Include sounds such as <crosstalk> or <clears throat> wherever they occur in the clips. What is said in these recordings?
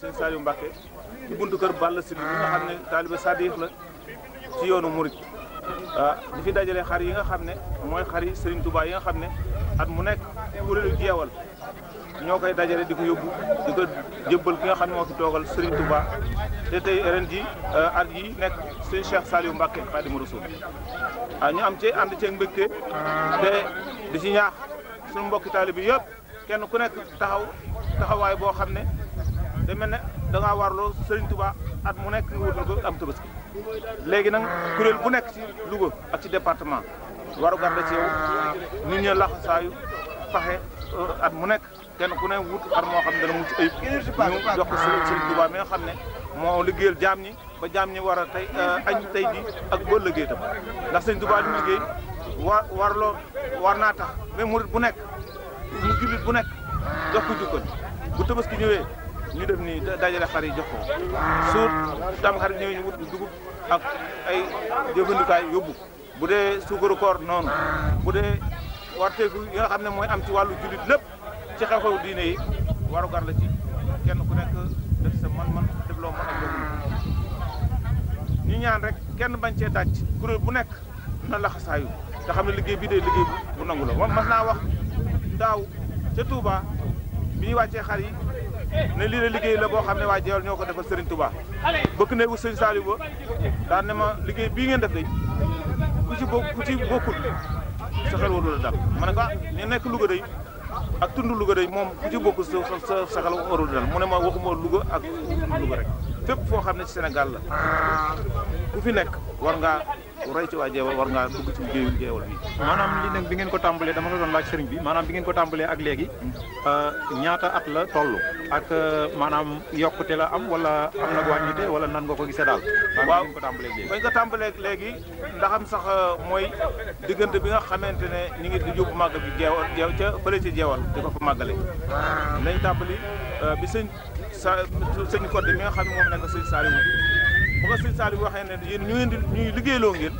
sëñ Saliou Mbacke ci buntu kër Balla Sylla bi nga xam ne taaliba sadiq la ci yoonu Mouride. ah di fi dajale xar yi nga xam ne mooy xar yi Serigne yi nga xam ne at mu nekk kuréelu jeewal ñoo koy dajale di ko yóbbu di ko jëbbal ki nga xam ne moo fi toogal Serigne Touba te tey ren ji ah, at yi nekk sëñ Cheikh Saliou Mbacke Khadimou Rassoul ah ñu am ci ànd ceeg mbégte te di ci ñaax suñu mbokki taalibe bi yëpp kenn ku nekk taxaw taxawaay boo xam ne. da mel ne da ngaa warloo Serigne Touba at mu nekk nga wutal ko am tabaski léegi nag kuréel bu nekk ci Louga ak ci département waru gar la ci yow nit ñi saayu faxe euh, at mu nekk kenn ku ne wut ar moo xam ne dana mucc jox ko Serigne Touba mi nga xam ne moo liggéeyal jaam ñi ba jaam ñi war a tey euh, añ tey ji ak boo liggéey tam ndax Serigne Touba li liggéey war warloo war naa tax mais murit bu nekk mu bu nekk jox ko jukkal bu tabaski ñëwee ñu def nii dajale xar yi jox ko suur tam xarit ñëw ñu wut dugub ak ay jëfandikaay yóbbu bu dee suukaru koor noonu bu dee warteeku yi nga xam ne mooy am ci wàllu jullit lépp ci xew-xew diine yi warugar la ci kenn ku nekk def sa man-man def loo mën ak ñu ñaan rek kenn bañ cee dàcc kuréel bu nekk na laxasaayu te xam ne liggéey bi day liggéey bu nangu la moom mas naa wax daaw ca Touba bi ñu wàccee xar yi ne lii la liggéey la boo xam ne waa Joal ñoo ko defal Serigne Touba bëgg ne wu Serigne Saliou ba ma liggéey bii ngeen def de ku ci bokk ku ci bokkul sa warul a dal ma ne ko ah ñu nekk Louga dey ak tund Louga day moom ku ci bokkul sa sa sa xel warul a dal mu ne ma waxuma Louga ak Louga rek fépp foo xam ne ci Sénégal la ku fi nekk war ngaa ku roy ci waa jeewal war ngaa dugg ci liggéeyu jeewal bi maanaam li nag bi ngeen ko tàmbalee dama la doon laaj sëriñ bi maanaam bi ngeen ko tàmbalee ak léegi euh, ñaata at la toll ak euh, maanaam yokkute la am wala am na wàññite wala nan nga ko gisee daal waaw ko tàmbalee léegi bañ ko tàmbalee léegi ndaxam sax euh, mooy diggante bi nga xamante ne ñu ngi di yóbbu màgg bi jeewal jeew ca fële ci jeewal di ko fa màggale lañ tàmbali bi sëñ sa sëñ Codé mi nga xam ne moom nekk sëñ Saliou bu ko sëñ waxee ne yéen ñu ngeen di ñuy liggéeyloo ngeen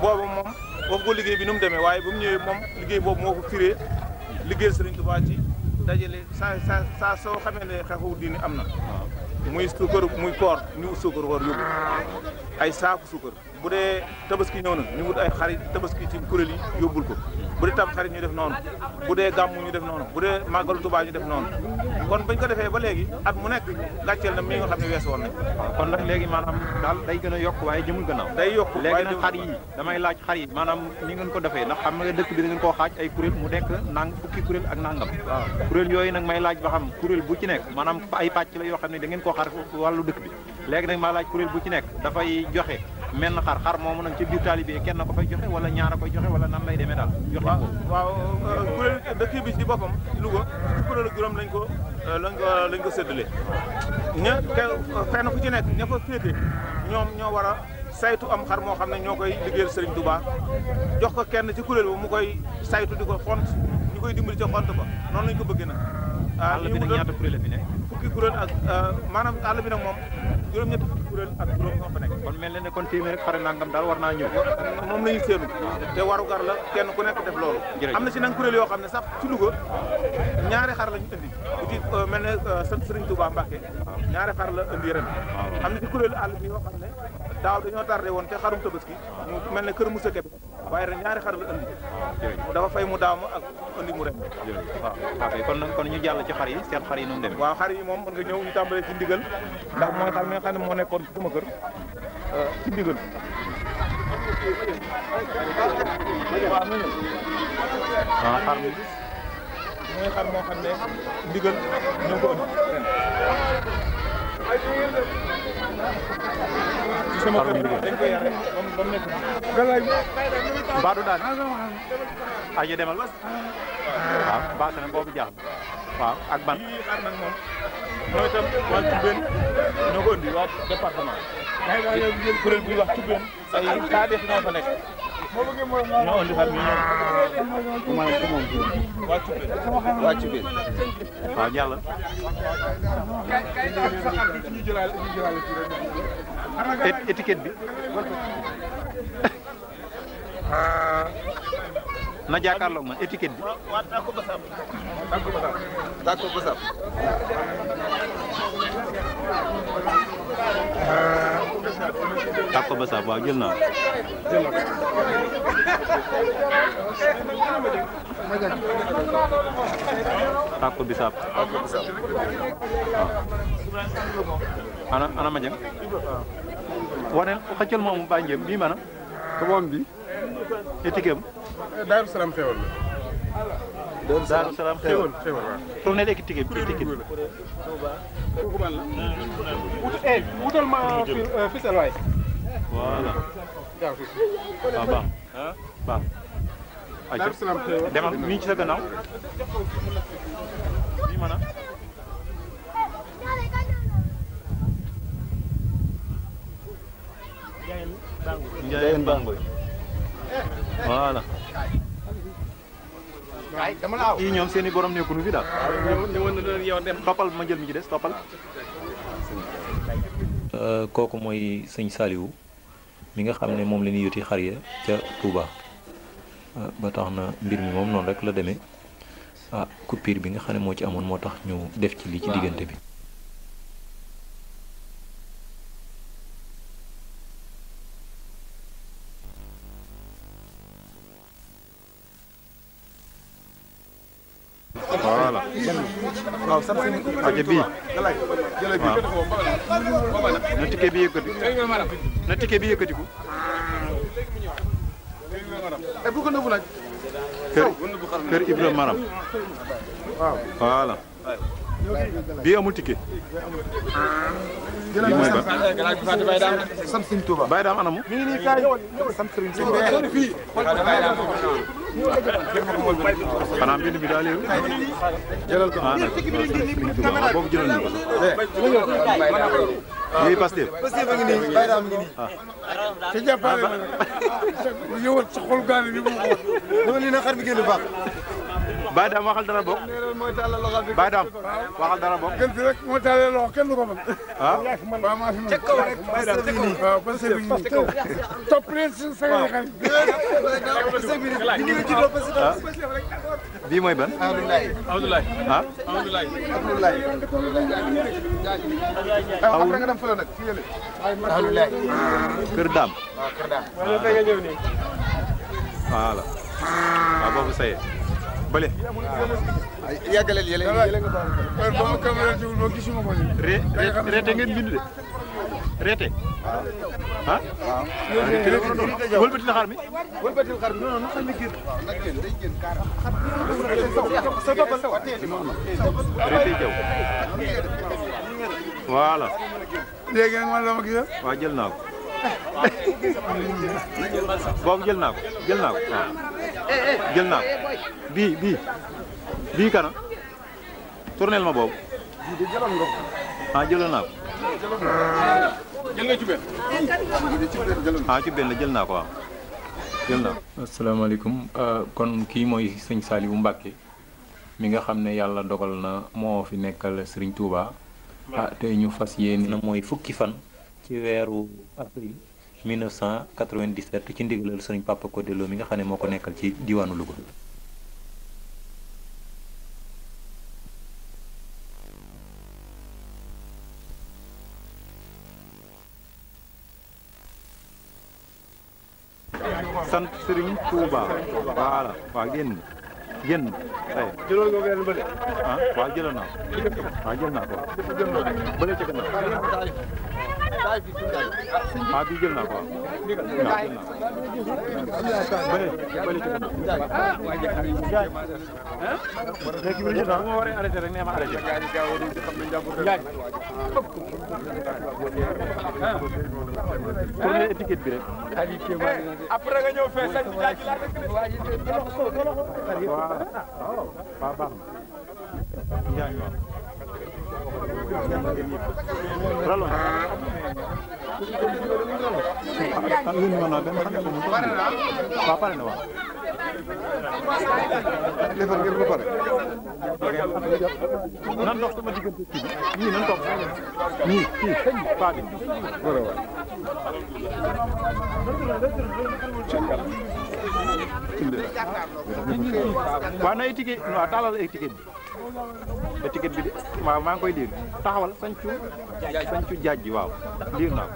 boobu moom wax ko liggéey bi nu demee waaye ba mu ñëwee moom liggéey boobu moo ko firee liggéeyal Sëriñ Tuubaa ci dajale saa saa saa soo xamee ne xeexu diini am na muy suukar muy koor ñu suukar war yóbbu ay saaku suukar bu dee tabaski ñëw na ñu wut ay xarit tabaski ci kuréel yi yóbbul ko bu dee tam xarit ñu def noonu bu dee gàmmu ñu def noonu bu dee màggalu Tuubaa ñu def noonu kon bañ ko defee ba léegi at mu nekk gàcceel na mi nga xam ne wees woon nañ kon nag léegi maanaam daal day gën a yokk waaye jëmul gannaaw day yokk léegi nag xar yi damay laaj xar maanaam ni ngeen ko defee ndax xam nga dëkk bi da ngeen koo xaaj ay kuréel mu nekk nang fukki kuréel ak nangam waaw yooyu nag may laaj ba xam kuréel bu ci nekk maanaam ay pàcc la yoo xam ne da ngeen koo xar wàllu dëkk bi léegi nag maa laaj kuréel bu ci nekk dafay joxe menn xar xar xar moomu nag ci biir taalibe kenn na ko fay joxe wala ñaar a koy joxe wala nan lay demee daal joxe waaw kuréel dëkk bi ci boppam ci Louga juróom lañ ko euh, lañ ko lañ ko séddale ña fenn ku ci nekk ña fa féete ñoom ñoo war a saytu am xar moo xam ne ñoo koy liggéeyal Serigne Touba jox ko kenn ci kuréel mu koy saytu di ko xont ñu koy dimbali ca xont ba noonu lañ ko bëggee nag. ah li mu ñaata kuréel la fi ne fukki ak euh, maanaam àll bi nag moom juróom-ñetti fukki kuréel ak juróom ñoo fa nekk. kon mel ne kon téeméer rek xare nangam daal war naa ñëw. moom la ñuy séenu te warugar la kenn ku nekk def loolu. am na si nag kuréel yoo xam ne sax ci Louga ñaari xar lañu indi. bu ci euh, mel ne sant euh, Serigne Touba Mbacke ñaari xar la indi ren. am na si kuréelu àll bi yoo xam ne daaw dañoo tardé woon te xarum tabaski mu mel ne kër Moussa Kébé waaye ren ñaari xar la indi mu dafa fay mu daaw ak indi mu ren waaw ah, ok kon nag kon ñu jàll ci xar yi seen xar yi noonu demee waaw xar yi moom mën nga ñëw ñu tàmbalee ci ndigal ndax mooy xam ne moo nekkoon sama kër euh, ah, mooy xam ne ndigal ñoo ko indi mbaa du daal aje demal bas waaw mbaa kanam boobu jaax waaw ak ban yii xar nag moom mooy tam waa Tuubeen ñoo ko indi waa département kuréel bi wax Tuubeen ay taa def ñoo ñoo indi xar mi ñëw. ku ma ku moom tuuti. wàccu biir wàccu biir waaw jàll. étiquette bi. na jàkkaarloog man étiquette bi. takku ba sab takku ba sab takku ba sab. takku ba sab waaw jël naa jël na takku bi sab takku bi sab ah. ana ana ma jëm. Ah. wane xëccal moomu baa njëm bii maanaam. ko moom bi. étiquette am. Daaru Salaam xéwal la. Daaru Salaam xéwal xéwal waaw. tourné léegi étiquette wut eh fi. Eh, waaw ah, baax baax. Daaru Salaam xéwal demal ci sa gannaaw. lii voilà. dama la aw ñoom seeni i borom nekkunu fi daal. toppal ma jël mi ci des toppal. Euh, kooku mooy sëñ Saliou mi nga xam ne moom la ñuy yuti xar ca Touba. Euh, ba tax na mbir mi moom noonu rek la demee ah coupure bi nga xam ne moo ci amoon moo tax ñu def ci li ci diggante bi. voilà. waaw sant nañu ko. rajo bii. na ticket bi yëkkati. na ticket eh, kër kër Maram. waaw voilà. bii amul ticket. lii mooy ban. sant Sëriñ Tuuba. Baye Dame anamu. nii nii kaay sant Sëriñ Tuuba. xanaa mbind bi daa léew. jëlal ko ah nag Sëriñ Tuuba boobu jëlal ñu ko sax. lii Pastef. Pastef a ngi nii Baye Dame ngi nii. Ah. te jàppale ma ah, nag. <laughs> ñëwal sa xol gaane bi mu xool. dama ne na xar bi gën a baax. Badam waxal dara bokk mooy tàllal loxo bi baadaam waxal dara bokk gën fi rek mooy tàllal loxo kenn du ko mën ah waaw maa fi mën cëkkaw rek baadaam cëkkaw waaw ba sëbi nii topp leen si sa nga xam bii mooy ban Abdoulaye Abdoulaye ah Abdoulaye Abdoulaye ah, après nga dem fële nag fiyele Abdoulaye kër daam waaw kër daam wala nga ñëw nii voilà waaw boobu saye पहले या कले ले ले पर बम कैमरा जो नो किसी में बोल रे रेटिंग इन बिंदु रेटे हां हां बोल बेटा हार में बोल बेटा हार नो नो नो खाली गिर लगे लगे कार सब सब सब वाला लेगे मालूम किया वाजल ना boobu jël naa ko jël naa ko waaw bii bii bii kana tournel ma boobu ah jëloon naa ko jël ah ci benn jël naa ko waaw jël naa ko asalaamaaleykum ah, kon kii mooy sëñ Saliou Mbacke mi nga xam ne yàlla dogal na moo fi nekkal Serigne Touba ah tey ñu fas yéene na mooy fukki fan ci weeru avril 1997 ci ndigalal serigne Papa ko delo mi nga xane moko nekkal ci diwanu lugu sant serigne Touba wala wa génn. yéen. jëloon nga benn bële. ah waaw jëloon naa ko. waaw jël naa ko waaw. jël naa ko bële jël naa ko. ah bii jël naa ko waaw. waaw jël naa ko. bële bële jël naa ko. jaay. léegi bi ñu jël naa ko bu ma waree arrêté rek nee ma arrêté. jaay. tourné étiquette bi rek. Eh, après nga ñëw fee sànni jaay ci laa dëkk. waaw waaw baax eh, eh, na. ralo. waaw defar ngeen ko pare. nan dox sama diggante kii bi ñii ñii kii sëñ bi paa bi. war a war. waaw na étiquette de waaw maa ngi koy liir taxawal sañcu sañcu jaaj ji waaw liir naa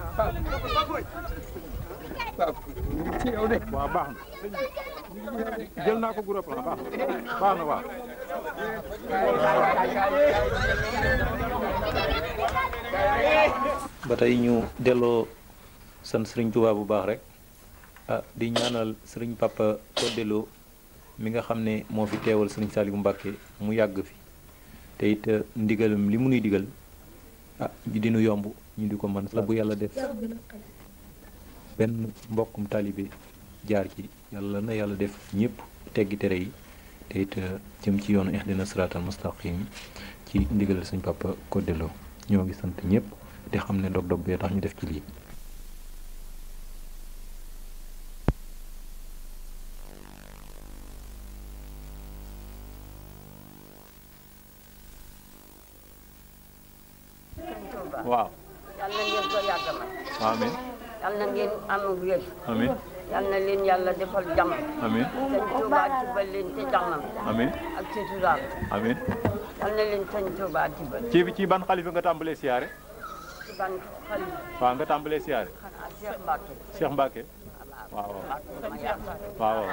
batay ñu delo san serigne touba bu baax rek ah di ñaanal serigne Papa ko delo mi nga xamne mo fi teewal serigne Saliou Mbacke mu yagg fi te it ndigalum limu ñuy digal ah di ñu yomb ñu diko man la bu yalla def benn mbokkum taalibe jaar ci yàlla na yàlla def ñëpp teggi tere yi te euh, jëm ci yoonu ihdina siraatal mustaqim ci ndigalal suñ papa Codé ñoo ngi sant ñëpp di xam ne dog-dog bee tax ñu def ci lii. yal na ngeen am wér. amiin yal na leen yàlla defal jàmm. amiin sëñ Touba tibal leen ci jàmmam. amiin ak ci turaam. amiin yal na leen sëñ Touba tibal. ci ci ban xalifa nga tàmbalee siyaare. ci ban xalifa. waaw nga tàmbalee siyaare. xanaa Cheikh Mbacke. Cheikh Mbacke. waaw waaw waaw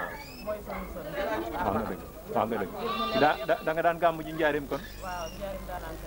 waaw nga dëgg waaw nga dëgg da da nga daan gàmm ji njaareem kon. waaw njaareem daan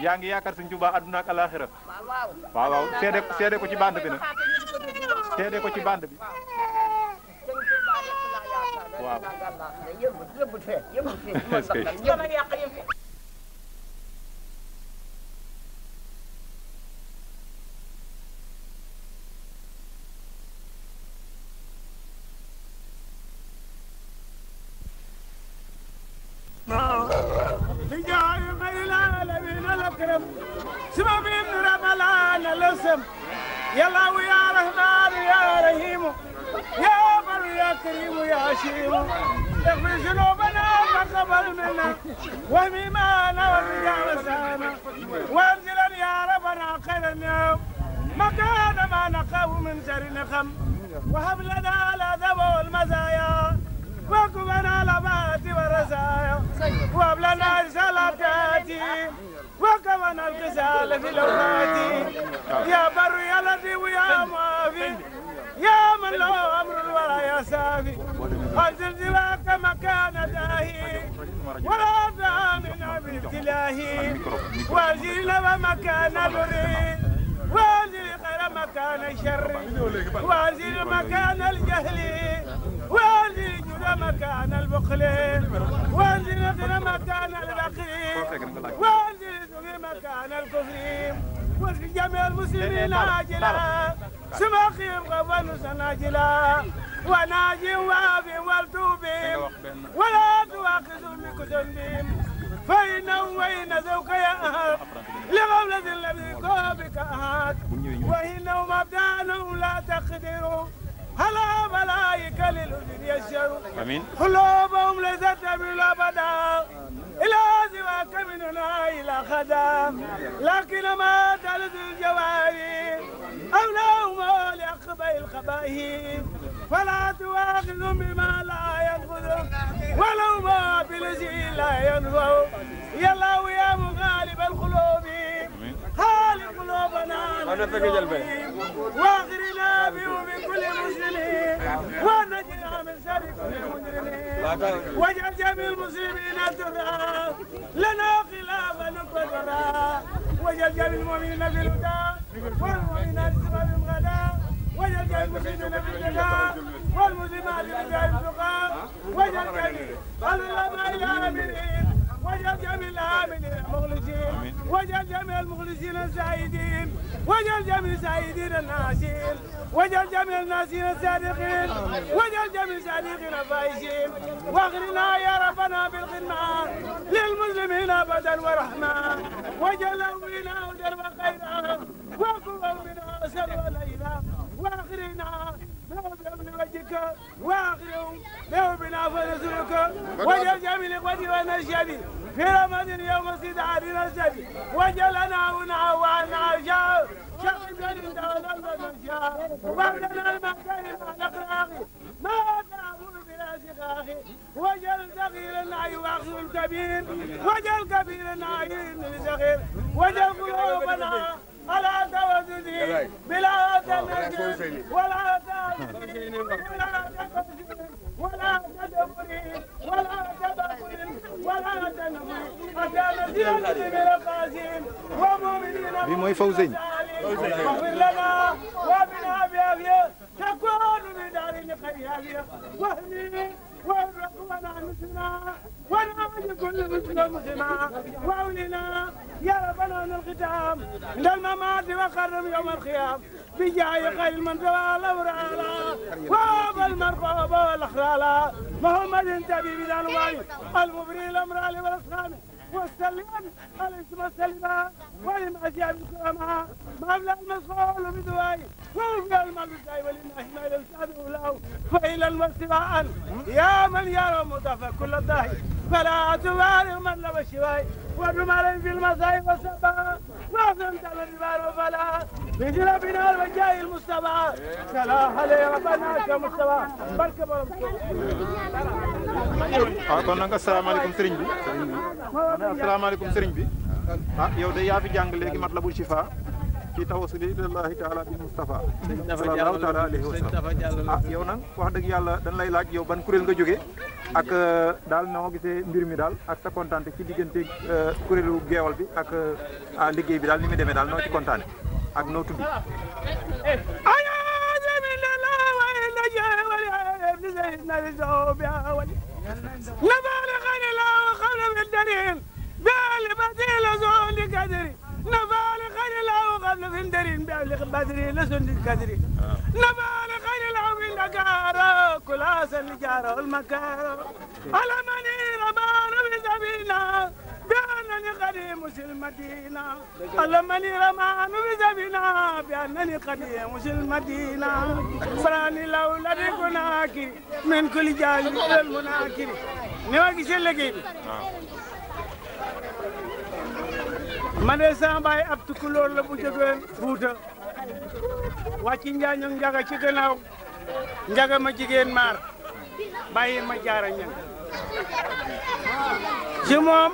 yaa ngi yaakaar sëñ Tuubaa àdduna ak alaaxira waaw seede seede ko ci bande bi nag seede ko ci bande bi waaw. No. الرحمن الاسم يلا ويا رحمن يا رحيم يا بر يا كريم يا شيم اغفر ذنوبنا فقبل منا وهمنا وارجع وسانا وانزلنا يا ربنا خير اليوم مكان ما نقاو من شر نخم وهب لنا الادب والمزايا وكبنا الابات ورزايا وهب لنا رسالة وكمان الغزال في لوحاتي يا بر يا لطيف ويا معافي يا من له امر الورى يا انزل جواك مكان داهي ولا دامنا بابتلاهي واجري له مكان بري واجري خير مكان الشر واجري مكان الجهل واجري جود مكان البخل واجري مكان البخيل كان الكفرين وفي جميع المسلمين عاجلا سماخيم غفن سناجلا وناجي وابي والتوبيم ولا تواخذوني كسنديم فإن وإن ذوك يا أهل لغولة الذي كوبك أهل وإن مبدان لا تقدروا هلا ملائكة للأجر يشروا قلوبهم لذات من أبدا الى لازمك من هنا إلى خدم لكن ما تلد الجواري أولاهما لأخبى الخبائه فلا تواخذهم بما لا ينفذهم ولو ما بالذي لا ينفع يلا ويا مغالب القلوب خالي قلوبنا واغرنا بهم كل مسلمين ونجنا من شر كل مجرمين واجعل جميع المسلمين ترى لنا خلاف نكبة ترى واجعل جميع المؤمنين في الهدى والمؤمنات سبب غدا واجعل جميع المسلمين في الجنة والمسلمات في الجنة واجعل جميع العلماء الى امرهم وجل جميع المخلصين وجل جميع المخلصين الزايدين وجل جميع الزايدين الناسين وجل جميع الناسين الصادقين وجل جميع الصادقين الفايزين واغرنا يا ربنا بالغنى للمسلمين ابدا ورحمه وجل بنا ودرب وخيرا وقوة بنا سر الليله واغرنا واخرهم له بنا فنسلك وجل جميل قدي ونشهد في رمضان يوم سيد عادي نشهد وجلنا ونعا وعنا شاء شاء بلد دون المنشاء وبعدنا المكان الأخلاقي ما تعبون براسك أخي وجل صغير النعي وأخي الكبير وجل كبير النعي لصغير وجل قلوبنا العهد وجوده بلا عهد آه، ولا ولا ولا ولا ولا تكون من دار ونعمل كل مسلم خما وأولنا يا ربنا من الختام من الممات وخرم يوم الخيام بجاه خير من توالى ورالا وابا المرقوب والأخرالا محمد تبيب الأنوار المبري الأمرال والأسخان وسلم على اسم الاسم السلمة ولمأتي ما بلا المسؤول بدواي وفي المبدأ ولله ما يلتابع له فإلى المسيران يا من يرى المتفى كل الدهر فلا تبالغ من لبش واي والرمال في المصايب والسبا واصل تل الجبال وفلا مثل بنا الوجاي المصطفى سلاح لي ربنا كمصطفى بركة بركة waaw kon nag asalaamaaleykum sëriñ bi. asalaamaaleykum sëriñ bi. ah yow de yaa fi jàng léegi Matlabul Chifa ci tawassuli ilallahi taala bil mustafa sallallahu taala alayhi wa sallam ah yow nag wax dëgg yàlla dañ lay laaj yow ban kuréel nga jógee ak euh, daal noo gisee mbir mi daal ak sa kontaante ci diggante euh, kuréelu geewal bi ak euh, liggéey bi daal ni mu demee daal noo ci kontaane ak noo tudd نبالغ الله قبل من دليل بالبديل زول قدري نبال خير العو قبل فندرين بأبلغ بدرين لسند كدرين آه. نبال خير العو لقارا كلاس الجارة المكارة على مني ربان بزبينا بأنني قديم المدينة على مني رمان بزبينا بأنني قديم المدينة فراني لو لدي من كل جانب المناكر نواقش اللقيني آه. ma ne sama baay ab tukulóor la bu jógee Fuuta wàcc njaaño njaga ci gannaaw njaga ma jigéen maar bàyyi ma jaara ñan ci moom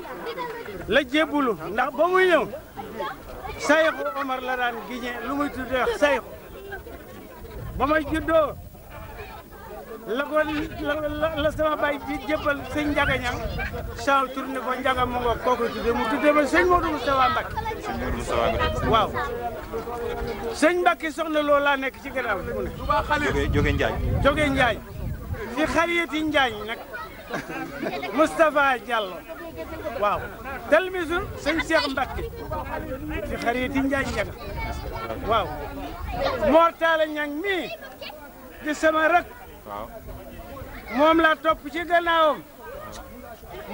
la jébbulu ndax ba muy ñëw sayxu Omar la daan giñe lu muy tuddee sayxu ba may juddoo la sama baay ji jébbal sëñ Ndiaga ñam saa tourné ko Ndiaga mu mu tuddee ma sëñ Modou Moustapha Mbacke. sëñ Modou Moustapha Mbacke. waaw sëñ Mbacke soxna loolu laa nekk ci gannaaw bi mu ne. jóge jóge Njaañ. jóge Njaañ fi xariyati Njaañ nag Moustapha Diallo waaw talmisu sëñ Cheikh Mbacke fi xariyati Njaañ Ndiaga waaw Mor Talla Niang mii di sama rak. waaw moom laa topp ci gannaawam.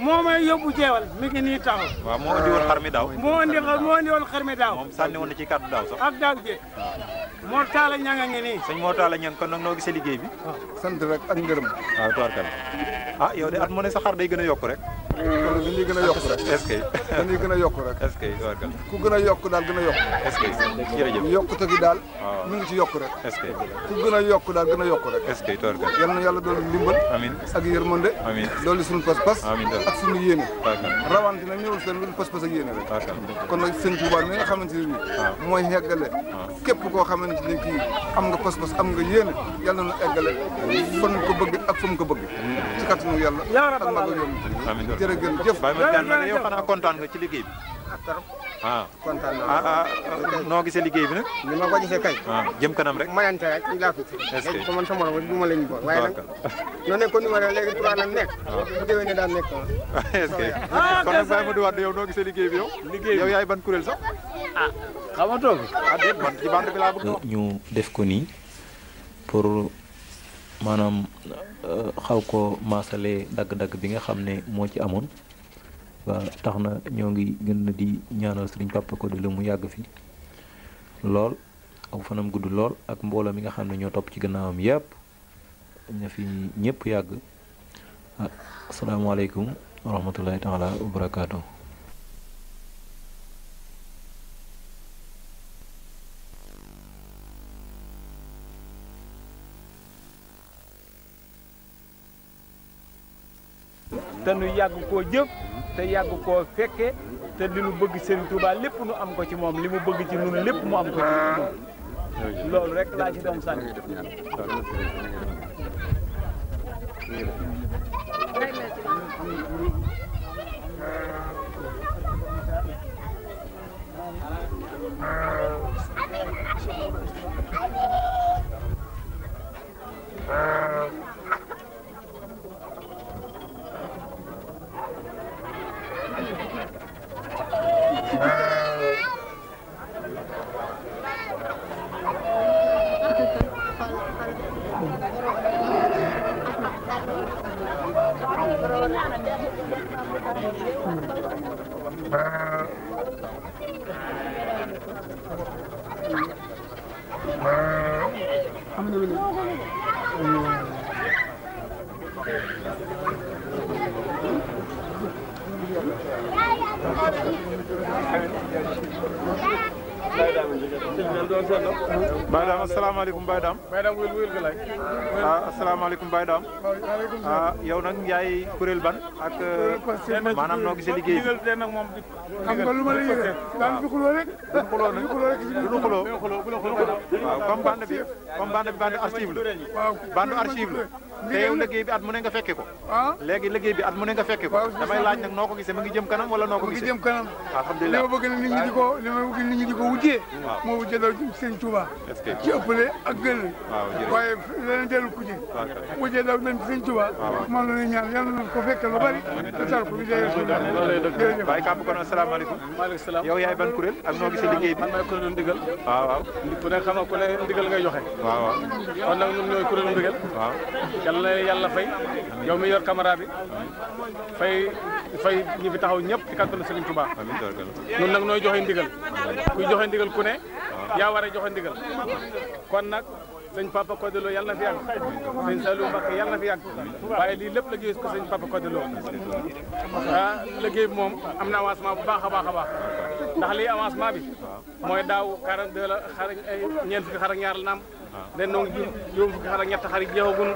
moo may yóbbu jeewal mi ngi nii taxaw. waaw moo indi woon xar mi daaw. moo indi moo indi woon xar mi daaw. moom sànni woon ci kàddu daaw sax. ak daaw jéeg. Mor Talla Niang a ngi nii. sëñ Mor Talla Niang kon nag noo liggéey bi. Ah, sant rek ak ngërëm. waaw ah, tubarkal ah yow de at mu ne sa xar day gën a yokk rek. kon gën a yokk rek. gën a yokk rek. est-ce que tubarkal ku gën a yokk daal gën a yokk. est-ce que jërëjëf yokkute gi daal. waaw ah. mu ngi ci yokk rek. est-ce que ku gën a yokk daal gën a yokk rek. est na yàlla doolu ndimbal. amiin ak yërmande. amiin doolu suñu pas-pas. amiin ak suñu yéene. ñëwul seen lu pas-pas ak yéene rek. kon nag sëñ xamante ne kii am nga pas-pas am nga yéene yàlla na eggale fan ko bëgg ak fu mu ko bëgg ci kattanu yàlla ak maga yoon jërëjëf yow xanaa kontaan nga ci liggéey bi ah, ah kontaan naa ah, ah, ah, noo gisee liggéey bi nag. ni ma ko gisee kay. jëm kanam rek. mënante rek ñu laa ko ci. est-ce man sama morom ma la ñu boole. waaye nag ñoo nekkoon numéro nekk. waaw bu déwénee daan nekk. <laughs> est-ce que kon noo gisee liggéey bi yow. liggéey bi yow yaay ban kuréel sax. ah xamatoo ko. ci bande bi laa bëgg ñu def ko nii pour maanaam euh, xaw ko maasale dagg-dagg bi nga xam ne moo ci amoon. ba tax na ñoo ngi gën di ñaanal sëriñ papa ko di lu mu yàgg fi lool ak fanam gudd lool ak mbooloo mi nga xam ne ñoo topp ci gannaawam yépp ña fi ñépp yàgg ah, asalaamaaleykum wa rahmatullahi taala wa barakatuh tanu nu yàgg koo jëf te yàgg koo fekke te li nu bëgg Serigne Touba lépp nu am ko ci moom li mu bëgg ci nun lépp mu am ko ci nun loolu rek laa ci doon sànni Ah Baye Dame asalaamaaleykum Baye Dame. Baye Dame wul wul Galaye. ah asalaamaaleykum Baye ah, yow nag yaay ban ak. Euh, maanaam noo gisee liggéey bi. xam lu ma lay yëgal daan bi xuloo rek. du xuloo rek du ñu xuloo. waaw comme bande bi comme te yow liggéey bi at mu ne nga fekke ko ah léegi liggéey bi at mu ne nga fekke ko damay laaj nag noo ko gisee ma ngi jëm kanam wala noo ko gisee ma ngi jëm kanam alhamdulilah li ma bëgg nag nit ñi di ko li ma bëgg nit ñi di ko wujjee moo wujjee daw jëm sëñ Touba ci ëppale ak gën waaye leneen dellu ku ci wujjee daw jëm sëñ Touba moom la ñuy ñaan yàlla na ko fekke lu bari sar ko bi jërëjëf bàyyi kàpp kon asalaamaaleykum maaleykum salaam yow yaay ban kuréel ak noo gisee liggéey bi man maay kuréelu ndigal waaw waaw ku ne xam nga ku ne ndigal ngay joxe waaw waaw kon nag ñun ñooy kuréelu ndigal waaw yal na yàlla fay yow mi yor caméra bi fay fay ñi fi taxaw ñëpp ci kàttanu Serigne Touba ñun nag nooy joxe ndigal kuy joxe ndigal ku ne ah. yaa war a joxe ndigal kon nag sëñ Papa Codé Lo yàlla na fi yàgg sëñ Saliou Mbacke yàlla lii lépp liggéey ko sëñ Papa Codé Lo ah, moom am na avancement bu baax a baax a baax ndax lii avancement bi mooy daaw 42 la xar ñeent fukki xar ak ñaar la naam ah. ren noo ngi juróom fukki xar ak ñett xar yi jeexaguñu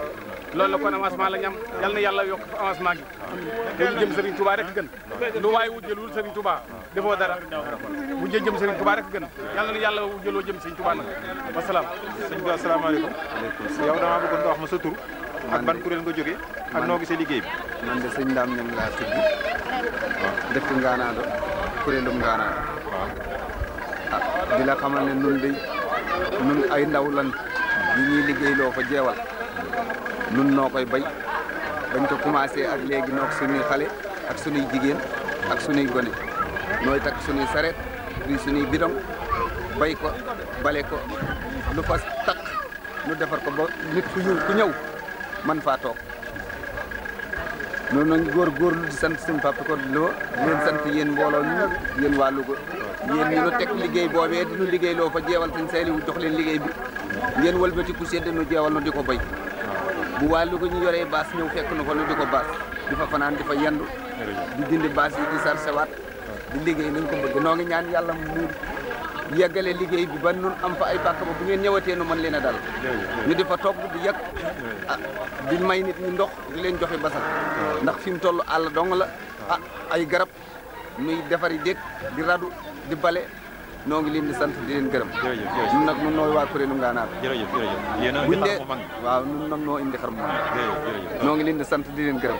loolu la kon avancement la ñu am yal na yàlla yokk avancement gi dañu jëm Serigne Touba rek gën lu waaye wujjalul Serigne Touba defoo dara wujje jëm Serigne Touba rek gën yal na yàlla wujjaloo jëm Serigne Touba nag wasalaam sëñ bi asalaamaaleykum yow damaa bëggoon nga wax ma sa tur ak ban kuréel nga jógee ak noo gisee liggéey bi man de sëñ Ndam ñang laa tudd waaw dëkk Ngaanaado kuréelum Ngaanaado waaw ah, di la xamal ne nun day nun ay ndaw lan ñi ñuy liggéey loo fa jeewal nun noo koy bay dañ ko commencé ak léegi noog suñuy xale ak suñuy jigéen ak suñuy gone nooy takk suñuy saret duy suñuy bidon bay ko bale ko lu fa takk nu defar ko ba nit ku ñëw ku ñëw man faa toog noonu nañ góor góorlu di sant suñu papa ko loo leen sant yéen mbooloo ñu yéen wàllu ko yéen ñu nu teg liggéey boobee di nu liggéey loo fa jeewal sañ sayliwu jox leen liggéey bi ngeen wëlbatiku sedd nu jeewal nu di ko bay bu waa Louga ñu yoree baas ñëw fekk na ko ne di ko baas di fa fanaan di fa yendu di dindi baas yi di sarsewaat di liggéey nañ ko bëgg noo ngi ñaan yàlla mu yeggale liggéey bi ba nun am fa ay pàkk ba bu ngeen ñëwatee nu man leen a dal ñu di fa togg di yàq ah di may nit ñu ndox di leen joxe basal ndax fi mu toll àll dong la ah ay garab muy defari dëkk di radu di bale noo ngi leen di sant di leen gërëm ñun nag nun nooy waa kuréelu ngaanaat buñ dee waaw nun nag noo indi xar mu mag noo ngi leen di sant di leen gërëm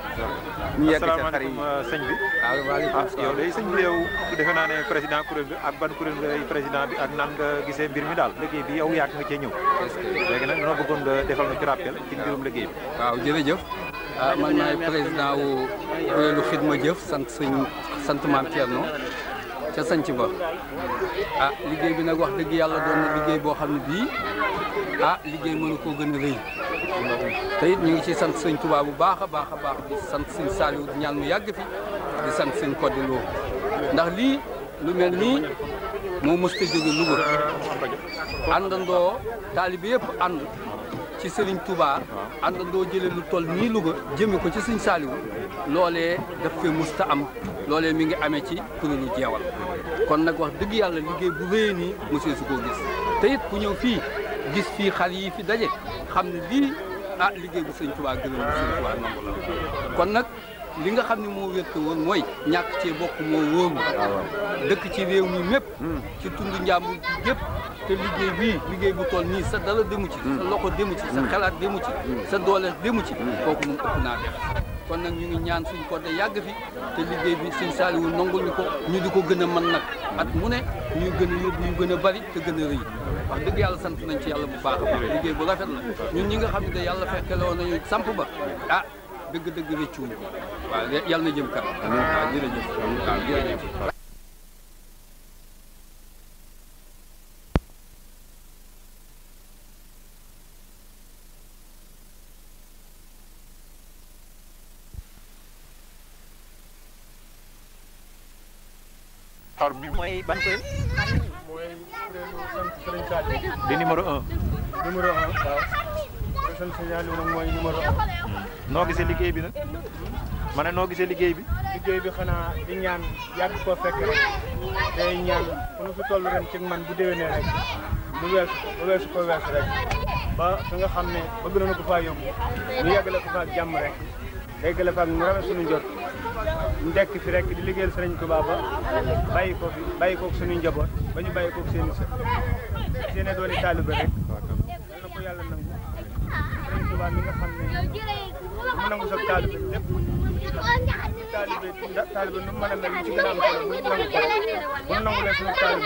ñu yegg ca xar euh, sëñ bi ah, waaw ah, yow day sëñ bi yow defe naa ne président kuréel bi ak ban kuréel président bi ak nan nga gisee mbir mi daal liggéey bi yow yàgg nga cee ñëw léegi nag noo bëggoon nga defal na ci rappel ci mbirum liggéey bi waaw jërëjëf ah, man maay président wu kuréelu xidma jëf sant sëñ sant maam ca sanc ba a ah, liggéey bi nag wax dëgg yàlla doon na liggéey boo xam ne bii ah liggéey mënu koo gën a rëy tey ñu ngi ci sant sëñ Tuubaa bu baax a baax a baax di sant sëñ Saaliw di ñaan mu yàgg fi di sant seen Codé Lo ndax lii lu mel nii moo mës a jóge Louga àndandoo taalibe yëpp ànd ci Serigne Touba. àndandoo jëlee lu toll nii Louga jëmee ko ci Serigne Saliou loolee daf koy musta am loolee mi ngi amee ci kuréelu jeewal kon nag wax dëgg yàlla liggéey bu rëy nii monsieur su koo gis te ku ñëw fii gis fii xal yi fi daje xam ne lii ah liggéey bu Serigne Touba gënal bu Serigne Touba nangu la kon nag li nga xam ne moo wérte woon mooy ñàkk cee bokk moo wóoru ah, dëkk ci réew mi mépp hmm. ci tund njàmbur gépp te liggéey bii liggéey bu toll nii sa dala demu ci sa loxo demu ci sa mm. xalaat demu ci mm. sa doole demu ci mm. kooku moom ëpp naa def kon nag ñu ngi ñaan suñ ko de yàgg fi te liggéey bi suñ saaliwu nangul ñu ko ñu di ko gën a mën nag at mu ne ñu gën a yóbbu ñu gën a bari te gën a rëy wax dëgg yàlla sant nañ ci yàlla bu baax a liggéey bu rafet la ñun ñi nga xam ne yàlla fekkeloo nañu samp ba a ah, dëgg-dëgg rëccuwuñ ko waaw yàlla na jëm kanam xar bi mooy ban kuréel. mooy kuréelu sant Serigne Saliou. di numéro un. numéro mooy numéro un. Hmm. noo gisee liggéey bi nag. mane ne noo gisee liggéey bi. liggéey bi xanaa di ñaan yàgg koo fekk rek day ñaan fu nu fi toll ren man bu déwénee rek lu weesu lu weesu ko rek ba fi nga xam ne bëgg nañu ko faa yóbbu lu yàgg la ko faa jàmm rek. day gën a faam ñu rafet suñu njot fi rek di liggéeyal sëriñ Tuubaa ba bàyyi ko fi bàyyi koog suñu njaboot ba ñu bàyyi koog seen i sët seen dooni taalibe rek na ko yàlla nangu sa taalibe lépp taalibe nu mën a mel ci gën a am solo bu ñu nangu ko bu ñu yomb lool dana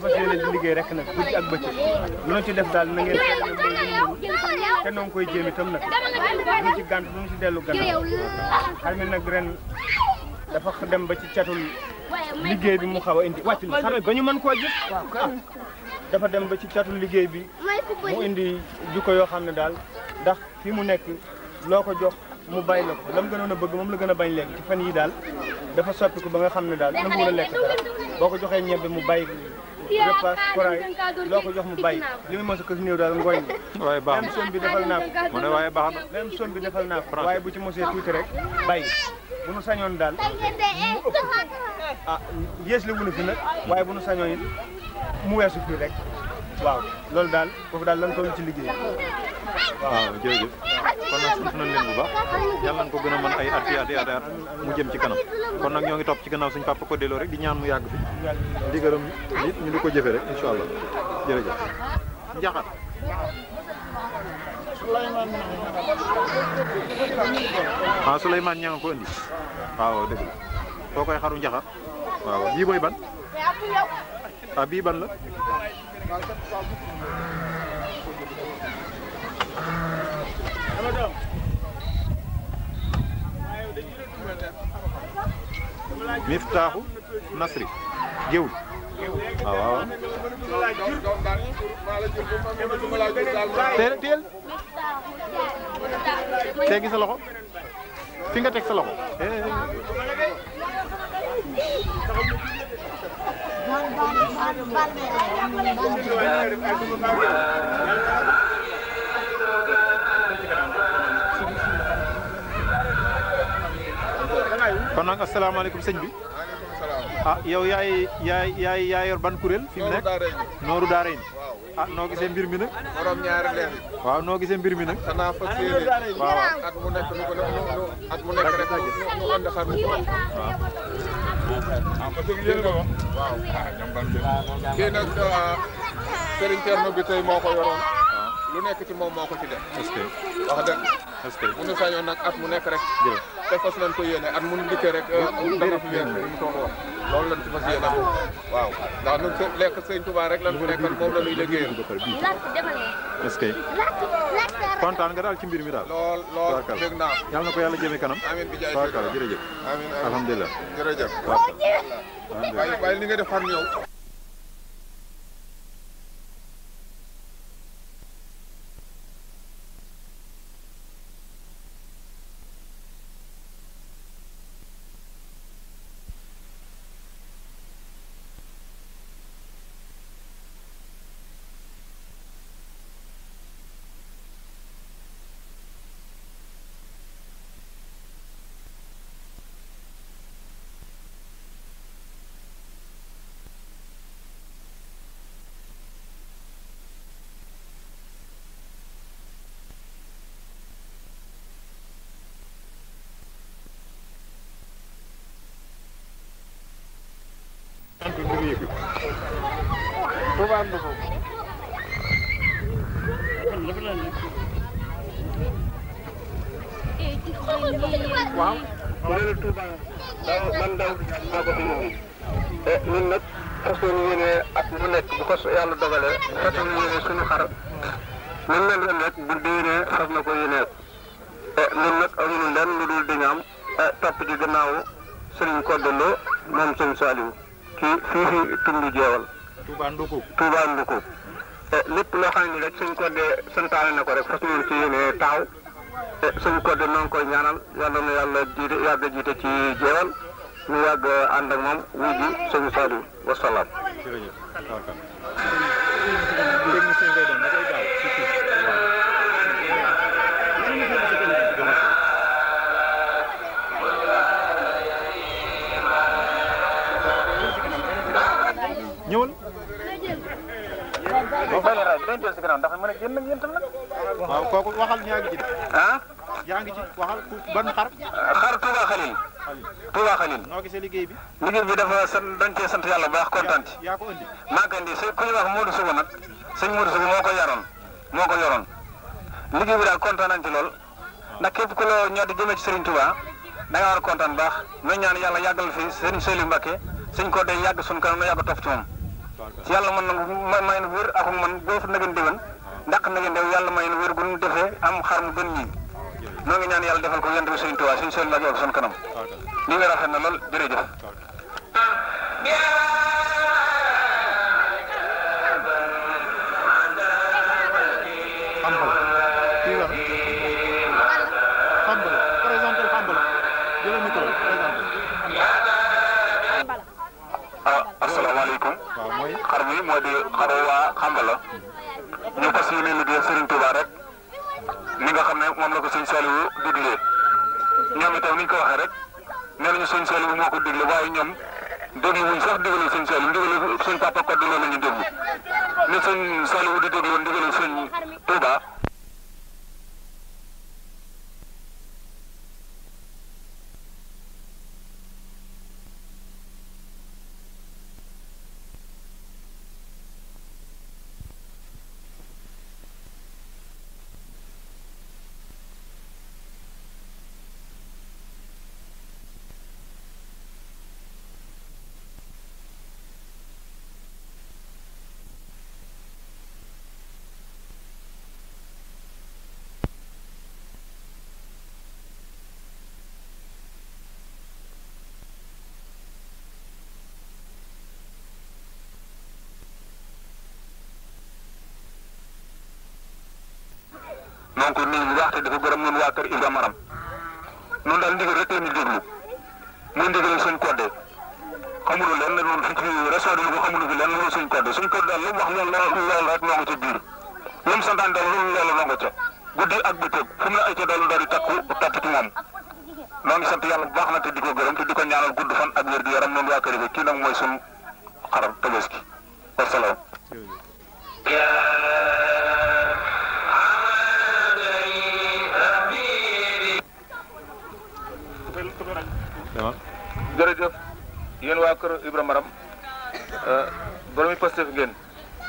fas di liggéey rek nag guddi ak bëccëg lu ñu ci def daal na ngeen fekk ne koy jéem itam nag lu ci gànt lu ñu ci dellu gannaaw xar mi nag ren dafa dem ba ci catul liggéey bi mu xaw a indi wàcc na sax ba ñu mën dafa dem ba ci caatu liggéey bi mu indi jukko yoo xam ne daal ndax fi mu nekk loo ko jox mu bay la ko lam a bëgg moom la gën a bañ lekk ci fan yi daal dafa soppi ko ba nga xam ne daal nangu la lekk dara ko joxee ñebe mu bàyyi repas koraay loo ko jox mu bàyyi li muy mos a ko si néew daal ngooñ la <laughs> waaye baax na même son bi defal naa ko mu waaye baax na même son bi defal naa ko bu ci mosee tuuti rek bàyyi bu nu sañoon daal eh, mu ëpp ah yées la wuna fi nag waaye bu nu sañoon it mu weesu fii rek waaw loolu daal foofu daal lan toll ci liggéey waaw ah, jërëjëf kon nag leen bu baax yàlla nañ ko gën a mën ay at yi at yi at mu jëm ci kanam kon nag ñoo ngi topp ci gannaaw suñ papa ko delloo rek di ñaan mu yàgg fi ndigalam nit ñu di ko jëfe rek incha allah jërëjëf njaxat ah Souleymane ña ko indi waaw dëgg la koy xaru njaxar waaw bii ban ah bii la. Miftaaxu Nasri Géoul. waaw waaw. teel teel. tegi sa loxo. fi nga teg sa loxo. kon nag asalaamaaleykum sëñ bi. ah yow yaay yaay yaay yaay yor ban kuréel fi ne nekk nooru daara yi ah gisee mbir mi nag borom ñaari leen waaw noo gisee mbir mi nag xanaa fas yéene waaw at mu nekk nu ko waaw kii nag ah, Serigne Thierno bi lu nekk ci moom moo ko ci def. wax dëgg. est que bu ñu sañoon nag at mu nekk rek. te fas nañ ko yéene at mu dikkee rek. Euh, dana fi yéene li mu toll woon. loolu lañ ci fas yéene waaw ndax ñun sa lekk sëñ Tuubaa rek lañ fi nekkal moom la ñuy liggéeyal. est-ce que kontaan nga daal ci mbir mi daal. lool lool dégg naa. yal na ko yàlla jëmee kanam. amiin bi jaay jërëjëf. amiin alhamdulilah. jërëjëf. waaw waaye li nga def xam ñëw. wonderful. waaw. mu ne la Touba. mu nekk bu ko yàlla dogalee fas yéene suñu xar. ñun nag ren rek bu déwénee fas na ko yéene. te eh, ñun nag amuñu lenn lu dul di ñaam eh, topp ci gannaaw Serigne Codé Lo moom Serigne Saliou ci fii tund jeewal. Touba Ndoukou. Touba Ndoukou eh, lépp loo xam ne rek suñ ko dee santaane na ko rek fas ngeen ci yéene taaw eh, suñ ko dee noo ngi koy ñaanal yàlla na yàlla jiite yàgg a jiite ci jeewal ñu yàgg ànd ak moom wuy ji suñu saadu leen dellu si gannaaw ndax mën a génn nag yéen tam nag. waaw kooku waxal ñaa ngi ci. ah. yaa ngi ci waxal ban xar. xar Touba Khalil. Touba gisee liggéey bi. liggéey bi dafa sant dañ cee sant yàlla bu baax kontaan ci. yaa ko indi maa ko indi su ku ñuy wax Modou Sougou nag sëñ Modou moo ko yaroon moo ko yoroon liggéey bi daal kontaan nañ ci lool ndax képp ku la ñoo di jëmee ci Serigne Touba da nga war a kontaan baax ñoo ñaan yàlla yàggal fi Serigne Saliou Mbacké suñ ko dee yàgg suñ kanam na yàgg topp ci yàlla mën na may na wér ak man boo fa nageen déwén ndax nageen déw yàlla may na wér bu ñu defee am xar mu gën ñii noo ngi ñaan yàlla defal ko yonent bi Sëriñ waa suñ seen laaj ak suñ kanam lii nga rafet na lool jërëjëf moo de xaru waa la ñu fas yéene liggéey Serigne Touba rek ni nga xam ne moom la ko Serigne Saliou diglee ñoom itam ni ñu ko waxee rek nee nañu Serigne Saliou moo ko digle waaye ñoom déglu wuñ sax digalu Serigne Saliou ndigalu Serigne Papa Codé loolu la ñu déglu ni Serigne Saliou di déglu ndigalu Serigne Touba maa ngi koy nuyu bu baax te dafa gërëm noonu waa kër Ibrahima Maram noonu daal ndigal rek la ñu déglu muy ndigal suñ kodde xamul lenn noonu fii ci région de Louga xamul lenn noonu suñ kodde suñ kodde daal lu mu wax noonu la loolu rek noo nga ca biir lu mu santaan daal loolu loolu noo nga ca guddi ak bëccëg fu mu la ay ca daal daal di takku takku ci moom noo ngi sant yàlla bu baax na te di ko gërëm te di ko ñaanal gudd fan ak wér gu yaram noonu waa kër gi kii nag mooy suñ xaram tabaski wasalaam jërëjëf yéen waa kër Ibra Maram euh, borom yi Pastef ngeen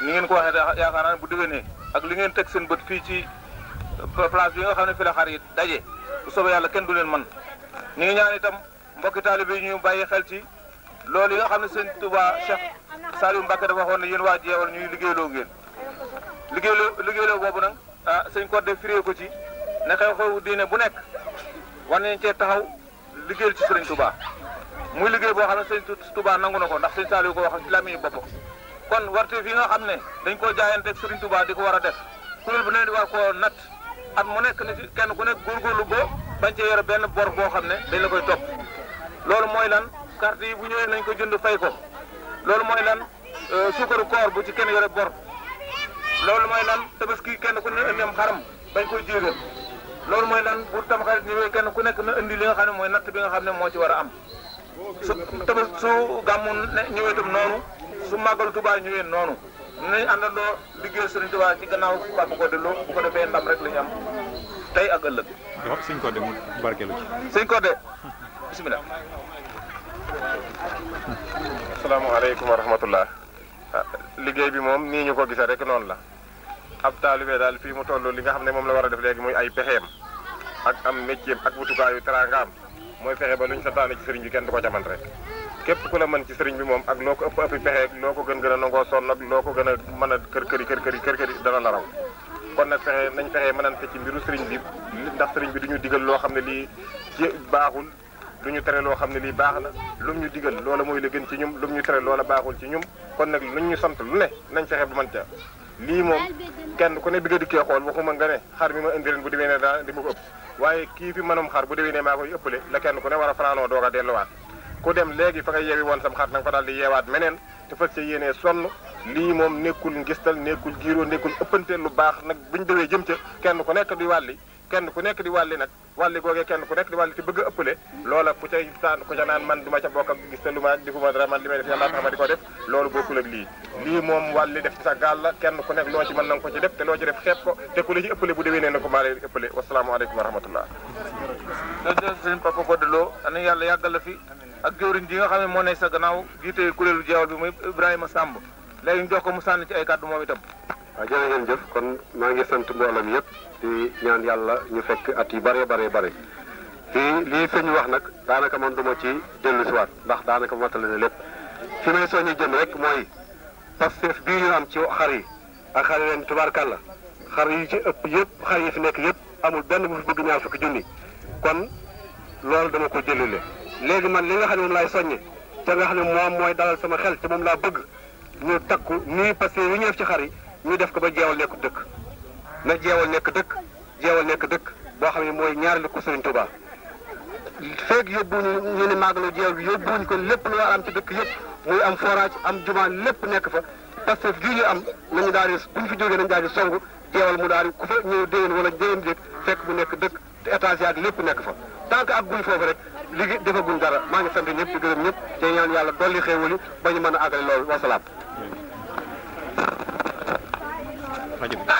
ni ngeen ko waxee yaakaar naa bu bu déwénee ak li ngeen teg seen bët fii ci euh, place bi nga xam ne fi la xar yi daje bu yàlla kenn du leen man ñu ngi ñaan itam mbokki taalibe yi ñu bàyyi xel ci loolu yi nga xam ne seen Tuubaa Cheikh Saliou Mbacke dafa waxoon ne yéen waa jeewal ñuy liggéeyloo ngeen liggéeyloo liggéeyloo boobu nag ah sëñ Codé firee ko ci ne xew-xew diine bu nekk wane nañ cee taxaw liggéey ci sëriñ Tuubaa muy liggéey boo xam ne sëñ Touba nangu na ko ndax sëñ Saliou ko wax ci làmmiñu bopp kon wartee fi nga xam ne dañ koo jaayante ak Serigne Touba di ko war a def kuréel bu ne di war koo nat at mu nekk ni kenn ku nekk góorgóorlu boo bañ cee yore benn bor boo xam ne dañ la koy topp loolu mooy lan carte yi bu ñëwee nañ ko jënd fay ko loolu mooy lan euh, suukaru koor bu ci kenn yore bor loolu mooy lan tabaski kenn ku ne indi am xaram bañ koy jéegal loolu mooy lan bu tam xarit kenn ku nekk na indi li nga xam ne mooy natt bi nga xam ne moo ci war a am su tamit su gàmmu ñëwee itam noonu su màggalu Tuubaa ñëwee noonu nañ àndandoo liggéey Sëriñ Tuubaa ci gannaaw Papa Codé Lo bu ko defee ndam rek la ñu am tey ak ëllëg. waaw Sëriñ Codé mu barkeelu ci. Sëriñ ah, liggéey bi moom nii ñu ko gisee rek noonu la ab taalibe daal fii mu toll li nga xam ne moom la war a def léegi muy ay pexeem ak am métier ak wutukaayu teraangaam mooy fexe ba luñ sa taane ci sëriñ bi kenn du ko jamant rek képp ku la mën ci sëriñ bi moom ak loo ko ëpp ëppi pexe loo ko gën gën a nangoo sonn ak loo ko gën a mën a kër këri kër këri kër këri dana la raw kon nag fexe nañ fexe mënante ci mbiru sëriñ bi ndax sëriñ bi duñu digal loo xam ne lii ci baaxul du ñu tere loo xam ne lii baax na lum ñu digal loola mooy la gën ci ñum lum ñu tere loola baaxul ci ñum kon nag luñ ñu sant lu ne nañ fexe bu mën ca lii moom kenn ku ne bi nga dikkee xool waxuma nga ne xar mi ma indi ren bu demee ne di ma ko ëpp waaye kii fi mënum xar bu demee ne maa koy ëppale la kenn ku ne war a fanaanoo doog a delluwaat ku dem léegi fa nga yeewi woon sam xar na nga fa daal yeewaat meneen te fas ca yéenee sonn lii moom nekkul ngistal nekkul giiroo nekkul ëppanteen lu baax nag buñ dawee jëm ca kenn ku nekk di wàlli kenn ku nekk di wàlli nag wàlli googee kenn ku nekk di wàlli te bëgg a ëppale loola ku cay naan man du ma ca bokk ak gis te lu ma di ko lii lii moom wàlli def ci gaal la kenn ku nekk loo ci mën na nga ko ci def te loo ci def xeeb ko te ku la ci ëppale bu déwénee na ko maa leen ëppale wasalaamaaleykum wa rahmatullah jërëjëf sëñ Lo ana yàlla yàggal la fi ak jëwriñ ji nga xam ne moo ne sa gannaaw jiite kuréelu jeewal bi muy Ibrahima Samb léegi ñu jox ko mu sànni ci ay kàddu moom itam waaw jërë ngeen jëf kon maa ngi sant mboolam yëpp di ñaan yàlla ñu fekk at yi bare bare bare fii lii fi wax nag daanaka man du ci dellu si ndax daanaka matale na lépp fi may soññi jëm rek mooy pastef bii ñu am ci xar yi ak xar yi ren tubaarkàlla xar yi ci ëpp yëpp xar yi fi nekk yëpp amul benn bu fi bëgg ñaar fukki junni kon loolu dama ko jëlale léegi man li nga xam ne moom laay soññe te nga xam ne moom mooy dalal sama xel ci moom laa bëgg ñu takku nii parce que yi ñëw ci xar yi ñu def ko ba jeewal nekk dëkk na jeewal nekk dëkk jeewal nekk dëkk boo xam ne mooy ñaareelu ko Sëriñ Tuubaa feeg yóbbuñu ñu ne màggalu jeewal yóbbuñu ko lépp lu war am ci dëkk yëpp muy am forage am jumaa lépp nekk fa parce que ñu am nañu daal di bu ñu fi jógee nañu daal di songu jeewal mu daal di ku fa ñëw déwén wala déwén jéeg fekk nekk dëkk te étage lépp nekk fa tant que ak guñ foofu rek liggéey defagul dara maa ngi sant ñëpp di gërëm ñëpp te ñaan yàlla dolli xéewali ba ñu mën a àggale loolu wasalaam rajo bi.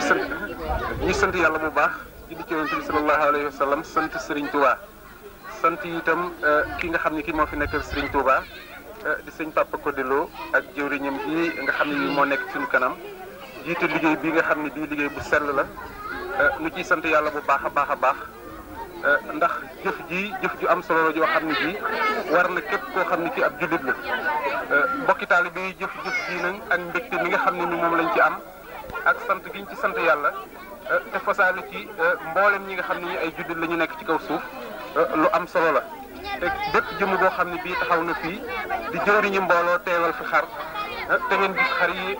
ñuy sant ñuy sant yàlla bu baax julli ci yonent bi sallallahu alayhi wa sallam sant Serigne Touba sant itam euh, ki nga xam ne ki moo fi nekkal Serigne Touba euh, di sëñ Papa Codé ak jëwriñam nga xam ne moo nekk suñu kanam jiite liggéey bi nga xam ne bii liggéey bu sell la euh, nu ciy sant yàlla bu baax a baax a baax ndax jëf ji jëf ju am solo la xam ne ji war na képp koo xam ne ci ab jullit la mbokki taalibe bi jëf jëf ji nag ak mbégte mi nga xam ne ni moom lañ ci am ak sant gi ci sant yàlla euh, te fasaale ci euh, mboolem ñi nga xam ne ay juddit lañu nekk ci kaw suuf euh, lu am solo la te bépp jëmm boo xam ne bii taxaw na fii di jëwriñu mbooloo teewal fi xar te ngeen gis xar yi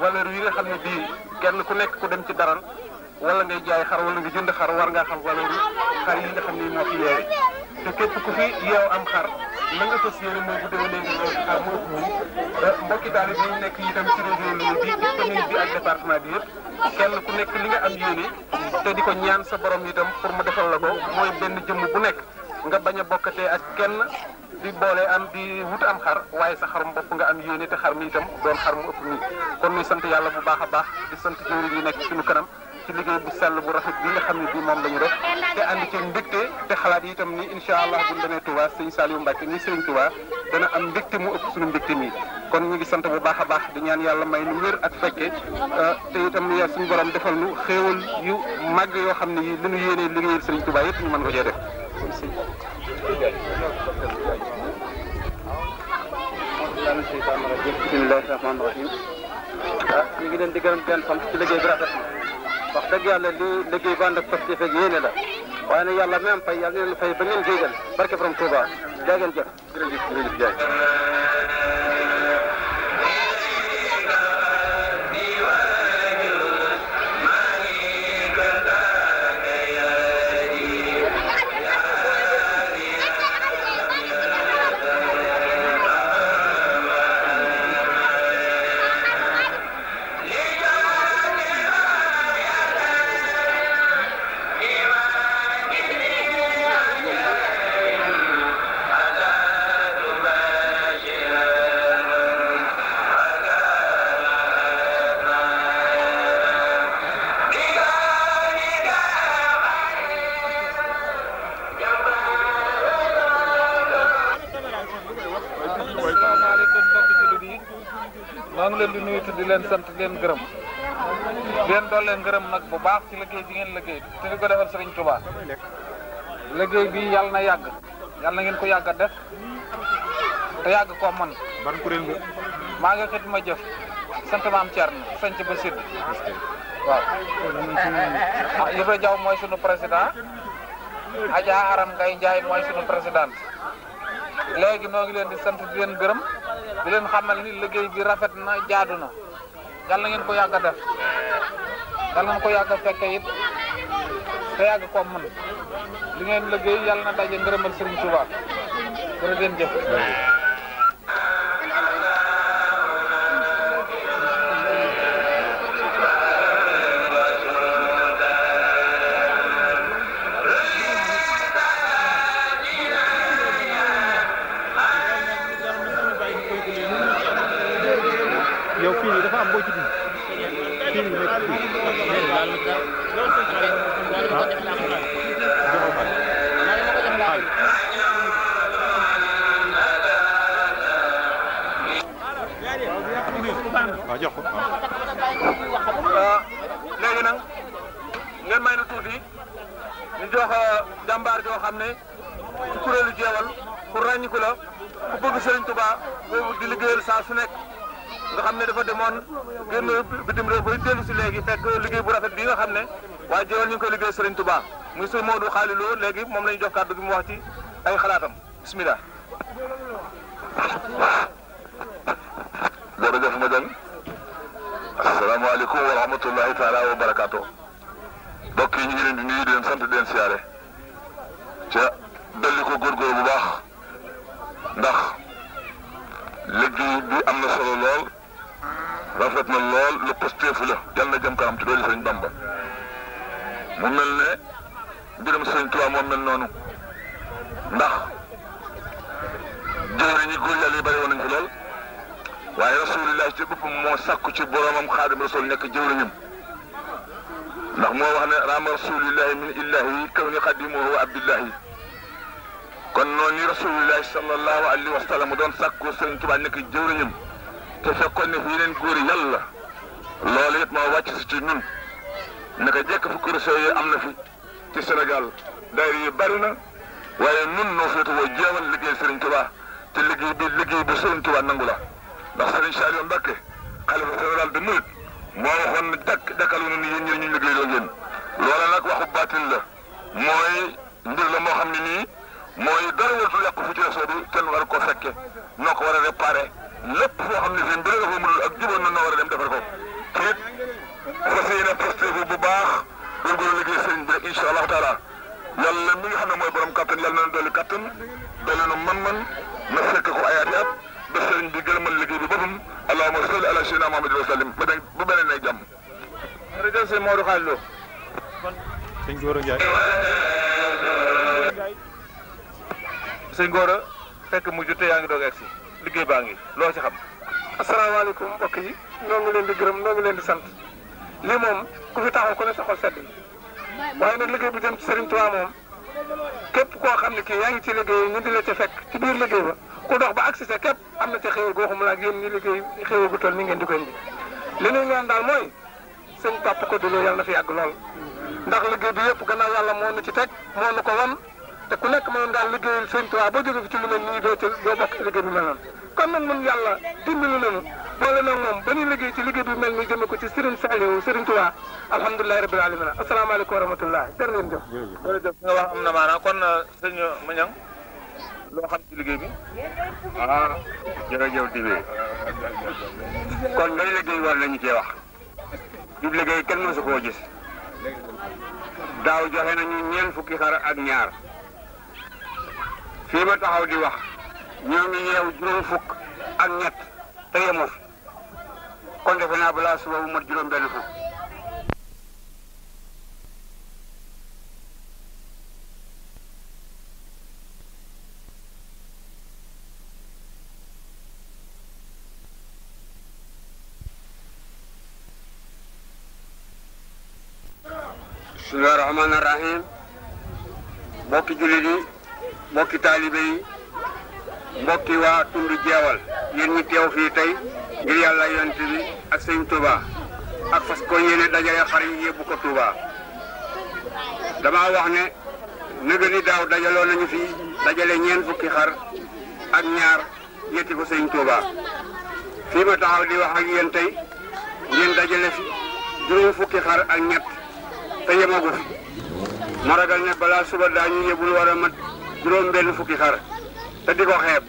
valeur yi nga xam ne bii kenn ku nekk ku dem ci daral wala ngay jaay xar wala nga jënd xar war ngaa xam valeur yi xar yi nga xam ne moo fi yeewee te képp ku fi yeew am xar la nga fas yéene mooy bu déwénee nga ñëw daal mu ëpp ñun mbokki daal bi ñu nekk itam ci région Louga bi commune bi ak département bi yëpp kenn ku nekk li nga am yéene te di ko ñaan sa borom yi itam pour mu defal la ko mooy benn jëmm bu nekk nga bañ a bokkatee ak kenn di boole am di wut am xar waaye sa xarum bopp nga am yéene te xar mi itam doon xar mu ëpp nii kon ñuy sant yàlla bu baax a baax di sant jëwriñ yi nekk suñu kanam. ci liggéey bu sell bu rafet bi xam ne bii moom la ñu def te ànd ci mbégte te xalaat yi itam ni incha allah bu ñu demee Touba sëñ Saliou Mbacke ni sëñ Touba dana am mbégte suñu mbégte mi kon ñu ngi sant bu baax a baax di ñaan yàlla may nu wér ak fekke euh, te itam ya suñu borom defal nu xéewal yu màgg yoo xam ne yi li ñu yéenee liggéeyal sëñ Touba yëpp ñu mën ko cee def bismillahi rahmaani ah, ñu ngi leen di gërëm benn fan ci wax dëgg yàlla li liggéey ba ànd ak pastef ak yéene la waaye nag yàlla même fay yàlla ngeen fay ba ngeen jéegal barke borom Touba jaa ngeen jëf jërëjëf jërëjëf jaay di leen gërëm leen dollee ngërëm nag bu baax ci liggéey bi ngeen liggéey te di ko defal Sëriñ Tuubaa liggéey bi yàlla na yàgg yàlla na ngeen ko yàgg a def te yàgg ko man ban kuréel nga maa ngi xit ma jëf sant maam Thierno sant ba Sidi waaw ah Ibra mooy sunu président Adja Aram Ngay Njaay mooy sunu président léegi noo ngi leen di sant di leen gërëm di leen xamal ni liggéey bi rafet na jaadu na yàlla na ngeen ko yàgg def yàlla na ko yàgg a fekke it te yàgg ko mën li ngeen liggéey yàlla na daje ngërëmal Sëriñ Tuubaa jërë ngeen jëf dafa demoon génn bitim réew ba si léegi fekk liggéey bu rafet bii nga xam ne waaye jëloon ñu ngi koy liggéey Serigne Touba muy Serigne Modou Khali Lo léegi moom la ñu jox kàddu gi mu ay xalaatam bisimilah. jërëjëf Madiagne. asalaamaaleykum wa rahmatullahi taala wa barakaatu. mbokk yi ñu di nuyu di leen sant di leen siyaare. ko góorgóorlu bu baax. ndax liggéey bi am na solo lool. rafet na lool lu postéefu la yal na jëm kanam te doole sëriñ Bamba mu mel ne mbirum sëriñ Tuubaa moo mel noonu ndax jëwri ñi góor yàlla yi bari woon nañ fi lool waaye rasulillah ci boppam moo sàkku ci boromam xaadim rasul nekk jëwriñam ndax moo wax ne raama rasulillahi min illahi kaw ni xadimuhu wa abdillahi kon noonu ni rasulillahi sallallahu alayhi wa sallam doon sàkku sëriñ Tuubaa nekk jëwriñam te fekkoon ne fi yeneen góor yàlla loolu it moo wàcc si ci ñun naka jekk fi kuréel yi am na fi ci Sénégal daayira yi bari na waaye nun noo féete woo jeewal liggéey Serigne Touba te liggéey bi liggéey bi Serigne Touba nangu la ndax Serigne Saliou Mbacké xalifa général de Mouride moo waxoon ne dakk dakkal wu ne yéen ñoo ñu liggéey loo ngeen loola nag waxu baatin la mooy mbir la moo xam ne nii mooy dara waratu yàqu fu ci réseau bi kenn war koo fekke noo ko war a réparé lépp foo xam ne seen bu dee dafa mënul ak juboon na war a dem defar ko te it fas yéene bu baax góorgóorlu liggéey sëriñ bi rek incha allahu taala yàlla mi nga xam ne mooy borom kattan yàlla na dolli kattan dolli nu man-man na fekk ko ay at i at ba sëriñ bi gërëmal liggéey bi ba allahumma salli ala sayyidina muhammadin wa sallim ba dégg bu beneen ay jàmm. jërëjëf sëñ Modou Khady Lo. sëñ Gora Ndiaye. sëñ Gora fekk mujj te yaa ngi doog si liggéey baa ngi loo ci xam. asalaamaaleykum mbokk yi ñoo ngi leen di gërëm ñoo leen di sant li moom ku fi taxaw ko ne sa xol sedd waaye nag liggéey bu jëm ci Serigne Touba moom képp koo xam ne kii yaa ngi ci liggéey ñu di la ca fekk ci biir liggéey ba ku dox ba agsi sa képp am na ca xéwal goo xam laak yéen ñi liggéey xéwal gu toll ni ngeen di ko indi li ñuy ñaan daal mooy sëñ Papa Codé Lo yàlla na fi yàgg lool ndax liggéey bi yëpp gannaaw yàlla moo nu ci teg moo nu ko wan te ku nekk mënoon ngaa liggéeyal sëñ Tuubaa boo jógee fi ci lu mel nii doo ca doo bokk ci liggéey bi mel noonu kon nag mun yàlla dimbali nañu boole nag moom ba ñuy liggéey ci liggéey bi mel nii jëme ko ci Serigne Saliou Serigne Touba alhamdulilahi rabbil alamin asalaamaaleykum wa rahmatullah jërë ngeen jëf jërëjëf nga wax am na maanaam kon euh, sëñ Mañang loo xam ci liggéey bi ah jërëjëf Dibé kon day liggéey war lañu cee wax di liggéey kenn mësu koo gis daaw joxe nañu ñeen fukki xar ak ñaar fii taxaw di wax ñoo ngi yeew juróom fukk ak ñett te yemuf kon defe naa balaa suba bu mat juróom benn fukk بسم الله الرحمن الرحيم بوكي جلدي mbokki taalibe yi mbokki waa tund jeewal yéen teew fii tey ngir yàlla yonent bi ak sëñ Touba ak fas ko yéene dajale xar yi yóbbu ko Touba dama wax ne nëgë ni daaw dajaloo nañu fi dajale ñeen fukki xar ak ñaar yetti ko sëñ Touba fii ma taxaw di wax ak yéen tey ngeen dajale fi juróom fukki xar ak ñett te yemagu fi ma ragal ne balaa suba daañu yebul war mat juróom benn fukki xar te di ko xeeb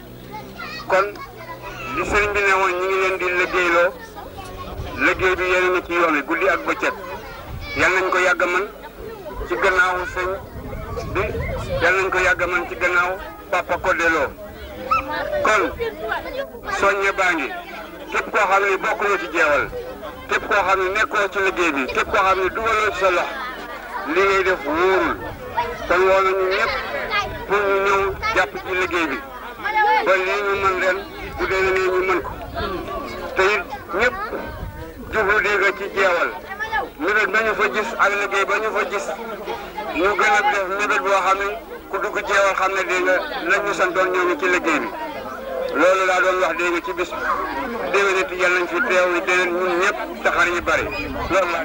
kon li sëriñ bi ne woon ñu ngi leen di liggéeyloo liggéey bi yéen na ci yoon wi guddi ak bëccëg yal nañ ko yàgg man ci gannaaw sëñ bi yal nañ ko yàgg man ci gannaaw papa Codéloo kon soññe baa ngi képp koo xam ne bokkuloo ci jeewal képp koo xam ne nekkoo ci liggéey bi képp koo xam ne dugaloo ci sa li ngay def wóorul te woo nañu ñëpp pour ñu ñëw jàpp ci liggéey bi ba lii ñu mën ren bu dee nee ñu mën ko te it ñëpp jublu dégg ci jeewal mébét ba ñu fa gis ak liggéey ba ñu fa gis ñu gën a def mébét boo xam ne ku dugg jeewal xam ne dégg nga lañ ñu santoon ñooñu ci liggéey bi. loolu laa doon wax léegi ci bis déwénati yàlla nañ fi teew yi déwén ñun ñëpp taxaar yi bari loolu laa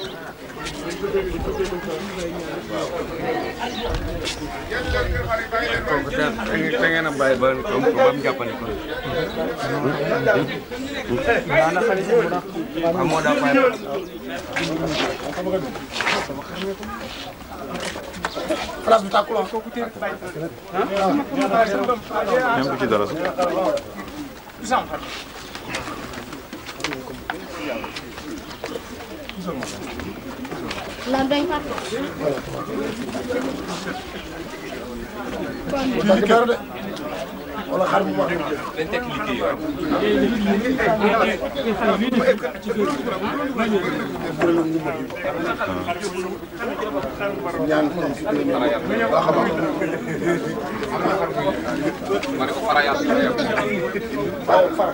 Kok te pengen pengen a bàyyi ba ba mu jàppandi ko. ah moo daa bàyyi place bi tàkku la kooku te bàyyi ah. lan dañ fa voilà wala xar bu ma dañ teg liggéey ñaan ko ci ba xam ma ne ko fara yaa fara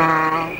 Bye.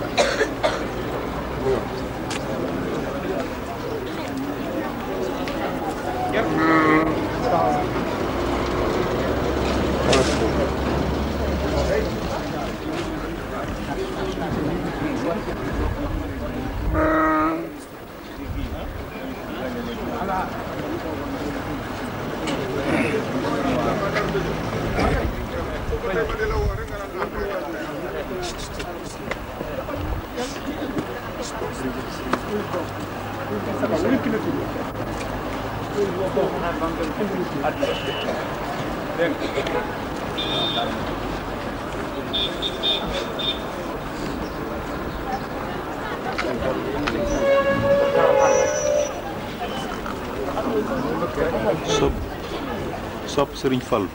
Serigne Fall.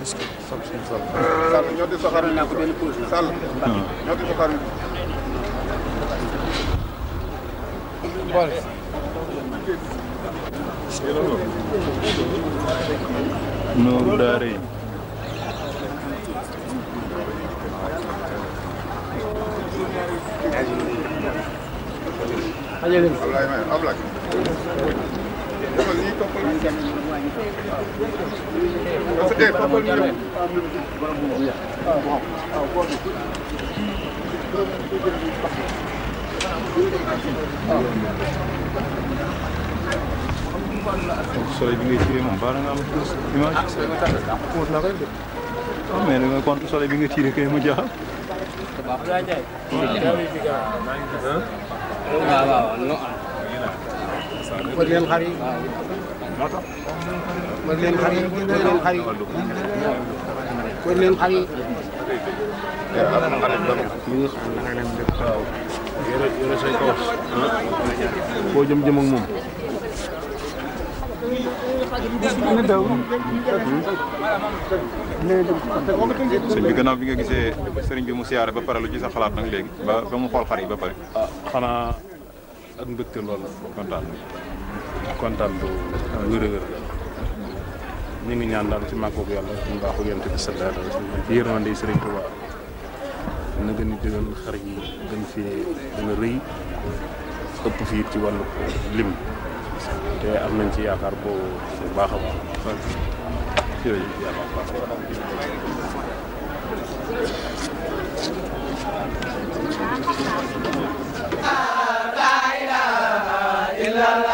est-ce que. Sall Serigne Fall. Sall ñoo di soxal naa ko benn pause la Sall. soleil bi ngay tiré moom baax na nga am image. wut na bi nga tiré kay mu jaaxal. waaw waaw waaw. wër leen xar yi wër leen xar yi wër leen jëm jëm ak moom. sëñ bi gannaaw bi nga gisee sëriñ bi mu siyaare ba pare lu ci sa xalaat nag léegi ba ba mu xool xar yi ba pare. xanaa ak mbégte lool kontaan kontaan bu uh, wér a wér. ñu ngi ñaan daal ci màggoog yàlla mu baax ak yonent bi sallallahu alayhi wa sallam ci yërmande Sëriñ Tuuba na gën a digal xar yi gën fee gën a rëy ëpp fii ci wàllu lim te am nañ ci yaakaar bu baax a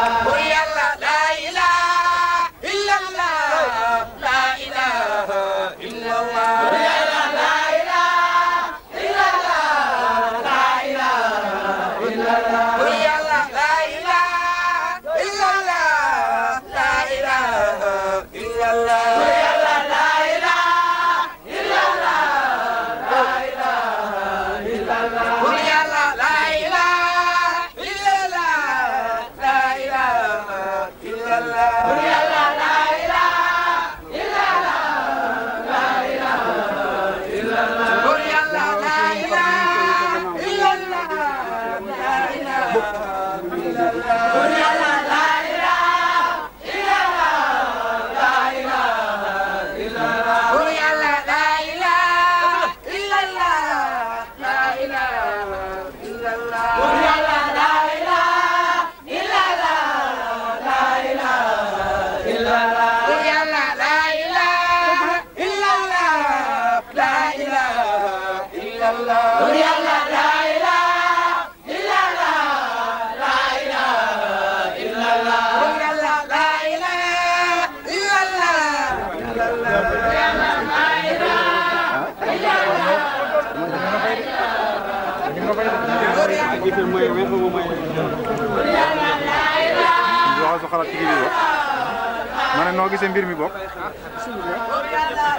noo gisee mbir mi bokk.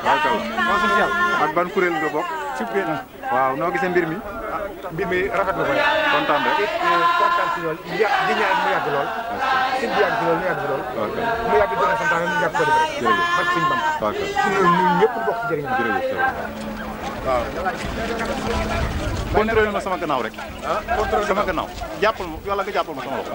waaw kaw ak ban kuréel nga bokk. waaw noo gisee mbir mi. mbir mi rafet na ko rek kontaan rek. kontaan si lool di ñaan mu yàgg lool. si bi yàgg si lool mu yàgg lool. mu yàgg doon santaane mu yàgg ko def rek. jërëjëf ak suñu bant. waaw ñun ñëpp bokk jëriñ waaw. contrôlé ma sama gannaaw rek. ah contrôlé sama gannaaw jàppal ma yàlla nga jàppal ma sama loxo.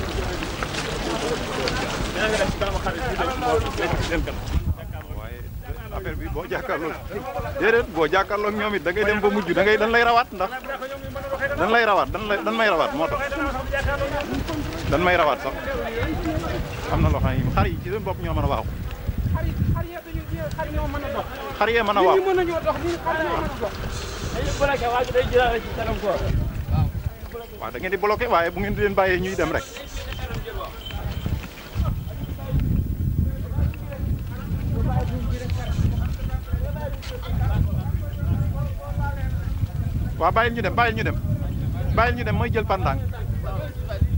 waaye affaire bi boo jàkkaarloo déedéet boo jàkkaarloo ñoom it da dem ba mujj dangay ngay dan lay rawaat ndax dan lay rawaat dan dan may rawaat moo tax dan may rawaat sax am na loo xam ne bopp ñoo mën a waaxu xar yee mën a waaxu waaw da ngeen di bloqué waaye bu ngeen di leen bàyyee ñuy dem rek waa bàyyil ñu dem bàyyil ñu dem bàyyil ñu dem may jël par ndànk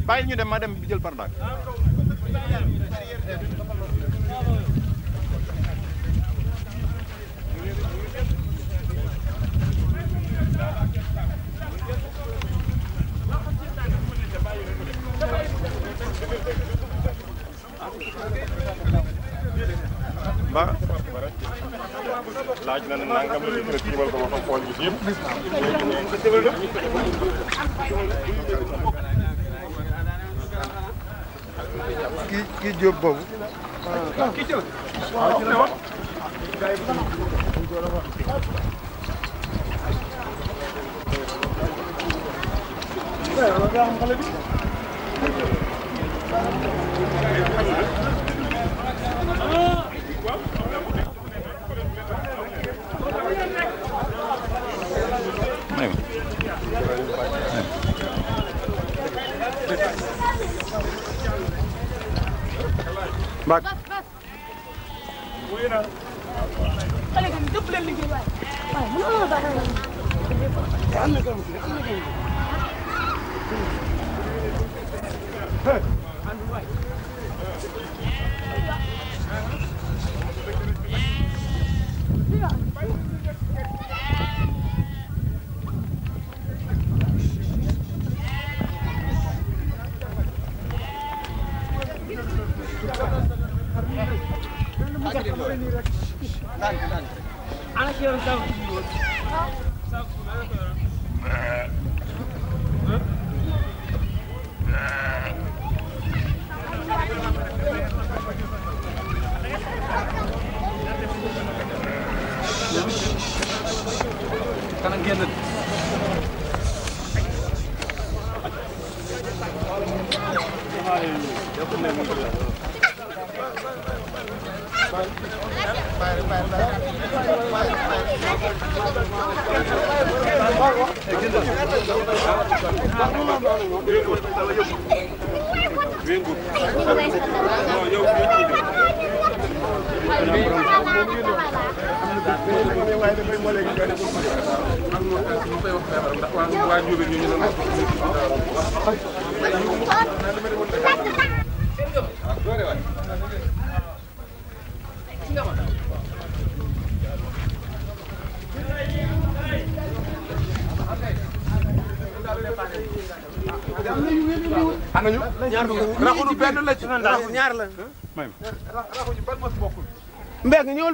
bàyyil ñu dem ma dem jël par ndànk laaj na ne nangam la ñu gën a ko ba xool gis yëpp léegi ne kii kii Diop boobu. waaw Bak. Hey!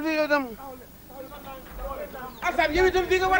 taxawal fii yow itam.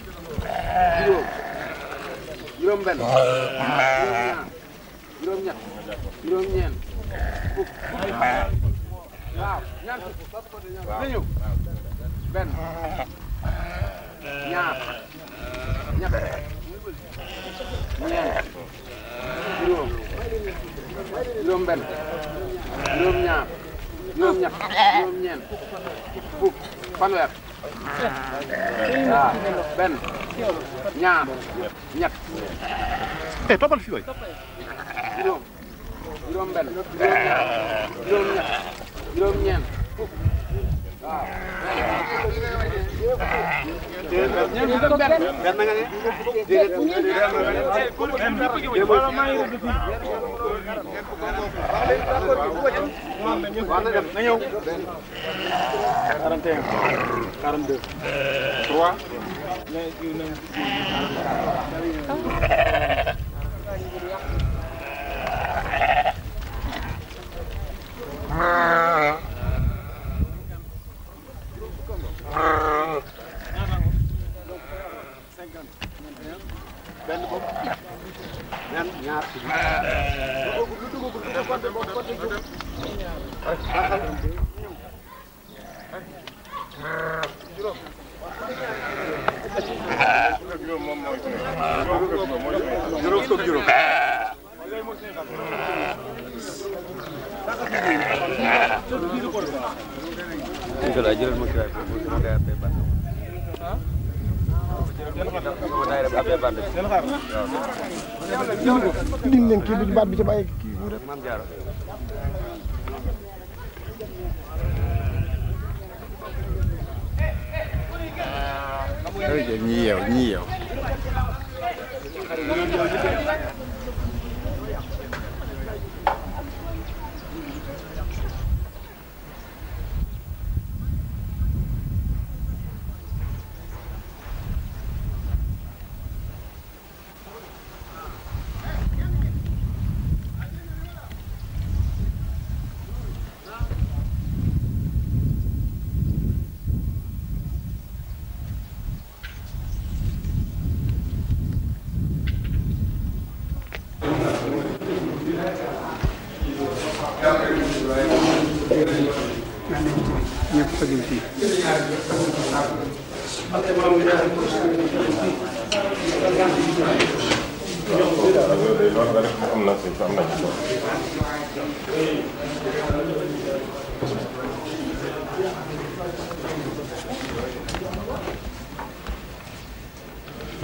juróom benn juróom ñett juróom ñeent fukk waaw ñaar fukk ñëw benn ñaar ñett ñeent juróom juróom benn juróom ñaar juróom ñett juróom ñeent fukk fanweer benn ñaar ñett eh toppal fi waay juróom juróom benn juróom ñett juróom ñeent waaw 42 ah. 3 benn bopp benn ñaar ci dugub lu dugub lu defante boo defante ju juróom juróom moom mooy juróom soog juróom Enggak lah, jalan mau kira-kira, mau kira-kira apa din leen kii bi baat bi ci bàyyi kii mu def jërëjëf ñi yeew ñi yeew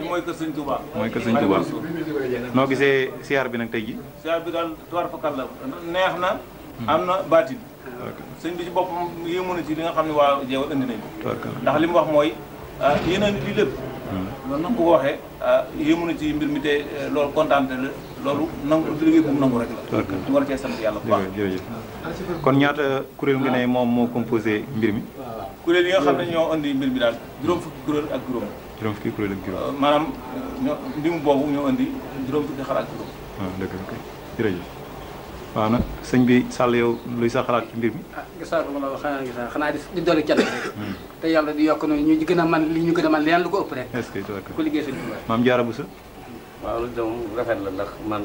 bi mooy kër sëñ Touba. mooy kër sëñ Touba noo gisee siyaar bi nag tey ji siyaar bi daal tuwaar fakkat la neex na am na baatin sëñ bi ci boppam yi mën a ci li xam ne waa jeewal indi nañ ndax li mu wax mooy ah, yéen a di lépp loolu hmm. nanga ko waxee ah, yéemu na ci mbir mi te eh, loolu kontaante la loolu nangu liggéey bu mu nangu rek la ñu war a cee sant yàlla bu baax kon ñaata kuréel nga ne moom moo composé mbir mi kuréel yi nga xam ne ñoo indi mi daal juróom fukki kuréel ak juróom juróom fukki kuréel ak juróom. Euh, maanaam euh, ñoo ndimu boobu ñoo indi juróom fukki xalaat ah, nag sëñ bi Sall yow luy sa xalaat ci mbir mi. ah gis naa ko la xanaa gis xanaa di dolli cant rek. Hmm. te yokk noonu ñu gën a man li ñu gën a man leneen lu ko ëpp rek. est-ce que ku liggéey sëñ bi sa waaw loolu rafet la ndax man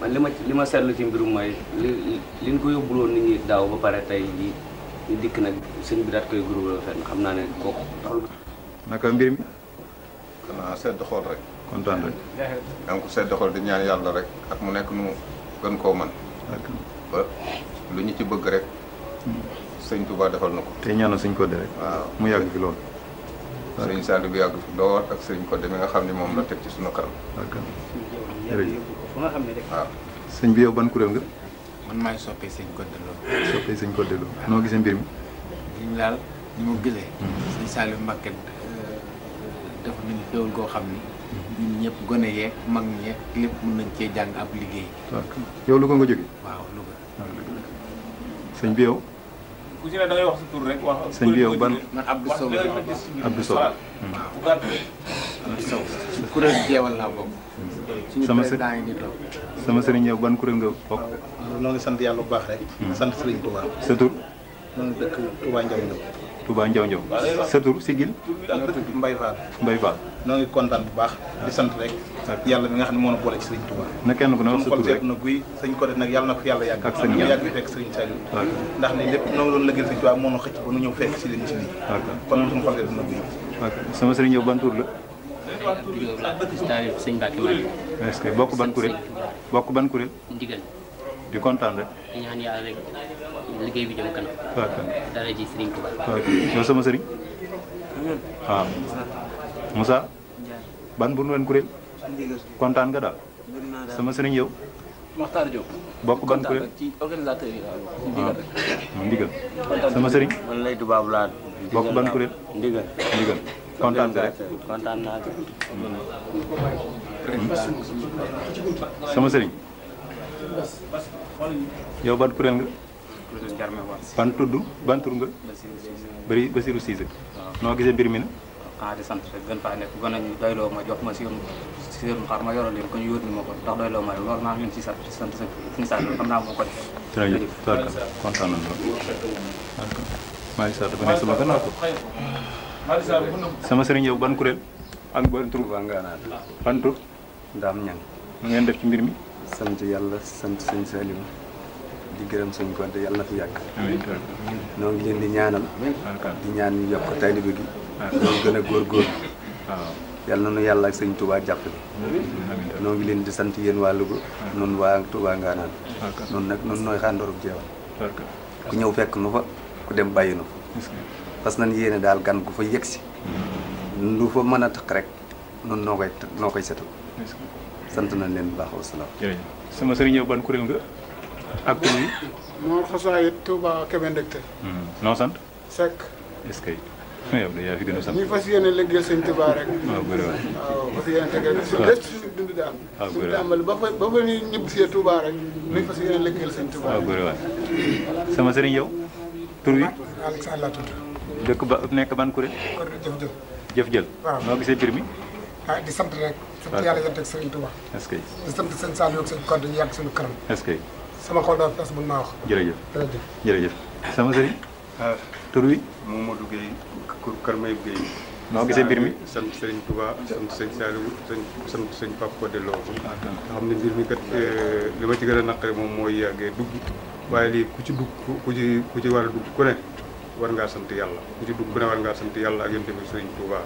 man li ma li ma seetlu ci mbirum mooy li li ñu ko yóbbuloon nit ñi daaw ba pare tey jii ñu dikk nag sëñ bi daat koy groupé fenn xam naa ne kooku. naka mbir mi. xanaa sedd xool rek. kontaan rek. donc sedd xool di ñaan yàlla rek ak mu nekk nu gën koo man lu ñu ci bëgg rek. sëñ Touba defal na ko. tey ñaanal sëñ Codé rek. waaw mu yàgg fi lool. sëñ Saliou bi yàgg fi lool sëñ Codé mi nga xam ne moom la teg ci suñu kanam. jërëjëf waaw. bi ban kuréel nga. man maay soppee sëñ Codé Lo. soppee sëñ Codé Lo noo gisee mbir mi. liñ laal ni mu gëlee. Hmm. sëñ Saliou dafa mel xéwal goo xam ni ñun ñepp gone ye mag ñe lepp mën nañ ci jàng ab liggéey yow lu ko nga jóge waaw lu ko señ bi yow ku ci la da ngay wax sa tour rek wax señ bi yow ban man Abdou Sow Abdou Sow mm. waaw Abdou Sow ku kuréel jéwal la bok sama sëriñ ngi ni toog sama sëriñ yow ban kuréel nga bok noo ngi sant yalla bu baax rek mm. sant sëriñ Touba sa tour noo ngi dëkk Touba ñu Touba Ndiaw Ndiaw sa tur Sigil Mbaye Fall Mbaye Fall noo ngi kontaan bu baax di sant rek yàlla mi nga xam ne moo na boole ci sëriñ kenn ku ne wax sa tur rek na guy sëñ ko def nag yàlla na ko fi yàlla yàgg ak fekk sëriñ ngi ba nu ñëw fekk si leen ci sama sëriñ yow ban tur la bokk ban kuréel di kontaan rek. di bi jëm sama sëriñ. waaw. Moussa. ban bu nu leen kontaan nga daal. sama sëriñ yow. Makhtar Diop. bokk ban kuréel ci organisateur ndigal sama sëriñ. man lay tubaab laa. bokk ban kuréel. ndigal ndigal. kontaan nga rek hmm. sama sëriñ. yow ban kuréel nga ban tudd ban tur nga bari Bassirou Cissé noo gisee mbir mi na di rek gën faa nekk ba nañu doyloo ma jox ma si yoon si yoon xar ko ñu yónni ma ko ndax doyloo ma loolu naa ñun si sant sant sa xam sama gannaaw ko sama sëriñ yow ban kuréel ak ban tur ban tur ñang ngeen def ci mbir mi sant yàlla sant sëñ Saliou di gërëm sëñ Konte yàlla na fi yàgg. noo ngi leen di ñaanal. di ñaan ñu yokk taalibe gi. ñoo gën a góorgóorlu. yàlla na nu yàlla ak sëñ Touba jàppale. noo ngi leen di sant yéen waa Louga. noonu waa Touba Nganaan. noonu nag noonu nooy xaandorub jeewal. ku ñëw fekk nu fa ku dem bàyyi nu fa. parce que nañ yéene daal gan gu fa yegsi. Hmm. lu fa mën a tax rek noonu noo koy noo sant nañ leen bu baax wasalaam. jërëjëf sama sëriñ yow ban kuréel nga ak tur yi. moom xasaayit Touba Kébé Ndekte. Hmm. noo sant. Seck. est-ce que yow de yaa fi gën a sant. Ah, ah, ñu ah, sama sëriñ yow. tur yi dëkk ba nekk ban kuréel. jëf jël. noo gisee mbir ah di sant rek. sant yàlla yéen rek Serigne Touba. est-ce di sant sëñ Saliou ak sëñ Codé ñu yàgg suñu kanam. est-ce que sama xol daal fees mën naa wax. jërëjëf jërëjëf jërëjëf. sama sëriñ. ah tur wi. Momadou Guèye Kër Mayib Guèye. noo gisee mbir mi sant Serigne Touba sant sëñ Saliou sant sëñ Pape Codé Lo. Ah, xam ne mbir mi kat euh, li ma ci gën a moom mooy yàggee dugg waaye lii ku ci dugg ku ci ku ci war a dugg ku ne. war nga sant yalla ku ci dug bu ne war ngaa sant yalla ak yéen serigne Touba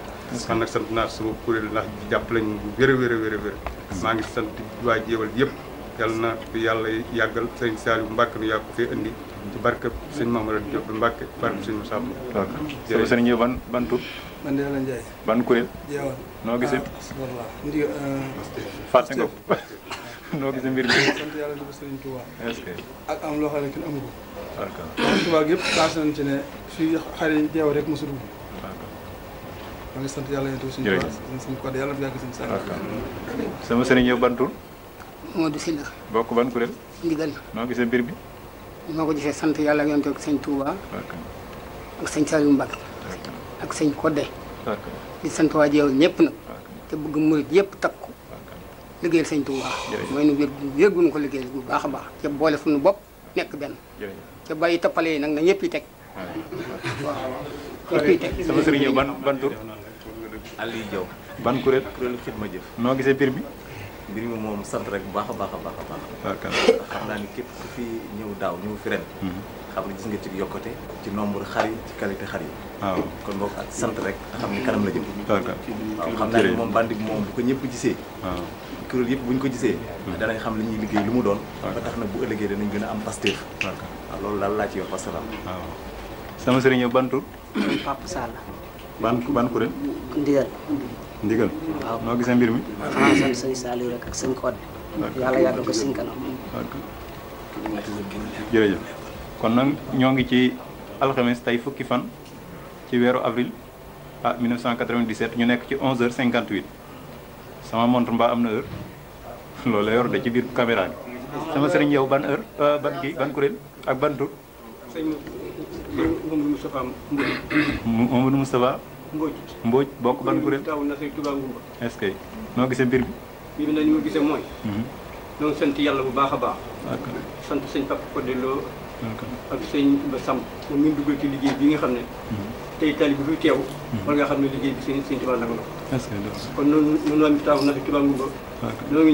man nak sant na sama kurel ndax japp lañ wéré wéré wéré wéré ma ngi sant waa jéewal yëpp na fi yalla yagal serigne Saliou mbak nu yàgg fi fee indi ci barke serigne Mamadou Diop Mbacke barke sëñ Moussa Mbow jërëjëf serigne ban ban tout man de la Ndiaye ban no gisé subhanallah gisee euh fatte ngop no gisé mbir bi sant yàlla di ko Touba ak am lo xamné ne amugo tubaab yëpp passé nañ ci ne fii xar yi deew rek mosul wu. sant yàlla yéen suñu tubaab suñu code yàlla fi yàgg suñu sa sama sëriñ yow ban tur Modou Sylla bokk ban kuréel ndigal noo gisee mbir bi moo ko gisee sant yàlla ak yonent ak sëñ Touba ak sëñ Saliou Mbacke ak sëñ Codé di sant waa Jeewal ñëpp nag te bëgg murit yëpp takk ko liggéeyal sëñ Touba mooy nu wér wér gu ko liggéeyal bu baax a baax te boole fu nu bopp nekk benn te bàyyi tappale yi nag na ñëpp yi teg waaw ñëpp yi teg sama sëriñ ban ban tur Aliou Diaw ban kuréel kuréelu xidma jëf noo gisee mbir bi mbir mi moom sant rek bu baax a baax a baax a baax xam naa ni képp ku ñëw daaw ñëw fi mhm. xam ne gis nga ci yokkute ci nombre xar yi ci qualité xar yi kon boog sant rek xam ni kanam la jëm waaw xam naa ni moom bandi bi moom bu ko ñëpp gisee kuréel yëpp bu ñu ko gisee hmm. danañ xam li ñuy liggéey lu mu doon ba tax na bu ëllëgee danañ gën a am pasteur loolu daal laa ci yor wasalaam waaw sama sëriñ yow ban tur <coughs> Papa Sall ban ban kuréel ndigal ndigal waaw noo gisee mbir mi xanaa ah, sant sëñ Saliou rek ak sëñ kon nag ñoo ngi ci alxames tey fukki fan ci weeru avril ah 1997 ñu nekk ci 11 cinquante 58 sama montre mbaa am na heure loolu la de ci biir caméra bi sama sëriñ yow ban heure euh, ban kii ban kuréel ak ban tur. sëñ mbooj Moustapha Mbodj. Mamadou bokk ban kuréel. taw na say Touba noo gisee mbir bi. mbir mi ni ma gisee mooy. ñoo mhm. ngi yàlla bu baax a baax. sant sëñ Papa Codé Lo. ak sëñ Ba Samb moom mi ngi dugal ci liggéey bi nga xam ne. Mhm. tey tali bi fi teew. Hmm. war nga xam ne liggéey bi seen seen tubaab nangu na. est-ce que la ñu taamu na ngi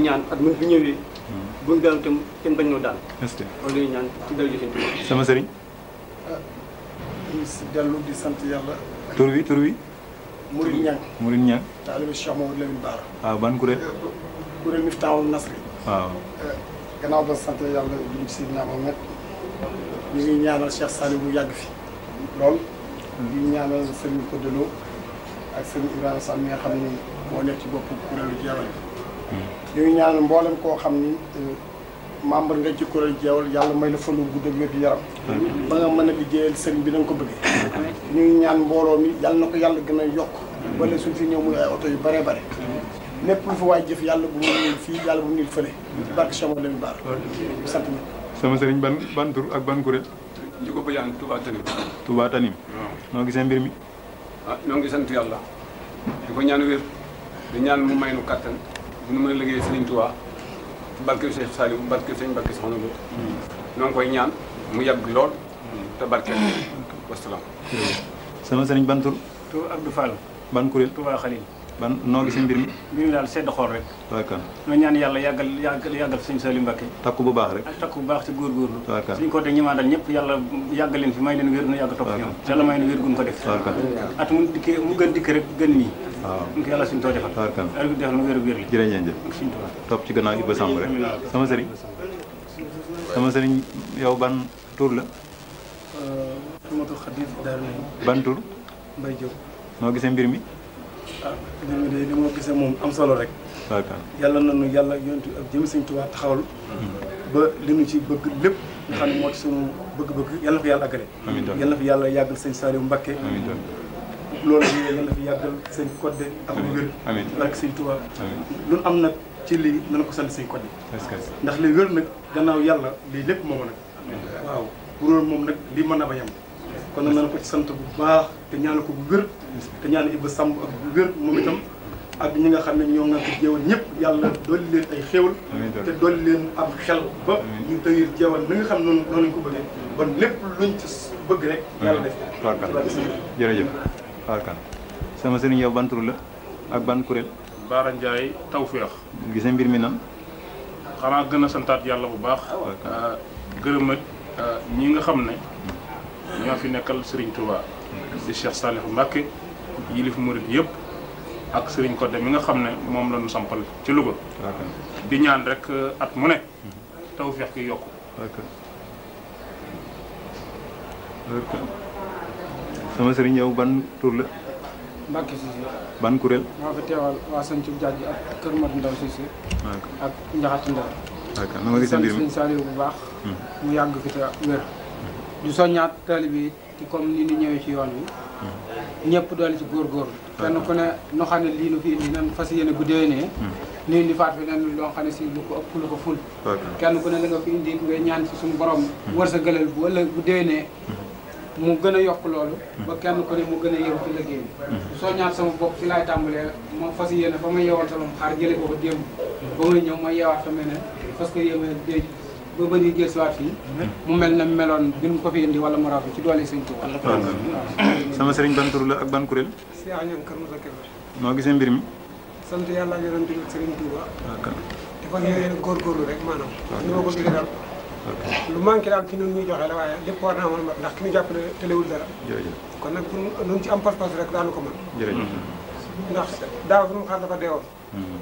ñaan at mu fi ñëwee. Hmm. buñ daal itam kenn bañ noo daal. est-ce que kon ñaan ci dal ji seen tubaab. sama ah, di sant yàlla. tur wi tur wi. Mourine Niang Mourine Niang. taalibe Cheikh ah, ban kuréel. Eh, kuréel Miftahul eh, ba sant yàlla bi ñu si ñaama met ñu ngi ñaanal Cheikh Saliou bu yàgg fi lool. di ñaanal sëriñ Kodelo ak sëriñ Ibrahima Sam mi xam ni moo nekk ci bopp kuréelu jeewal bi hmm. ñuy ñaanal mboolem koo xam ni euh, membre nga ci kuréelu jeewal yàlla may la fan wu gudd ak wér gu yaram hmm. ba nga mën a liggéeyal sëriñ bi na nga ko bëggee hmm. ñuy ñaan mbooloo mi yàlla na ko yàlla gën a yokk wala suñ fi ñëw muy ay oto yu bare bare lépp lu fi waay jëf yàlla bu mu niil fii yàlla bu mu niil fële barke Cheikh Mouhamed Lamine Bara sant ñi sama sëriñ ban ban ak ban kuréel di ko bëjaan Touba Tanim. Touba Tanim. waaw noo gisee mbir mi. ah ñoo ngi sant yàlla. di ko ñaan wér di ñaan mu may nu kattan bu nu mën a liggéey Serigne Touba barke Cheikh Saliou barke Sëñ Mbacke Soxna Lo. ñoo hmm. ngi koy ñaan mu yàgg lool hmm. te barke wasalaam. sama sëriñ ban tur. tur Abdou Fall. ban kuréel Touba Xalil. ban noo gisee mbir mi. mbir mi daal sedd xool rek. tawakkal ñoo ñaan yàlla yàggal yàggal yàggal suñu Saliou Mbacké. takku bu baax rek ak bu baax ci góorgóorlu. tawakkal suñu ko teg ñi ma dal ñëpp yàlla yàggal fi may leen wér nu yàgg topp ñoom. yàlla may leen wér gun ko def. tawakkal at mu gën dikk rek gën nii. waaw ko yàlla suñu too defal. tawakkal yàlla defal mu wér wér li. ci gannaaw Ibba Samb rek sama sëriñ sama sëriñ yow ban tur la. ban tur. Mbaye Diop noo gisee mbir mi ah mbir li ma gisee moom am solo rek. yàlla na nañu yàlla yontu ak jëm Sëñ Tuubaa taxawal. ba li ñu ci bëgg lépp. nga ne moo ci sunu bëgg-bëgg yàlla na yàlla àggale. amiin yàlla na fi yàlla yàggal sëñ Saliou Mbacké. loolu yéen yàlla na fi yàggal sëñ Codé. ak wér. amiin lu am nag ci lii dana ko sant sëñ Codé. ndax li wér nag gannaaw yàlla lii lépp moom nag. waaw bu moom nag lii mën a ba yem. kon nag nañ ko ci sant bu baax te ñaan ko bu wér te ñaan Ibou Samb ak bu wér moom itam ak ñi nga xam ne ñoo nga ko jeewal ñëpp yàlla dolli leen ay xéewal te dolli leen am xel ba ñu tëyir jeewal na nga xam noonu noonu lañ ko bëggee kon lépp luñ ci bëgg rek yàlla sama sëriñ yow ban tur la ak ban kuréel Baara Ndiaye Tawfeex mbir mi nan xanaa gën a santaat yàlla bu baax euh, gërëmat euh, ñi nga xam ne ñoo fi nekkal Serigne Touba di Cheikh Salihou Mbacké yilif murid yëpp ak Serigne kodde mi nga xamne mom lañu sampal ci Louga di ñaan rek euh, at mu ne tawfeex gi yokku sama serigne yow ban tour la Mbacké Cissé ban kurel ma fa teewal wa Sancu jaji ak keur Mat Ndaw Cissé ak Njaxati Ndaw d'accord na ma gisee mbir mi sëriñ bu baax hmm. mu yag fi te wer ñu soññaat taalibe yi ci comme ni ñu ñëwee ci yoon wi ñëpp doole ci góorgóorlu kenn ku ne noo xam ne lii nu fi indi fas yéene bu déwénee hmm. nii ni faat fi nen loo xam ne si lu ko ëpp ko ful kenn ku ne la nga ñaan ci suñu borom hmm. wër sa gëlal bu ëllëg bu hmm. gën a yokk loolu ba kenn ku ne mu gën a soo ñaat sama bopp ci laay tàmbalee ma fas yéene fa ma yeewal sama xaar jële ko ko démb ba may ñëw ma yeewaat fa mel ne parce que yéeme déej ba ba ñuy jël waat fii. mu mel na meloon bi mu ko fi indi wala mu raw ci doole sañ Tuubaa. sama sëriñ ban tur la ak ban kuréel. Cheikh Niang Kër Moussa Kébé. noo gisee mbir mi. sant yàlla ak yonent bi ak sëriñ Tuubaa. d'accord ah, dafa ñëwee góorgóorlu rek maanaam. waaw ko gisee daal. lu manqué daal ci ñun ñuy joxe la waaye lépp war naa mën a mat ndax ki ñu jàppale tëlewul kon nag pour ñu ci am pas-pas rek daanu ko mën. ndax daa fi mu xaar dafa deewoon. Hmm.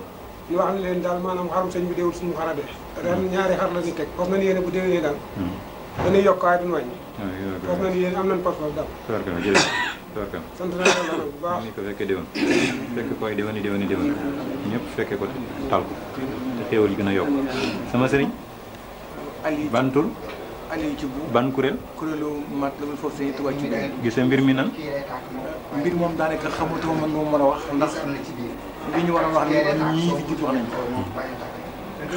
ñu wax ne leen daal maanaam xarum sëñ bi déwul suñu xara de hmm. ren ñaari xar la ñu teg foofu nañu yéene bu déwénee daal hmm. dañuy yokk waaye duñu wàññi ah, foofu nañu yéene am nañ pas-pas daal torkam sant naa yàlla bu baax ni ko fekkee déwén fekk koy déwén yi déwén yi déwén ñëpp fekkee ko tal ko te xéewal yi gën a yokk sama sëriñ ban tur Aliou ci bu ban kuréel kuréelu mat la foofu sëñ Tuubaa ci gisee mbir mi nan mbir moom daanaka xamatuma man moom mën a wax ndax li ñu war a wax ne ñii fi jiitu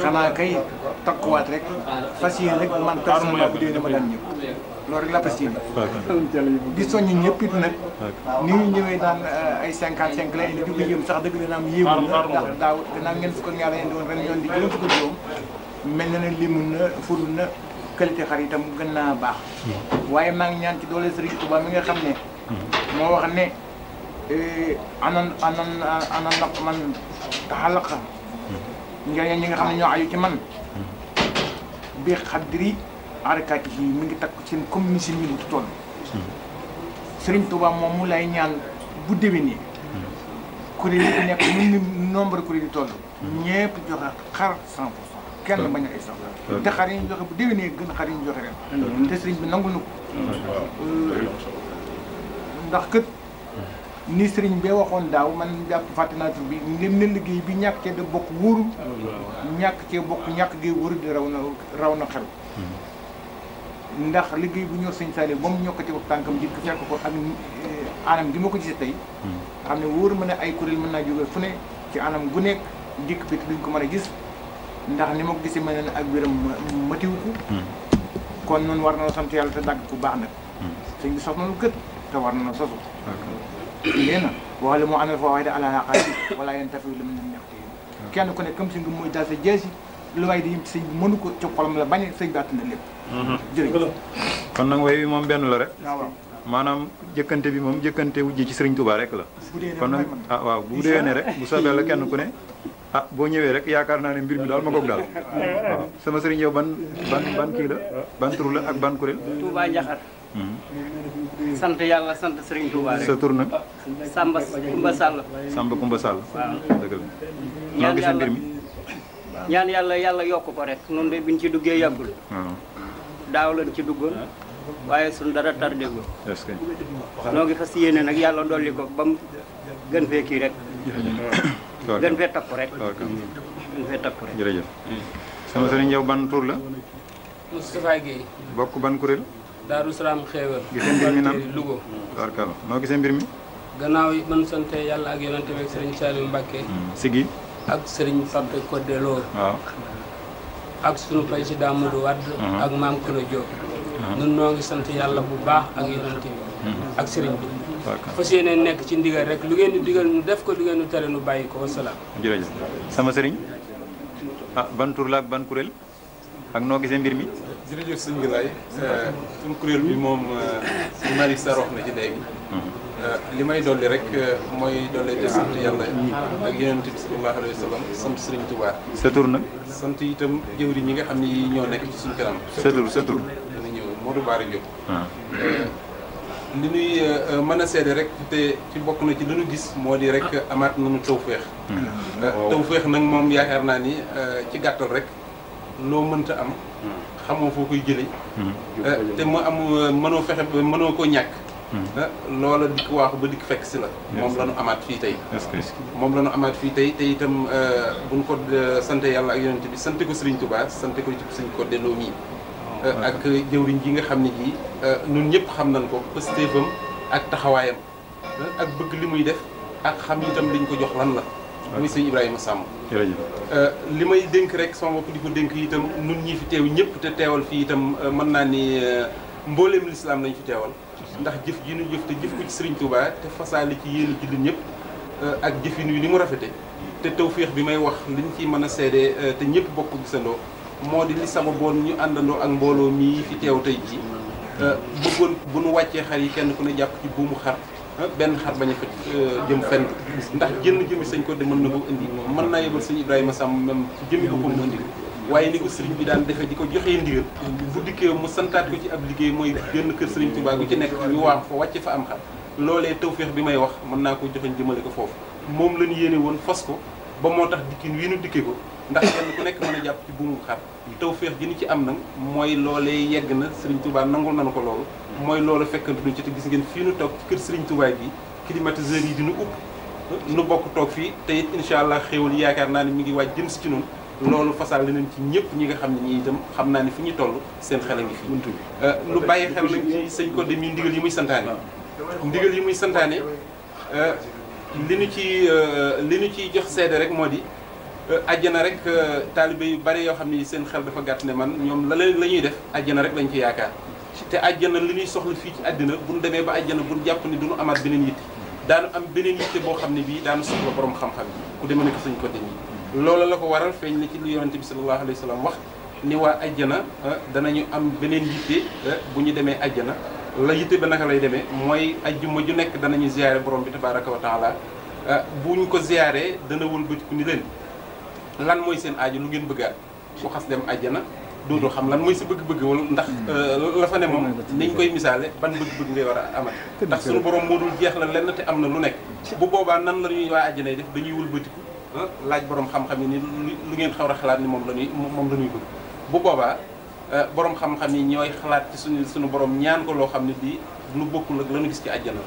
wax kay takkuwaat rek fas yéen rek man personnellement bu dee dama daan ñëw loolu rek la fas yéen di soññ ñëpp it nag ni ñu ñëwee daan ay cinquante cinq indi jubli yëm sax dëgg la naam yéegul ndax daaw danaa ngeen fukk ak ñaar indi woon ren ñoon di juróom fukk juróom mel na ne limun na furul na qualité xar itam gën naa baax waaye maa ngi ñaan ci doole Serigne Touba mi nga xam ne moo wax ne Eh, anan anan anan naq man taxalaq njëriñ ñi nga xam ne ñoo aju ci man bi xadri arakaati yi mi ngi takk seen comme ni seen yëngu toll Sëriñ Tuubaa moom mu lay ñaan bu déwénee kuréel yi nekk mën ni nombre kuréel yi toll ñëpp joxe xar cent pour cent kenn bañ a ay sax te xar yi ñu joxe bu déwénee gën xar yi joxe ren te sëriñ bi nangu na ndax kët ni sëriñ bee waxoon daaw man jàpp fàtte naa tur bi ngeen ne liggéey bi ñàkk cee bokk wóoru ñàkk cee bokk ñàkk gee wóoru di raw na raw na xel ndax liggéey bu ñor sëñ Saliou ba mu ñokkati ko tànkam jikk fekk ko ak eh, anam gi ma ko gisee tey xam ne wóor ma ne ay kuréel mën naa jóge fu ne ci anam gu nekk dikk bi duñ ko mën a gis ndax ni ma ko gisee mel ne ak biram matiw ko kon noonu war na sant yàlla te dàgg ku baax nag hmm. sëñ bi sox nanu kët te war nee iya, na wax la moo amee foo waaye da ala naqaati wala yeen tafi lu mu ñaxtee kenn ku ne comme si nga muy dal sa jeesi lu waay di yim sëñ bi mënu ko ci xolam la bañ sëñ bi na lépp kon nag way bi moom benn la rek waaw maanaam bi moom jëkkante wujj ci sëriñ Touba rek la kon ah waaw bu rek bu kenn ku ne ah rek ne mbir sama sëriñ yow ban ban ban kii la ban tur la ak ban kuréel Touba Njaxar mhm. sant yàlla sant Serigne Touba rek. sa tur nag. Samba Kumba Sall. Samba Kumba Sall. waaw dëgg la. ñaan yàlla mbir mi. ñaan yàlla yàlla yokk ko rek noonu de biñ ci duggee yàggul. daaw lañ ci duggoon. waaye suñ dara tardé gu. est-ce que. noo ngi fas yéene nag yàlla dolli ko ba mu gën fee kii rek. gën fee takku rek. gën fee takku rek. jërëjëf. sama sëriñ yow ban tur la. Moustapha bokk ban kurél Daaru Salaam xéewal gisee mbir mi nan Louga warkal noo gisee mbir mi gannaaw yi man sante yàlla ak yonante bi ak sëriñ Saliou Mbacké hmm. ak sëriñ Pape Codé sunu président Modou Wade hmm. ak maam Kula Diop nun hmm. noo ngi sant yàlla bu baax ak yonante bi ak sëriñ bi fas yéene nekk ci ndigal rek lu ngeen digal nu def ko lu ngeen di tere nu bàyyi ko wasalaam jërëjëf sama sëriñ ah ban tur la ak ban kuréel ak noo gisee mbir mi jërëjëf sëñ Galaye euh, suñu kuréel bi moom euh, sëñ Malick Sarr wax na ci léegi euh, li may dolli rek mooy dolli sant yàlla ak yonent bi sallallahu sant sëriñ Tuubaa sa tur nag sant itam jëwri ñi nga xam ne yi ñoo nekk ci suñu kanam sa tur sa tur dana ñëw Modou Bara ah. li nuy mën a seede rek te ci bokk na ci li nu gis moo di rek amaat nañu tawféex hmm. tawféex nag moom yaakaar naa ni ci gàttal rek loo mënta am hmm. xamoo foo koy jëlee. Hmm. Eh, te mu am mënoo fexe mënoo hmm. eh, ko ñàkk. loola dikk waaxu ba dikk fekk si la. moom la ñu amaat fii tey. moom la ñu amaat fii tey te itam eh, bu ñu ko sant yàlla ak yonent bi sant ko lañ Touba sant ko ci Serigne Codé Lo mii. Oh, ak jëwriñ ji nga xam ne jii ñun ñëpp xam nañ ko pëstéefam ak taxawaayam ak bëgg li muy def ak xam itam liñ ko jox lan la. muy sëñ Ibrahima Samb euh, li may dénk rek sama bopp di ko dénk itam nun ñi fi teew ñëpp te teewal fii itam euh, mën naa ni euh, mbooleem lislaam lañ fi teewal ndax jëf ji nu jëf te jëf ko ci sëriñ Touba te fasaali ci yéen jullit ñëpp ak jëfin wi li mu rafete te tawféex bi may wax liñ fi mën a seede te ñëpp bokk gisandoo moo di li sababoon ñu àndandoo ak mbooloo mii fi teew tey jii bëggoon bu nu wàccee xar yi kenn ku ne jàpp ci buumu xar benn xar bañ a fa euh, jëm fenn ndax jënn jëmi sañ ko de mën na ko indi mën naa yebal sëñ Ibrahima Samb même jëmmi boppam mu indi waaye ni ko sëriñ bi daan defee di ko joxee ndigal bu dikkee mu santaat ko ci ab liggéey mooy génn kër sëriñ Tuubaa gu ci nekk ñu waa fa wàcc fa am xar loolee tawféex bi may wax mën naa koo joxeñ jëmale ko foofu moom lañu yéene woon fas ko ba moo tax dikkin wi nu dikkee ko ndax kenn ku nekk mën a jàpp ci buumu xar tawféex gi ni ci am nag mooy loolee yegg na Serigne Touba nangul nanu ko loolu mooy loolu fekkantu duñ ci te gis ngeen fii nu toog ci kër Serigne Touba bi climatiseur yi dinu upp nu bokk toog fii te it incha allah xéewal yaakaar naa ne mi ngi waaj jën si ci noonu loolu fasal leneen ci ñëpp ñi nga xam ne ñi itam xam naa ni fi ñu toll seen xel a ngi fi buntu bi euh, lu bàyyi xel nag ci sëñ Codé mi ndigal yi muy santaane ndigal yi muy santaane euh, li nu ci euh, li nu ciy jox seede rek moo di Euh, àjjana rek euh, taalibe yu bare yoo xam ne ni seen xel dafa gàtt ne man ñoom la leen la ñuy def àjjana rek lañ ci yaakaar te àjjana li ñuy soxla fii ci àddina bu ñu demee ba àjjana bu ñu jàpp ni du ñu amaat beneen yitte daanu am beneen yitte boo xam ne bii daanu soxla borom xam-xam ku demee ne ko suñ ko demee loolu la ko waral feeñ na ci lu yonente bi sallallahu alayhi wa sallam wax ni waa àjjana euh, danañu am beneen yitte bu ñu demee àjjana la yitte ba naka lay demee mooy ajjuma ju nekk danañu ziyaare borom bi tabaraka wa taala bu ñu ko ziyaaree dana wëlbatiku ni leen lan mooy seen aajo lu ngeen bëggaat ku xas dem àjjana dootoo xam lan mooy si bëgg-bëgg wala ndax mm. euh, la fa ne moom mm, niñ koy misaale ban bëgg-bëgg ngay war a amal ndax suñu borom moo dul jeex la lenn te am na lu nekk bu boobaa nan la ñuy waa àjjana def dañuy wëlbatiku ah, laaj borom xam-xam yi ni lu ngeen a xalaat ni moom la ñuy moom la ñuy bëgg bu boobaa euh, borom xam-xam yi ñooy xalaat ci suñu suñu borom ñaan ko loo xam ne bii lu bokkul ak la ñu gis ci àjjana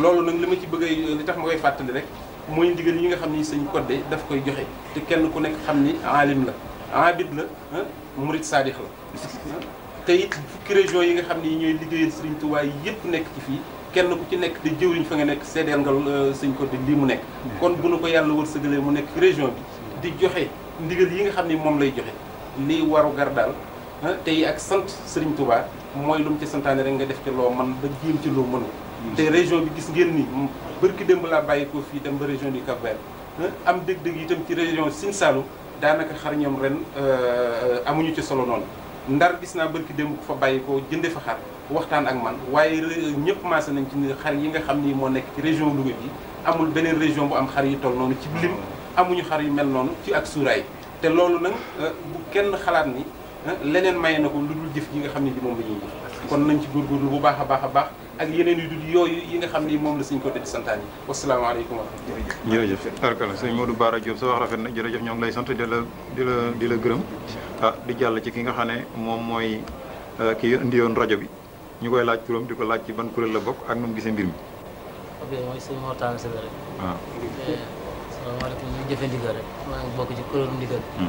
loolu nag li ma ci bëgg li tax ma fàttali rek moy ndigal yi nga xamni seigne sëñ Codé daf koy joxe te kenn ku nek xamni alim la abid la mourid saadix la te it fukki région yi nga xamni ñoy ñooy seigne touba Tuubaa yëpp nek ci fi kenn ku ci nek te jëwriñ fa nga nek seedeel nga seigne Codé li mu nek kon bu nu ko yàlla wërsëgalee mu nek région bi di joxe ndigal yi nga xamni mom lay joxe li waru gar daal tey ak sante seigne touba moy lu mu ci santane rek nga def ci lo man ba jëm ci lo mënu te région bi gis ngeen ni bërki démb laa bàyyi ko fii dem ba région du Cap-Vert am dëgg-dëgg itam ci région Sine Saloum daanaka xar ñoom ren euh, amuñu ci solo noonu ndar gis naa bërki démb ku fa bàyyi ko jënde fa xar waxtaan ak man waaye ñëpp maase nañ ci ni xar yi nga xam ni moo nekk ci région Louga bi amul beneen région bu am xar yu toll noonu ci lim amuñu xar yu mel noonu ci ak suuraay te loolu nag euh, bu kenn xalaat ni leneen maye na ko lu dul jëf ji nga xam ne ji moom la ñuy jëf kon nañ ci góorgóorlu bu baax a baax a baax ak yeneen yu dul yooyu yi nga xam ni moom la suñ ko dëj santaani wasalaamaaleykum wa rahmatulah. jërëjëf barkala sëñ Modou Bara Diop sa wax rafet na jërëjëf ñoo ngi lay sant di la di la di la gërëm ah di jàll ci ki nga xam ne moom mooy ah, ki indi yoon rajo bi ñu koy laaj turam di ko laaj ci ban kuréel la bokk ak nu mu gisee mbir mi. ok mooy sëñ Mor Talla Sylla rek. Ah. Eh, rek maa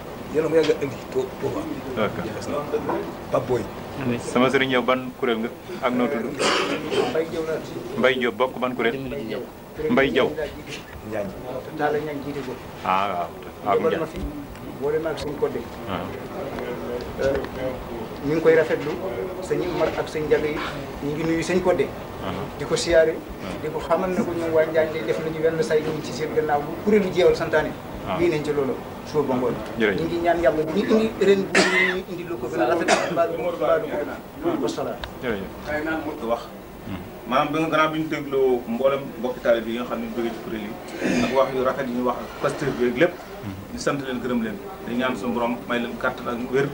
yàlla mu yàgg indi too Touba. Pape Boy. sama sëriñ yow ban kuréel nga ak noo tudd. mbay Diop bokk ban kuréel. Mbaye Diop. Njaañ. ah waaw waaw fi ah. boole maag suñu kodde ah. euh, ñu ngi koy rafetlu sëñ Umar ak sëñ Njaga yi ñu ngi nuyu sëñ kodde ah. di ko siyaare di ko xamal na ko ñoom waa Njaañ day def nañu wenn say ci seen gannaaw bu kuréelu jeewal santaane lii nañ ci loolu suba ba ngoon ñu ñaan yàlla ñu indi ren bu ñu indi lu a a wasalaam wax maanaam bi nga gannaaw ñu dégloo mboolem mbokki taalibe nga xam ne ñu jógee ci kuréel yi ñu wax ak pasteur bi lépp sant leen gërëm leen dañ ñaan suñu borom may leen kàttan ak wér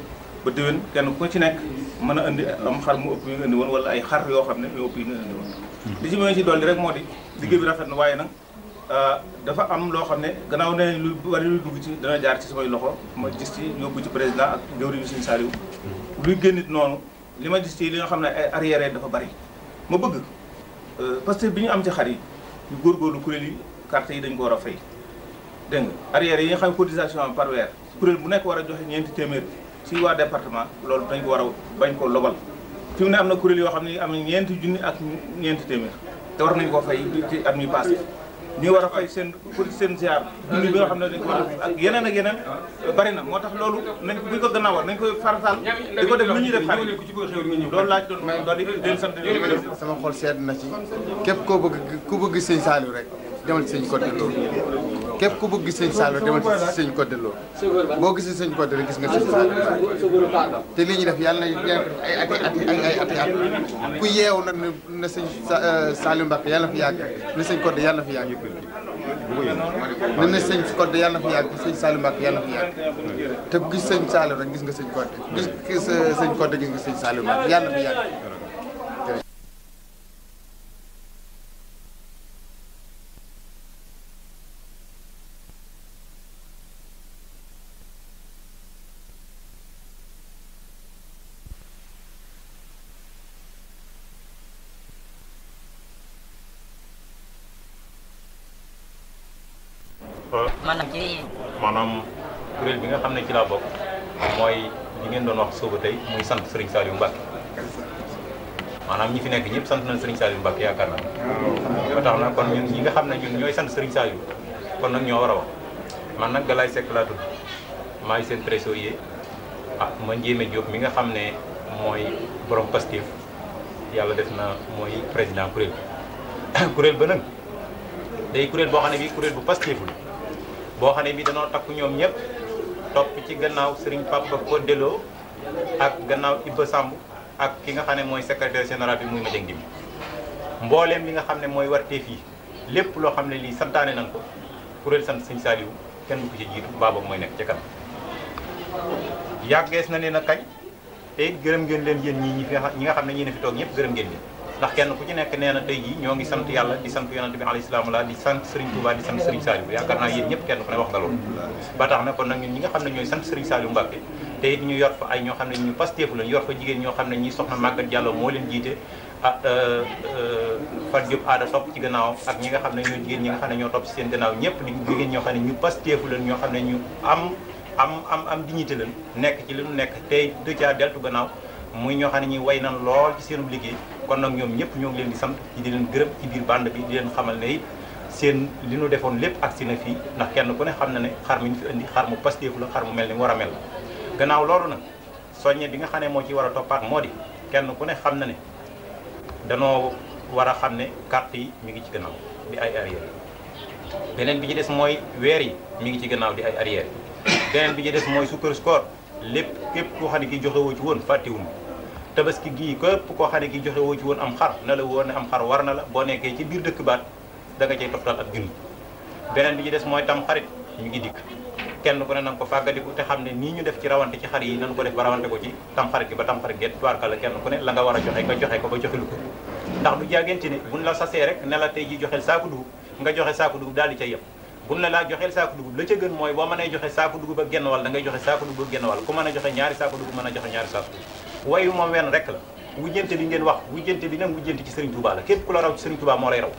ba déwén kenn ku ci nekk mën a indi am xar mu ëpp woon wala ay xar yoo xam ne yoo ëpp yi nga indi woon li ci mën ci dolli rek moo di liggéey bi rafet na waaye nag Euh, dafa am loo xam ne gannaaw ne lu bari lu dugg ci dana jaar ci samay loxo ma gis ci ñoo yóbbu ci président ak jëwriñu Sëriñ Saliou luy génnit noonu li ma gis ci li nga xam ne ay arrière dafa bari ma bëgg euh, parce que bi ñu am ci xar yi ñu góorgóorlu kuréel yi carte yi dañ ko war a fay dégg nga yi nga xam cotisation par weer kuréel bu nekk war a joxe ñeenti téeméer ci waa département loolu dañ ko war a bañ ko lobal fi mu ne am na kuréel yoo xam ne am na ñeenti junni ak ñeenti téeméer te nañ ko fay at mi passé ñu war a fay seen pour seen ziar dund bi nga xam ne dañ ko war a ak yeneen ak yeneen bari na moo tax loolu nañ buñ ko gannaawal nañ koy farataal di ko def lu ñuy def xarit loolu laaj doon doon di sant sama xol sedd na ci képp koo bëgg ku bëgg sëñ Saliou rek demal ci sëñ Codé Lo képp ku bëgg sëñ Saliou demal ci sëñ Codé Lo boo gisee sëñ gis nga sëñ Saliou te li ñuy def yàlla na ku yeewu nag euh, na sëñ Saliou Mbacké yàlla na fi yàgg na sëñ Codé yàlla na fi yàgg na na na fi yàgg sëñ Saliou Mbacké yàlla te gis sëñ Saliou rek gis euh, yàlla na fi yàgg sooba tey muy sant Serigne Saliou Mbacke maanaam ñi fi nekk ñëpp sant nañ Serigne Saliou Mbacke yaakaar naa ba tax na kon ñun ñi nga xam ne ñun ñooy sant Serigne Saliou kon nag ñoo war a wax man nag Galaye Seck laa tudd maay seen trésorier ah ma njéeme Diop mi nga xam ne mooy boroom Pastef yàlla def na mooy président kuréel <coughs> kuréel ba nag day kuréel boo xam ne bii kuréel bu Pastef la boo xam ne bii danoo takku ñoom ñëpp topp ci gannaaw Serigne Papa ko delloo ak gannaaw Ibba Samb ak ki nga xamne moy secrétaire général bi muy ma jengim mbollem mbooleem li nga xamne moy mooy fi lepp lo xamne li santane lii ko kurel sant seigne Saliou kenn bu ko ci jiitu mbaa moy nek nekk ci kanam yàggees na ne na kañ te it gërëm ngeen leen yéen ñi ñi nga xam ne fi tok ñëpp gërëm ngeen ni ndax kenn ku ci nek neena tay gi ñoo ngi sant yàlla di sant yonante bi alayhi salaam la di sant Serigne Touba di sant Serigne Saliou yaakaar naa yéen ñëpp kenn ku ne wax da lool ba tax na kon nak ñun ñi nga xamne ñoy sant Serigne Saliou Mbacké te it ñu yor fa ay ñoo xam ne ñu Pastef lañ yor fa jigéen ñoo xam ne ñi soxna Maguette Diallo moo leen jiite ah euh, euh, Fatou aada topp ci gannaawam ak ñi nga xam ne ñoo jigéen ñi nga xam ne ñoo topp ci seen gannaaw ñëpp di jigéen ñoo xam ne ñu Pastef ñu am am am am dignité lañ nekk ci li ñu nekk tey dë caa deltu gannaaw muy ñoo xam ne ñi way nan lool ci seen liggéey kon nag ñoom ñëpp ñoo ngi leen di sant ci di leen gërëm ci biir bande bi di leen xamal ne it seen li ñu defoon lépp agsi na fii ndax kenn ku ne xam na ne xar ñu fi indi xar mu Pastef la mel ni war a mel gënaaw loolu nag soññe bi nga xam ne moo ci war a toppaat moo di kenn ku ne xam na ne danoo war a carte yi mi ngi ci gënaaw di ay arrière beneen bi ci des mooy weer yi mi ngi ci gënaaw di ay arrière beneen bi ci des mooy sukkar score lépp képp koo xam ne ki joxe woo ci woon fàttewuñ tabaski gii képp koo xam ne ki joxe ci woon am xar na la woon ne am xar war na la boo nekkee ci biir dëkk baat da nga cay toftal ak junni beneen bi ci des mooy tam xarit mi ngi dikk kenn ku ne na nga ko fàggadiku te xam ne nii ñu def ci rawante ci xar yi nañ ko def ba rawante ko ci tamxarit bi ba tamxarit gi tubaarka la kenn ku ne la nga war a joxe nga joxe ko ba joxelu ko ndax du jaagante ne buñ la sasee rek ne la tey ji joxel saaku dugub nga joxe saaku dugub daal di ca yem buñ la laa joxeel saaku dugub la ca gën mooy boo mënee joxe saaku dugub ak genn wàll da joxe saaku dugub ak genn wàll ku mën a joxe ñaari saaku dugub mën a joxe ñaari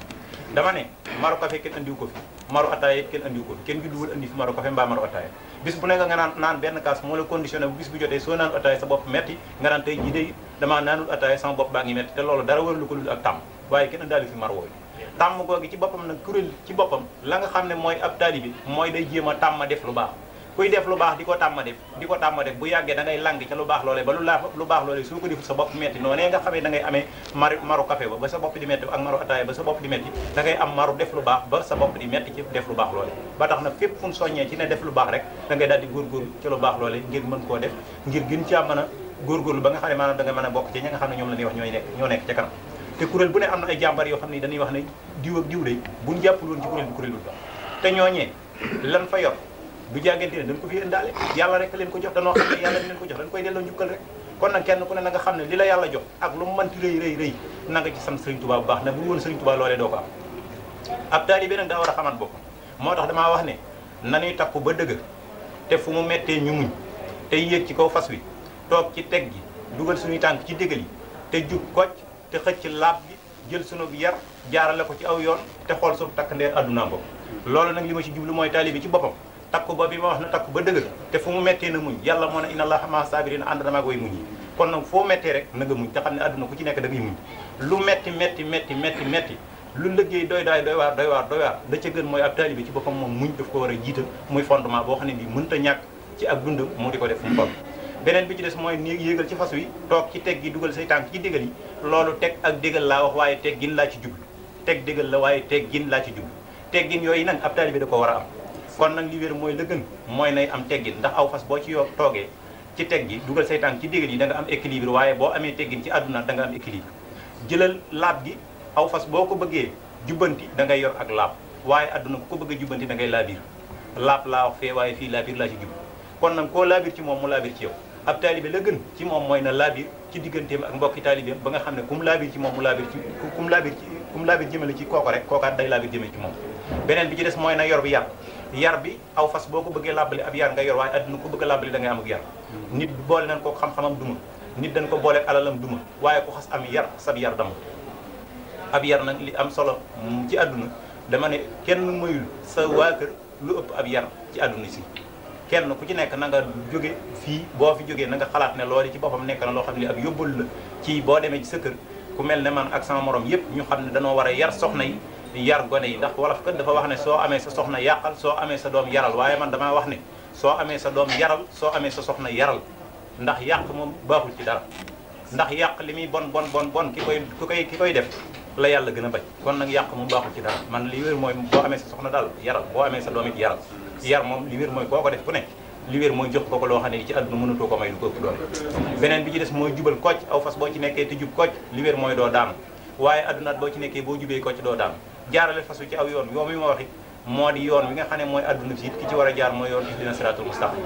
dama ne maru café kenn andiwu ko fi maru ataaya kenn andiwu ko fi kenn judduwul andi fi maru café mbaa maru ataaya bis bu nekk nga naan naan benn kaas moo la conditionné bu bis bu jotee soo naan ataaya sa bopp metti nga naan tey jii day damaa naanul ataaya sama bopp baa ngi metti te loolu dara waralu ko lul ak tàmm waaye kenn andaali fi mar wooyu tàmm googi ci boppam nag kuréel ci boppam la nga xam ne mooy ab bi mooy day jéem a tàmm def lu baax kuy def lu bax diko tamma def diko tamma def bu yagge da ngay langi ci lu bax lolé ba lu laa lu bax lolé suko def sa bop metti noné nga xamé da ngay amé maru maru café ba sa bop di metti ak maru ataaya ba sa bop di metti da ngay am maru def lu bax ba sa bop di metti ci def lu bax lolé ba tax na fep fuñ soñé ci né def lu bax rek da ngay daal di gor ci lu bax lolé ngir mën ko def ngir gën caa mën gor góorgóorlu ba nga xamé manam da ngay mëna bok ci ña nga xam ne la ñuy wax ñoy nek ño nek ci kanam té kurel bu né amna ay jambar yo xamné dañuy wax né diw ak diw dé buñ jappul won ci kurel bu kurel lu du té ñoñé lan fa yor du jàggante ne dañ ko fi ëndaale yàlla rekk leen ko jox danoo xam ne yàlla leen ko jox dañ koy delloo njukkal rek kon nag kenn ku ne na nga xam ne li la yàlla jox ak lu mu mënti rëy rëy rëy na nga ci sam sëriñ Tuubaa bu baax ndax bu woon sëriñ Tuubaa loolee doo ko am ab taalibe nag daa war a xamat bopp moo tax damaa wax ne na nanuy takku ba dëgg te fu mu mettee ñu muñ te yéeg ci kaw fas wi toog ci teg gi dugal suñuy tànk ci déggal yi te jub kocc te xëcc laab bi jël sunu yar jaarale ko ci aw yoon te xool su takk ndeer àdduna boobu loolu nag li ma ci jublu mooy taalibe ci boppam takku ba bi ma wax na takku ba dëgër te fu mu méttee na muñ yàlla moo ne inna allaha maa saabiriin ànd na maag way muñ yi kon nag foo méttee rek na a muñ te xam ne àdduna ku ci nekk da ngay muñ lu métti métti métti métti métti lu liggéey doy daay doy waar doy waar doy waar da ca gën mooy ab taalibe ci boppam moom muñ daf ko war a jiital muy fondement boo xam ne bi mënta ñàkk ci ak dundam moo di ko def fu mu toll beneen bi ci des mooy ni yéegal ci fas wi toog ci teg dugal say tànk ci digal yi teg ak digal laa waaye teggin laa ci jublu teg digal la waaye teggin laa ci jublu teggin yooyu nag ab taalibe da ko war am kon nag li mooy la gën mooy nay am teggin ndax aw fas boo ci yo toogee ci teg gi dugal say ci dégg yi da nga am équilibre waaye boo amee teggin ci àdduna da nga am équilibre jëlal laab gi aw fas boo ko bëggee jubbanti da ngay yor ak laab waaye àdduna ku ko bëggee jubbanti da ngay laabir laab laa wax fee waaye fii laabir laa ci jub kon nag koo laabir ci moom mu laabir ci yow ab taalibe la gën ci moom mooy na laabir ci digganteem ak mbokki taalibeem ba nga xam ne ku mu laabir ci moom mu laabir ci ku ci ku rek kookaat day laabir jëmale ci moom beneen bi ci des mooy na yor bi yàqu Yarbi, bi aw fas boko beugé bëggee ab yar nga yor way aduna ko bëgg da ngay am ak yar nit bolé nan ko xam-xamam duma nit dañ ko bolé alalam duma waye ko xass am yar sab yar dam ab yar nak li am solo ci aduna dama né kenn mayul sa waa kër lu upp ab yar ci aduna ci kenn ku ci nek na nga joggé fi bo fi joggé na nga xalat né loolu ci bopam nek na lo xamni ak la ci bo démé ci sa kër ku melne man ak sama morom yépp ñu xam dañu wara yar soxna yi yar gone yi ndax wolof kat dafa wax ne soo amee sa soxna yàqal soo amee sa doom yaral waaye man damaa wax ne soo amee sa doom yaral soo amee sa soxna yaral ndax yàq moom baaxul ci dara ndax yàq li muy bon bon bon bon ki koy ki koy ki koy def la yàlla gën a bañ kon nag yàq moom baaxul ci dara man li wér mooy boo amee sa soxna daal yaral boo amee sa doom it yaral yar moom li wér mooy koo ko def ku ne li wér mooy jox ko loo xam ne ci àdduna mënatoo ko may lu ko ëpp bi ci des mooy jubal kocc aw fas boo ci nekkee te jub kocc li wér mooy doo daanu waaye àddunaat boo ci nekkee boo jubee doo daanu jaarale fasu ci aw yoon yoon wi ma waxi yoon wi nga xam ne mooy adduna bi ki ci war a jaar mooy yoon ihdina siraatul mustaqim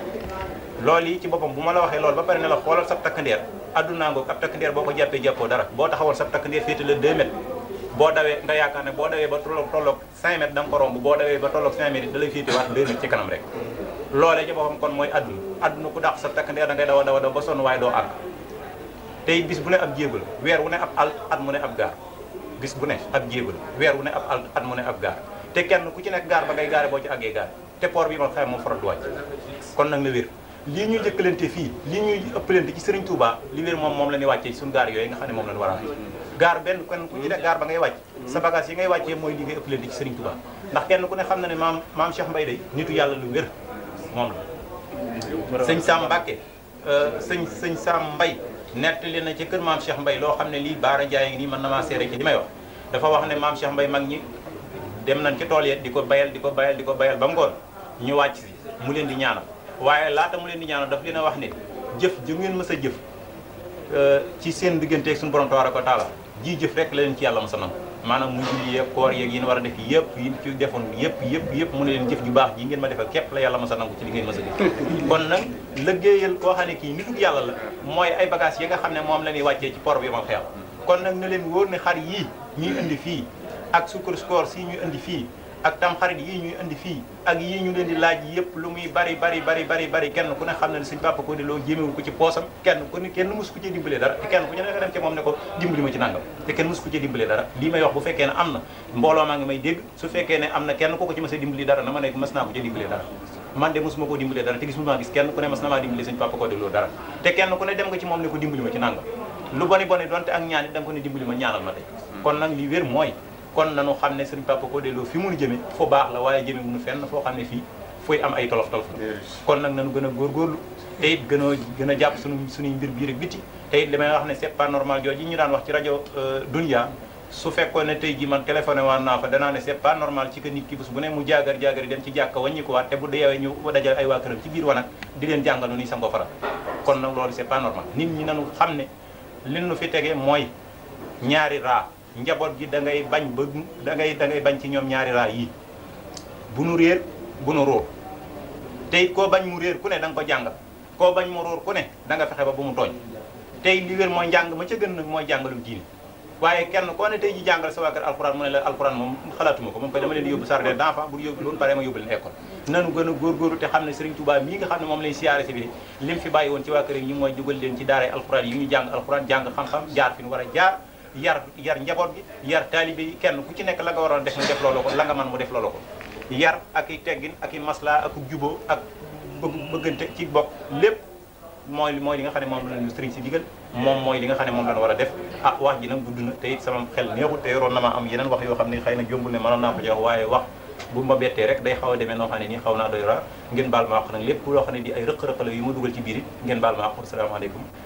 loolu yi ci boppam bu ma la waxee lool ba pare ne la xoolal sab takkandeer addunaa ngoog ab takkandeer boo ko jàppee jàppoo dara boo taxawoon sab takkandeer féete la 2 mètres boo dawee nga yaakaar ne boo dawee ba tolloog tolloog 5 mètres da nga ko romb boo dawee ba tolloog 5 mètres da lay féete waat 2 mètres ci kanam rek loolee ci boppam kon mooy adduna adduna ku dàq sab takkandeer ngay daw a daw a daw ba sonn waaye tey bis bu ne ab jéego la wu ne ab at mu ne ab gaar bis bu ne ab jéego la weer wu ne ab at mu ne ab gaar te kenn ku ci nekk gaar ba ngay gaare boo ci àggee gaar te port bi man xam moom faral du wàcc kon nag na wér ñuy jëkkalante fii lii ñuy ëppalante ci Serigne li wér moom moom la ñuy wàccee suñu gaar yooyu nga xam ne moom la ñu a ngay wàcc sa bagage yi ngay wàccee mooy li ngay ëppalante ci Serigne Touba ne xam na ne maam maam Cheikh Mbaye day nitu yàlla lu wér moom la sëñ Sam Mbacke euh, sëñ sëñ Sam Mbaye nett nettali na ci kër maam Cheikh Mbaye loo xam ne lii Baara Ndiaye ngi nii man na maa seere ci li may wax dafa wax ne maam Cheikh Mbaye mag ñi dem nañ ci tool yi di ko bayal di ko bayal di ko bayal ba ngoon ñu wàcc si mu leen di ñaanal waaye laata mu leen di ñaanal daf leen a wax ne jëf ju ngeen mës a jëf euh, ci seen digganteeg suñu borom tabaaraka ko taala jii jëf rek la leen ci yàlla mës sa nangu maanaam mu julli yeeg koor yeeg yi ñu war a def yëpp yi ci defoon yëpp yëpp yëpp mu ne leen jëf ju baax ji ngeen ma defal képp la yàlla masa nangu ci li ngeen masa def kon nag liggéeyal koo xam ne kii nitu yàlla la mooy ay bagage yi nga xam ne moom la ñuy wàccee ci port bi ma xeew kon nag na leen wóor ne xar yii ñuy indi fii ak sukkar score si ñuy indi fii ak tamxarit yi ñuy indi fii ak yii ñu leen di laaj yëpp lu muy bari bari bari bari bari kenn ku ne xam na ne suñ papa ko di loo jéemewul ko ci poosam kenn ku ne kenn mosu ko kenn ku ne nga dem ne ko dimbali ma ci nangam kenn mosu ko ci dimbalee dara lii may wax bu am na mbooloo maa ngi may dégg su fekkee ne am na kenn ku a ma ko ci dimbalee dara de kenn ku ne mas na maa dimbali suñ papa ko loo dara te kenn ku ne dem nga ci moom ne ko dimbali ma ci nangam lu boni boni donte ak ñaan it da nga ko ne dimbali ma ñaanal ma tey kon nag li wér mooy kon nanu xam ne sëriñ Papa Codé Lo fi mu nu jëme fu baax la waaye jëme munu fenn foo xam ne fii fooy am ay tolof tolof kon nag nanu gën a góorgóorlu te gën a gën a jàpp sunu suñuy biir ak biti te it damay wax ne c'est pas normal jooju ñu daan wax ci rajo euh, Dunia su fekkoon ne tey jii man téléphoné waan naa danaa ne c'est pas normal ci que nit ki bés mu jaagar jaagar yi dem ci jàkka wàññi ko waat te bu deewee ñu dajal ay waa këram ci biir leen jàngalu ni sango fara kon nag loolu c'est pas normal nit ñi nanu xam ne li nu fi tegee mooy ñaari raa njaboot gi da ngay bañ ba da ngay da bañ ci ñoom ñaari raay yii bu nu réer bu nu róor tey koo bañ mu réer ku ne da ko jàngal koo bañ mu róor ku ne da nga fexe ba bu mu tooñ tey li wér mooy njàng ma ca gën nag mooy jàngalum diine waaye kenn koo ne tey ji jàngal sa waa kër alxuraan mu ne la alxuraan moom xalaatuma ko moom koy dama leen yóbbu jardin d'enfants bu yóbbu loolu pare ma yóbbu leen école nanu gën a góorgóorlu te xam ne Serigne Touba mii nga xam woon ci waa kër yi ñu mooy dugal leen ci daaray alxuraan yi ñu jàng a jaar yar yar njabot bi yar talib bi kenn ku ci nek la nga waroon def def loolu ko la nga man mu def loolu ko yar ak ay teggin ak i masla ak djubo ak bëggante ci bok lepp moy moy li nga xam mom la ñu serigne ci digal mom moy li nga xam mom la wara def ah wax ji nag gudd na te it sama xel neexu te yoroon na maa am yenen wax yo xam xeyna jombul ne man na ko jox waye wax bu ma bété rek day xaw démé no noo ni xawna doy ra ngeen bal ma wax nak lepp loo xam ne di ay rek rek la yu ma duggal ci biir ngeen bal ma wax assalamu alaykum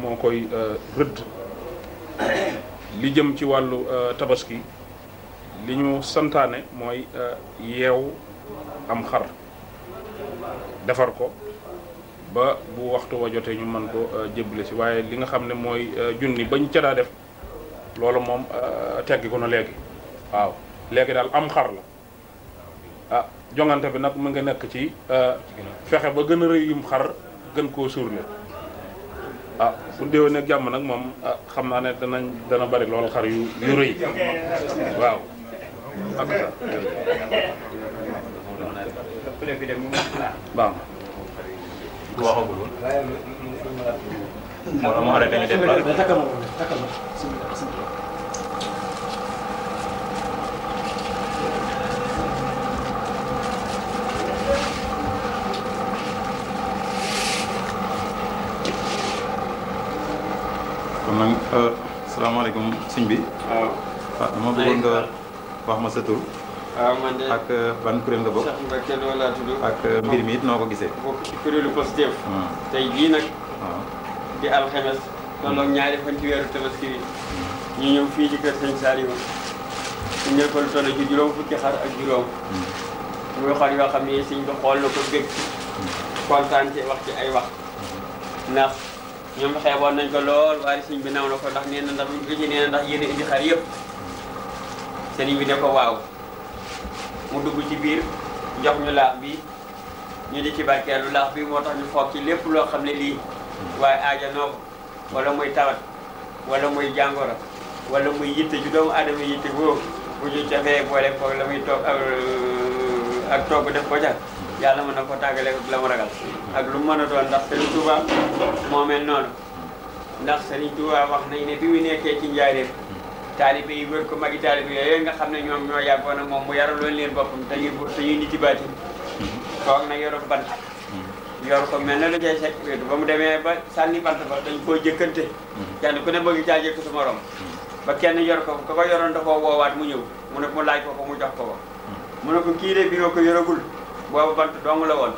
moo koy euh, rëdd li jëm ci wàllu euh, tabaski li ñu santaane mooy euh, yeew am xar defar ko ba bu waxtu wa jotee ñu mën ko jébbale si waaye li nga xam ne mooy junni bañ ca daa def loolu moom teggi ko na léegi waaw léegi daal am xar la a ah, jongante bi nag mu nga nekk ci fexe ba gën a rëyum xar gën koo suurle ah bu ak jàmm nag moom ah xam naa ne danañ dana bari lool xar yu yu rëy waaw. ak sa kon nag euh, salaamaaleykum sëñ bi. waaw waaw ah, dama bëggoon nga wax ma sa tur. waaw man ak euh, ban kuréel nga bokk. Cheikh ak euh, mbir miit noo ko gisee. bokk ci kuréelu hmm. tey jii nag. waaw ah. di alxames. tolloog ñaari fan ci weeru tabaski bi. Hmm. ñëw fii ci kër sëñ Saliou. ñu ñëw ko lu toll ci juróom fukki xar ak juróom. Hmm. muy xar yoo xam ne sëñ bi xool na ko bëgg. kontaan ci wax ci ay wax. ndax. ñoom xeeboon nañ ko lool waaye sëñ bi naw na ko ndax nee na ndax ñu nee na ndax yéen a indi xar yëpp sëriñ bi ne ko waaw mu dugg ci biir jox ñu laax bi ñu di ci barkeelu laax bi moo tax ñu foog ci lépp loo xam ne lii waaye aaja noo ko wala muy tawat wala muy jàngoro wala muy yitte ju doomu aadama yitte boobu bu ñu cafee boole ko la muy toog ak togg def ko yàlla mën na ko tàggale ak la mu ragal ak lu mu mën a doon ndax Serigne Touba moo mel noonu ndax Serigne Touba wax nañ ne bi mu nekkee ci njaareem taalibe yi wër ko magi taalibe yooyu nga xam ne ñoom ñoo yàggoon ak moom mu yaraloon leen boppam te ñuy te ñuy nit yi baati toog na yoroon bant yor ko mel na lu cay sekk wéetu ba mu demee ba sànni bant ba dañ koo jëkkante kenn ku ne bëgg caa jëkk morom ba kenn yor ko ko ko yoroon da koo mu ñëw mu ne mu laaj ko ko mu jox ko mu ne ko bi nga ko yoragul boobu bant dong la woon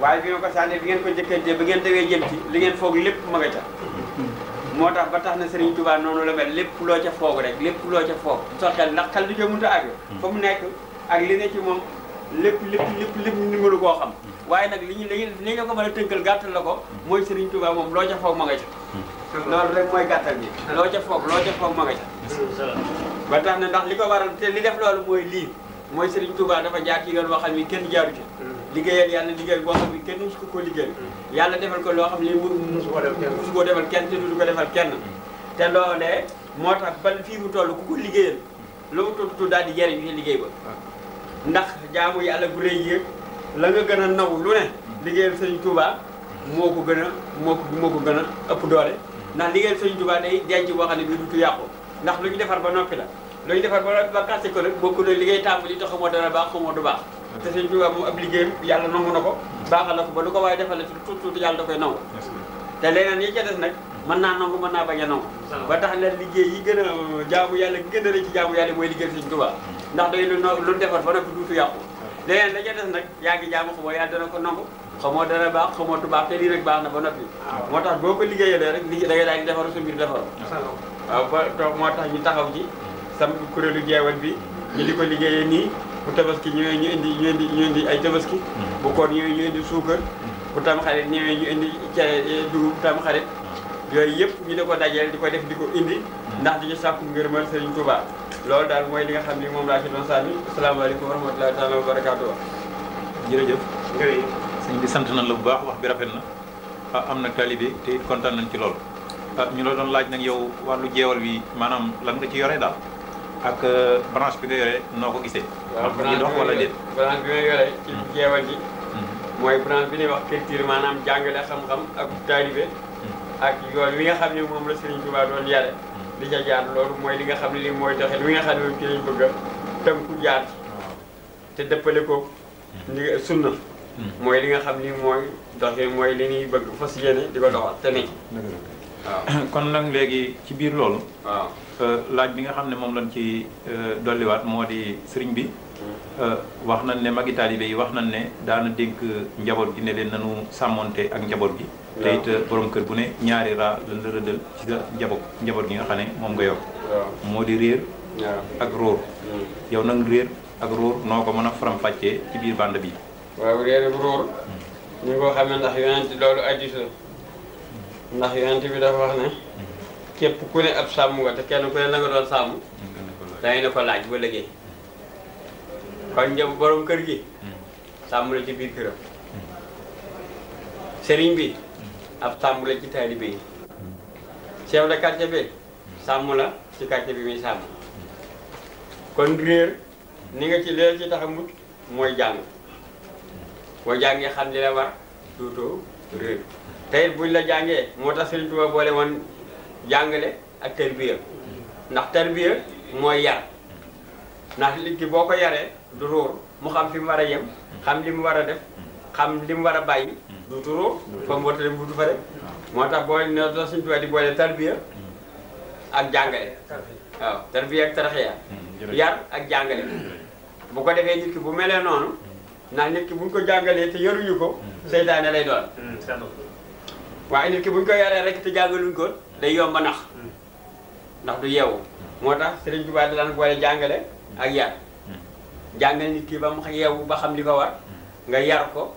waaye bi nga ko sànnee bi ngeen ko njëkkantee bi ngeen dawee jëm ci li ngeen foog lépp ma nga moo tax ba tax na Serigne Touba noonu la mel lépp loo ca foog rek lépp loo ca foog sa xel ndax xel du ca mënta mu nekk ak li ne ci moom lépp lépp lépp lépp ni mënu koo xam waaye nag li ñu li nga ko mën a tënkal gàttal la ko mooy Serigne moom loo ca ma nga ca loolu rek mooy gàttal bi loo ca foog loo ca ma nga li ko waral te li def loolu mooy lii mooy Serigne Touba dafa jaar ci yoon boo xam ni kenn jaaru ci hmm. liggéeyal yàlla liggéeyal boo xam ni kenn musu ko liggéeyal hmm. yàlla defal ko loo xam ni musu ko defal kenn te du ko defal kenn te loolee moo tax ba fii mu toll ku ko liggéeyal lu mu tudd daal di jëriñ ci liggéey ba hmm. ndax jaamu yàlla bu rëy yëg la nga gën a naw lu ne liggéeyal Serigne Touba moo ko gën a moo ko gën a ëpp doole ndax di Serigne Touba day denc boo xam ne bii du yàqu ndax lu ñu defar ba noppi la looy defar ba ba kàcce ko rek bokkul ak li ngay tàmbali te xamoo dana baax xamoo du baax. te ko. baaxal na ko ba lu ko waaye defal la naa nangu mën naa bañ a nangu. ba tax na yi gën a jaamu yàlla gën a ci jaamu yàlla mooy liggéey sëñ Tuubaa ndax day lu noppi duutu yàqu. leneen la ca des yaa ngi jaamu xamoo yàlla dana ko nangu. xamoo dana baax xamoo du baax te lii na ba noppi. Ah. moo tax boo ko liggéeyalee rek liggéey da ngay daal di defaru sa mbir defaru. waaw moo tax ñu taxaw ci sam kuréelu jeewal bi ñu di ko liggéeyee nii bu tabaski ñëwee ñu indi ñu indi ñu indi ay tabaski mm-hmm. bu koor ñëwee ñu indi suukar mm-hmm. bu tam xarit ñëwee ñu indi cere eh, dugub tam xarit yooyu yëpp ñu di ko dajeel di ko def di ko indi mm-hmm. ndax di ñu sàkku ngërëmal Serigne Touba lool daal mooy li nga xam ni moom laa ci doon sànni asalaamaaleykum wa rahmatullahi taala wa barakaatu jërëjëf bi sant nañ la baax wax bi rafet na ah am na talibé te it kontaan nañ ci lool ah ñu la doon laaj nag yow wàllu jeewal wi maanaam lan nga ci yore daal ak euh, branche bi nga yore noo ko gisee. waaw branche dox wala bi nga yore ci jeewal hmm. ji. Hmm. mooy branche bi ñuy wax culture maanaam jàngale xam-xam ak taalibe hmm. ak yoon wi nga xam ne moom la Serigne Touba doon yare loolu mooy li nga xam ne mooy doxin wi nga xam ne moom ci lañ bëgg a tënku dëppale ko li li nga xam ni mooy doxin mooy li ñuy bëgg fas yéene di ko doxal te ne <coughs> kon nag léegi ci biir loolu waaw laaj bi nga xam ne moom lañ ci euh, dolliwaat moo di sëriñ bi mm-hmm. euh, wax na ne magi taalibe yi wax nañ ne daana dénk njaboot gi ne leen nanu sàmmonte ak njaboot gi te it euh, borom kër bu ne ñaari la rëddal ci sa njaboot njaboot gi nga xam ne moom nga yor moo di réer ak róor mm-hmm. yow nag réer ak róor noo ko mën a faram-fàccee ci biir bande bi waaw réer ak róor mm-hmm. ñu ko xamee ndax yonent loolu addis la ndax yonent bi dafa wax ne képp ku ne ab sàmm nga te kenn ku ne la doon sàmm dangay ne ko laaj ba léegi kon njëm borom kër gi sàmm la ci biir këram sëriñ bi ab sàmm la ci taalibe yi chef de quartier bi sàmm la ci quartier bi muy sàmm kon réer ni nga ci leer ci tax a mucc mooy jàng boo jàngee xam li la war tuutoo réer te buñ la jàngee moo tax Sëriñ Tuubaa boole woon jàngale ak tarbiya ndax tarbiya mooy yar ndax nit ki boo ko yaree du ruur mu xam fi mu war a yem xam li mu war a def xam li war a bàyyi du turóor fa mu wata bu du fa rek moo tax boo ne da suñ tubaab di boole ak jàngale waaw tarbiya ak taraxiya ak jàngale bu ko defee nit ki bu noonu ndax nit bu ko jàngalee te yaruñu ko mm. seytaane lay doon mm, waaye nit ki bu ñu ko yoree rek te jàngaluñ ko day yomb a nax ndax du yeewu moo tax Sëriñ Tuubaa da daan boole jàngale ak yar jàngale nit ki ba mu yeewu ba xam li ko yar ko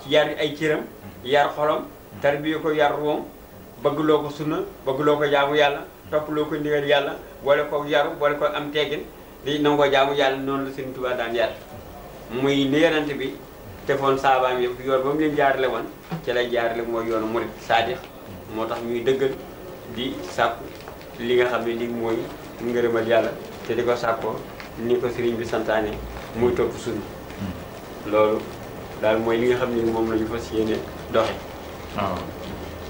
ci ay cëram yar xolam tarbiye ko yar bëggloo ko sunna bëggloo ko jaamu yàlla toppaloo ko ndigal yàlla boole ko yaru boole ko am teggin di nangoo jaamu noonu la Sëriñ Tuubaa daan muy ni yonent bi tefoon saabaam yëpp yoon ba mu leen jaarale woon ci lay jaarale mooy yoonu murit saadix moo tax ñuy dëggal di sàkku li nga xam ne li mooy ngërëmal yàlla te di ko sàkkoo ni ko sëriñ bi santaane muy topp suñu hmm. loolu mooy li nga xam ne moom lañu ñu fas yéene doxe waaw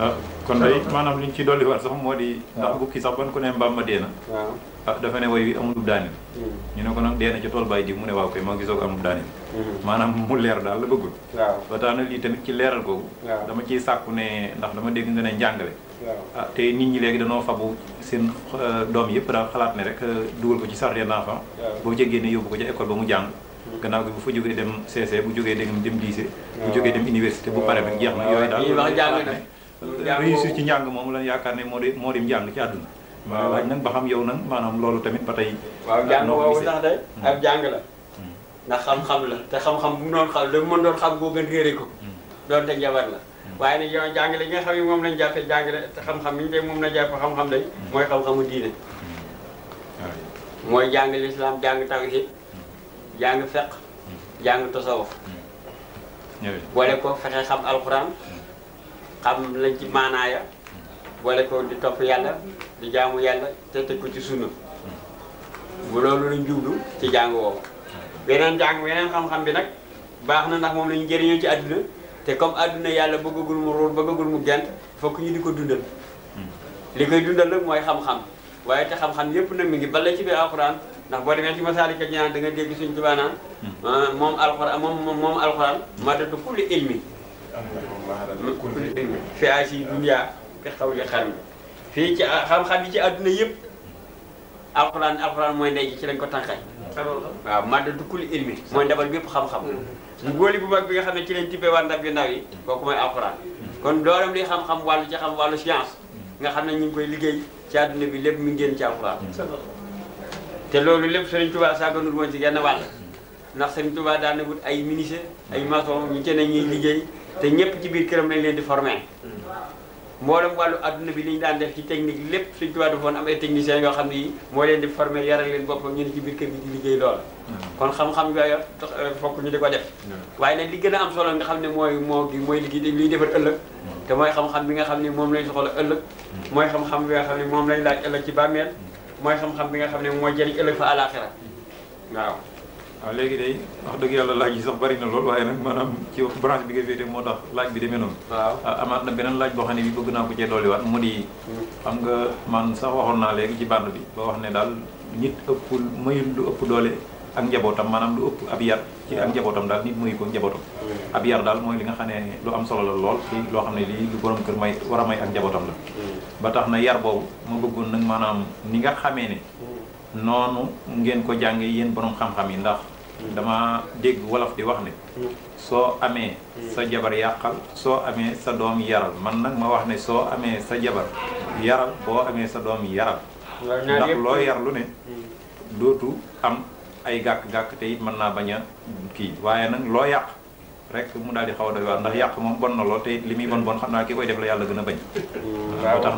ah. ah, kon day maanaam li ñu ci dolli war sax moo di ndax bukki sax ban ku ne mbaam ma dee na waaw ah dafa ne way wi amul daaneel hmm. ñu ne ko nag dee na ci tool bàyyi diw mu ne waaw koy maa ngi soog amul daaneel hmm. maanaam mu leer daal la bëggul waaw ba lii tamit ci leeral googu dama ciy sàkku ne ndax dama dégg nga ne njàngale ah te nit ñi léegi danoo fabu seen euh, doom yëpp daal xalaat ne rek euh, dugal ko ci naa d'enfant boo ca génnee yóbbu ko ca école ba mu jàng hmm. gannaaw gi bu fa jógee dem CC bu jógee dem dem lycée bu jógee dem université bu pare rek jeex na yooyu daal réussir ci njàng moom la yaakaar ne moo moo di njàng ci àdduna waaw laaj nag ba xam yow nag maanaam loolu tamit ba tey. waaw jàng woowu sax day ak jàng hmm. la. Hmm. ndax xam-xam la te xam-xam bu mu doon xam li mu mën doon xam boo gën réere ko. Hmm. doonte njabar la. waaye nag yow la yi nga xam ne moom lañ jàppee jàngale te xam-xam yi moom la jàpp xam-xam lañ. mooy xam-xamu diine. mooy jàng lislaam jàng tawhid jàng feq jàng tasawuf boole ko fexe xam alxuraan xam lañ ci maanaaya. boole ko di topp yàlla di jaamu yàlla te teg ko ci sunna bu loolu lañ jublu ci jàng woowu beneen jàng beneen xam-xam bi nag baax na ndax moom lañu jëriñoo ci àdduna te comme àdduna yàlla bëggagul mu ruur bëggagul mu gent fokk ñu di ko dundal hmm. li koy dundal nag mooy xam-xam waaye te xam-xam yépp nag mi ngi bala ci biir alxuraan ndax boo demee ci masaalika ñaan nga dégg suñ tubaa hmm. ah, moom alxuraan moom moom alxuraan matatu kulli ilmi fi asi dunya bi xawli xarim fii ci xam-xam yi ci àdduna yëpp alxuraan alxuraan mooy ndey ci lañ ko tànqee. waaw maddatu kulli ilmi mooy ndabal bépp xam-xam. góoli bu mag bi nga xam ne ci lañ tibbee war ndab yu ndaw yi kooku mooy alxuraan kon dooram li xam-xam wàllu ci xam wàllu science nga xam ne ñu ngi koy liggéey ci àdduna bi lépp mi ngi génn ci alxuraan. te loolu lépp Serigne Touba sàgganul woon ci genn wàll ndax Serigne Touba daan na wut ay ministre ay maçon ñu ci ne ñuy liggéey te ñëpp ci biir këram lañ leen di formé mboolem wàllu adduna bi li ñu daan def ci technique lépp suñ tubaab dafa am ay techniciens yoo xam ni moo leen di former yaral leen boppam ñu ne ci biir kër gi di liggéey loola. Hmm. kon xam-xam yooyu euh, ñu di ko def. Hmm. waaye nag li gën a am solo nga xam ne mooy moo gi mooy liggéey liy defar ëllëg. Hmm. te mooy xam-xam bi nga xam ni moom lañ soxla ëllëg. mooy xam-xam bi nga xam ne moom lañ laaj ëllëg ci bàmmeel. mooy xam-xam bi nga xam ne moo jëriñ ëllëg fa àlaaxira waaw waaw léegi day wax dëgg yàlla laaj yi sax bari na lool waaye nag maanaam ci branche bi nga féete moo tax laaj bi demee noonu waaw ah, amaat na beneen laaj boo xam ne bi bëgg naa ko cee dolliwaat mu di xam nga man sax waxoon naa léegi ci bànd bi ba wax ne daal nit ëpp mayul lu ëpp doole ak njabootam maanaam lu ëpp ab yar ci ak njabootam daal nit mayu ko njabootam hmm. ab yar daal mooy li nga xam ne lu am solo la lool ci loo xam ne lii lu borom kër may war may ak njabootam hmm. na yar boobu ma bëggoon nag ni nga xamee ne hmm. noonu ngeen ko jànge yéen borom xam yi ndax dama dégg wolof di wax ne soo amee sa jabar yàqal soo amee sa doom yaral man nag ma wax ne soo amee sa jabar yaral boo amee sa doom yaral ndax loo yar lu ne mm. dootu am ay gàkk-gàkk tey it mën naa bañ a kii waaye nag loo yàq rek mu daal di xaw a doy waar ndax yàq moom bon na lool te li muy bon bon xam naa a bañ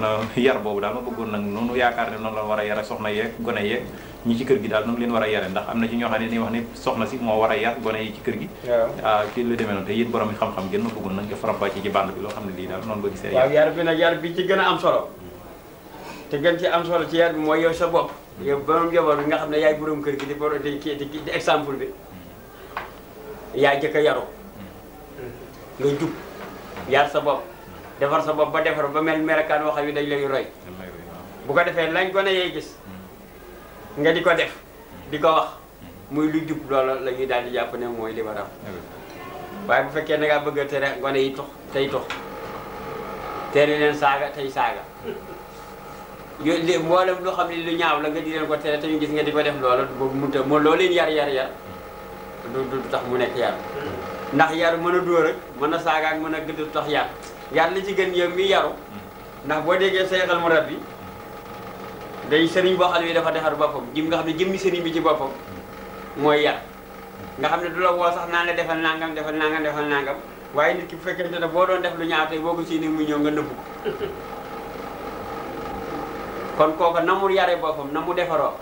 na yar boobu daal ma bëggoon nag noonu yaakaar ne noonu a yare soxna yeeg gone yeeg ñi ci kër daal noonu leen war a yare ndax am na ci ñoo xam ne ne soxna si moo war a yar gone yi ci kër gi ah xam-xam gën ma bëggoon nag nga faram-fàcce ci bànd bi loo xam a am solo te gën ci am solo ci yar bi mooy sa bopp hmm. yow borom njaboot bi nga xam ne yaay borom kër gi di exemple bi yaa jëkk a yaroo nga jub yar sa bopp defar sa bopp ba defar ba mel merekaan wax wi dañ lay roy bu ko defee lañ ko ne gis mm. nga di ko def mm. di ko wax mm. muy lu jub loola la daal di jàpp ne mooy li ah waaye bu fekkee da ngaa bëgg a tere gone yi tux tey tux tere leen saaga tey saaga yooyu mboolem loo xam ne lu ñaaw la nga di leen ko tere te ñu gis nga di ko def loola boobu mënta moo loo leen yar yar yar du du tax mu nekk yar ndax yaru mën a dóor ak mën a saaga ak mën a gëdd tax yar yar li ci gën yow mi yaru ndax boo déggee seexal mu rab bi day sëriñ boo xam ne dafa defar boppam jim nga xam ne jëmmi sëriñ bi ci boppam mooy yar nga xam ne du la woo sax ne la defal nangam defal nangam defal nangam waaye nit ki bu fekkente ne boo doon def lu ñaaw tey boo ko séenee mu ñëw nga nëbb ko kon kooka na mu yare boppam na mu defaroo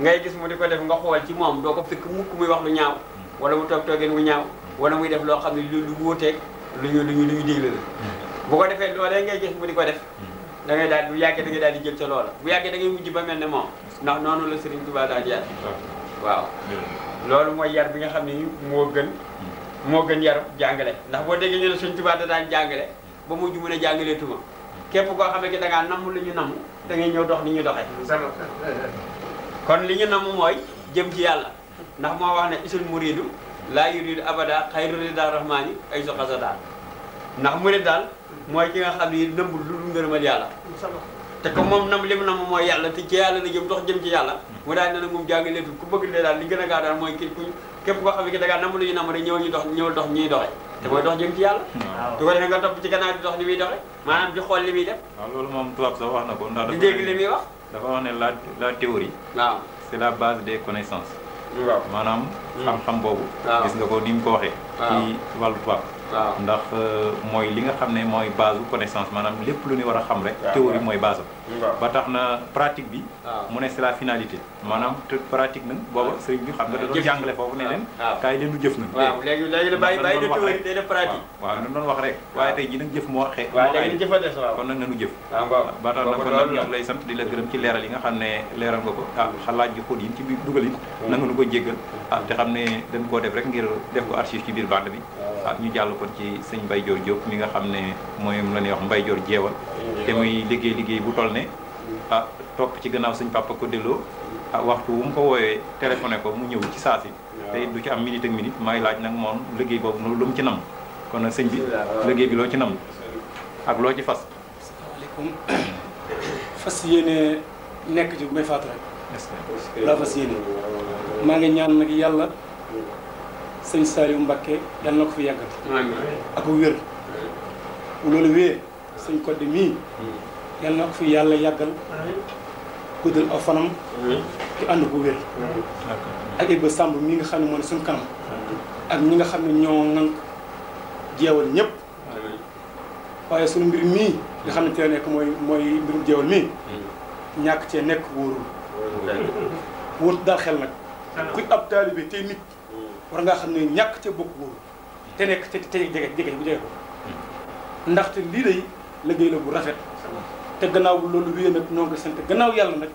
ngay gis mu di ko def nga xool ci moom doo ko fekk muy wax lu ñaaw wala mu toog toogeen wu ñaaw wala muy def loo xam ne lu lu wuuteeg lu ñu lu ñu lu ñu la hmm. bu ko defee loolee ngay gis di ko def hmm. da daal bu yàggee da ngay daal di jël ca loola bu da ngay mujj ba mel ne moom noonu la Serigne Touba daal di yar hmm. waaw loolu mooy yar bi nga xam ne moo gën moo gën yaru jàngale ndax boo déggee ñu ne Serigne Touba da daan jàngale ba mujj mu ne jàngalee tuma képp koo xamee ki da ngaa namm lu ñu namm da ngay ñëw dox ni ñu doxee kon li ñu namm mooy jëm ci yàlla ndax moo wax ne isul muridu laa yuridu abada xayru rida rahmaani ay so xasada ndax murid daal mooy ki nga xam ne nëmbul lu dul ngërëmal yàlla te comme moom nam lim na ma moo yàlla te ci yàlla la jëm dox jëm ci yàlla mu daal ne nag moom jàngi leetul a mooy ki ku képp koo xam ne ki da ngaa nam lu ñu nam rek ñu dox ñëwal dox ñuy doxee te mooy dox jëm ci yàlla du ko defee nga topp ci gannaaw di dox li muy doxee maanaam di xool li muy def waaw loolu moom tubaab sax wax na ko ndax di dégg li muy wax dafa wax ne la la théorie waaw c'est waaw maanaam hmm. xam-xam boobu gis nga ko ni mu ko waxee ci wàllu tubaab ndax euh, mooy li nga xam ne mooy base connaissance maanaam lépp lu ñu war a xam rek théorie mooy base ba tax na pratique bi mu ne c'est la finalité maanaam te pratique nag booba sëriñ bi xam nga jàngale foofu ne leen kaay jëf nag waaw léegi léegi bàyyi bàyyi de wax rek waaye tey ji nag jëf moo xee kon nag nanu jëf ba tax na kon nag ñu lay sant di la gërëm ci leeral yi nga xam ne leeral nga ko ah xalaat ji xóot yi ci biir dugal yi hmm. nanga nu ko jéggal ah te xam ne dañ koo def rek ngir def ko archive ci biir bande bi ah ñu jàll ko ci sañ Mbaye Dior Diop mi nga xam ne mooyam la ñuy wax Mbaye Dior Jeewal te muy liggéey liggéey bu toll ne ah topp ci gannaaw sëñ papa ko delloo ah waxtu wu mu ko woowee téléphoné ko mu ñëw ci saa saasi te du ci am minute ak minute may laaj nag moom liggéey boobu noonu lu mu ci nam kon nag sañ bi liggéey bi loo ci nam ak loo ci fas asalaamaaleykum <coughs> fas yéene nekk ci may faatu rek maa ngi ñaan nag yàlla sëñ Saliou mbakke yal na ko fi yàggal ak wér loolu wée sëñ Codé mii hmm. yal na ko fi yàlla yàggal guddal aw fanam ci ànd ko wér ak Iba Samb mii nga xam ne moo ne kanam ak ñi nga xam ne ñoo ngank jeewal ñëpp waaye suñu mbir mii nga xam ne tee nekk mooy mooy mbirum jeewal mii hmm. ñàkk cee nekk wóorul wóorut daal xel nag kuy ab taalibe tey nit war ngaa xam ne ñàkk ca bokk wóoru te nekk te te jege jege bu jege ko ndaxte lii day liggéey la bu rafet te gannaaw loolu wéyee nag ñoo ngi sant gannaaw yàlla nag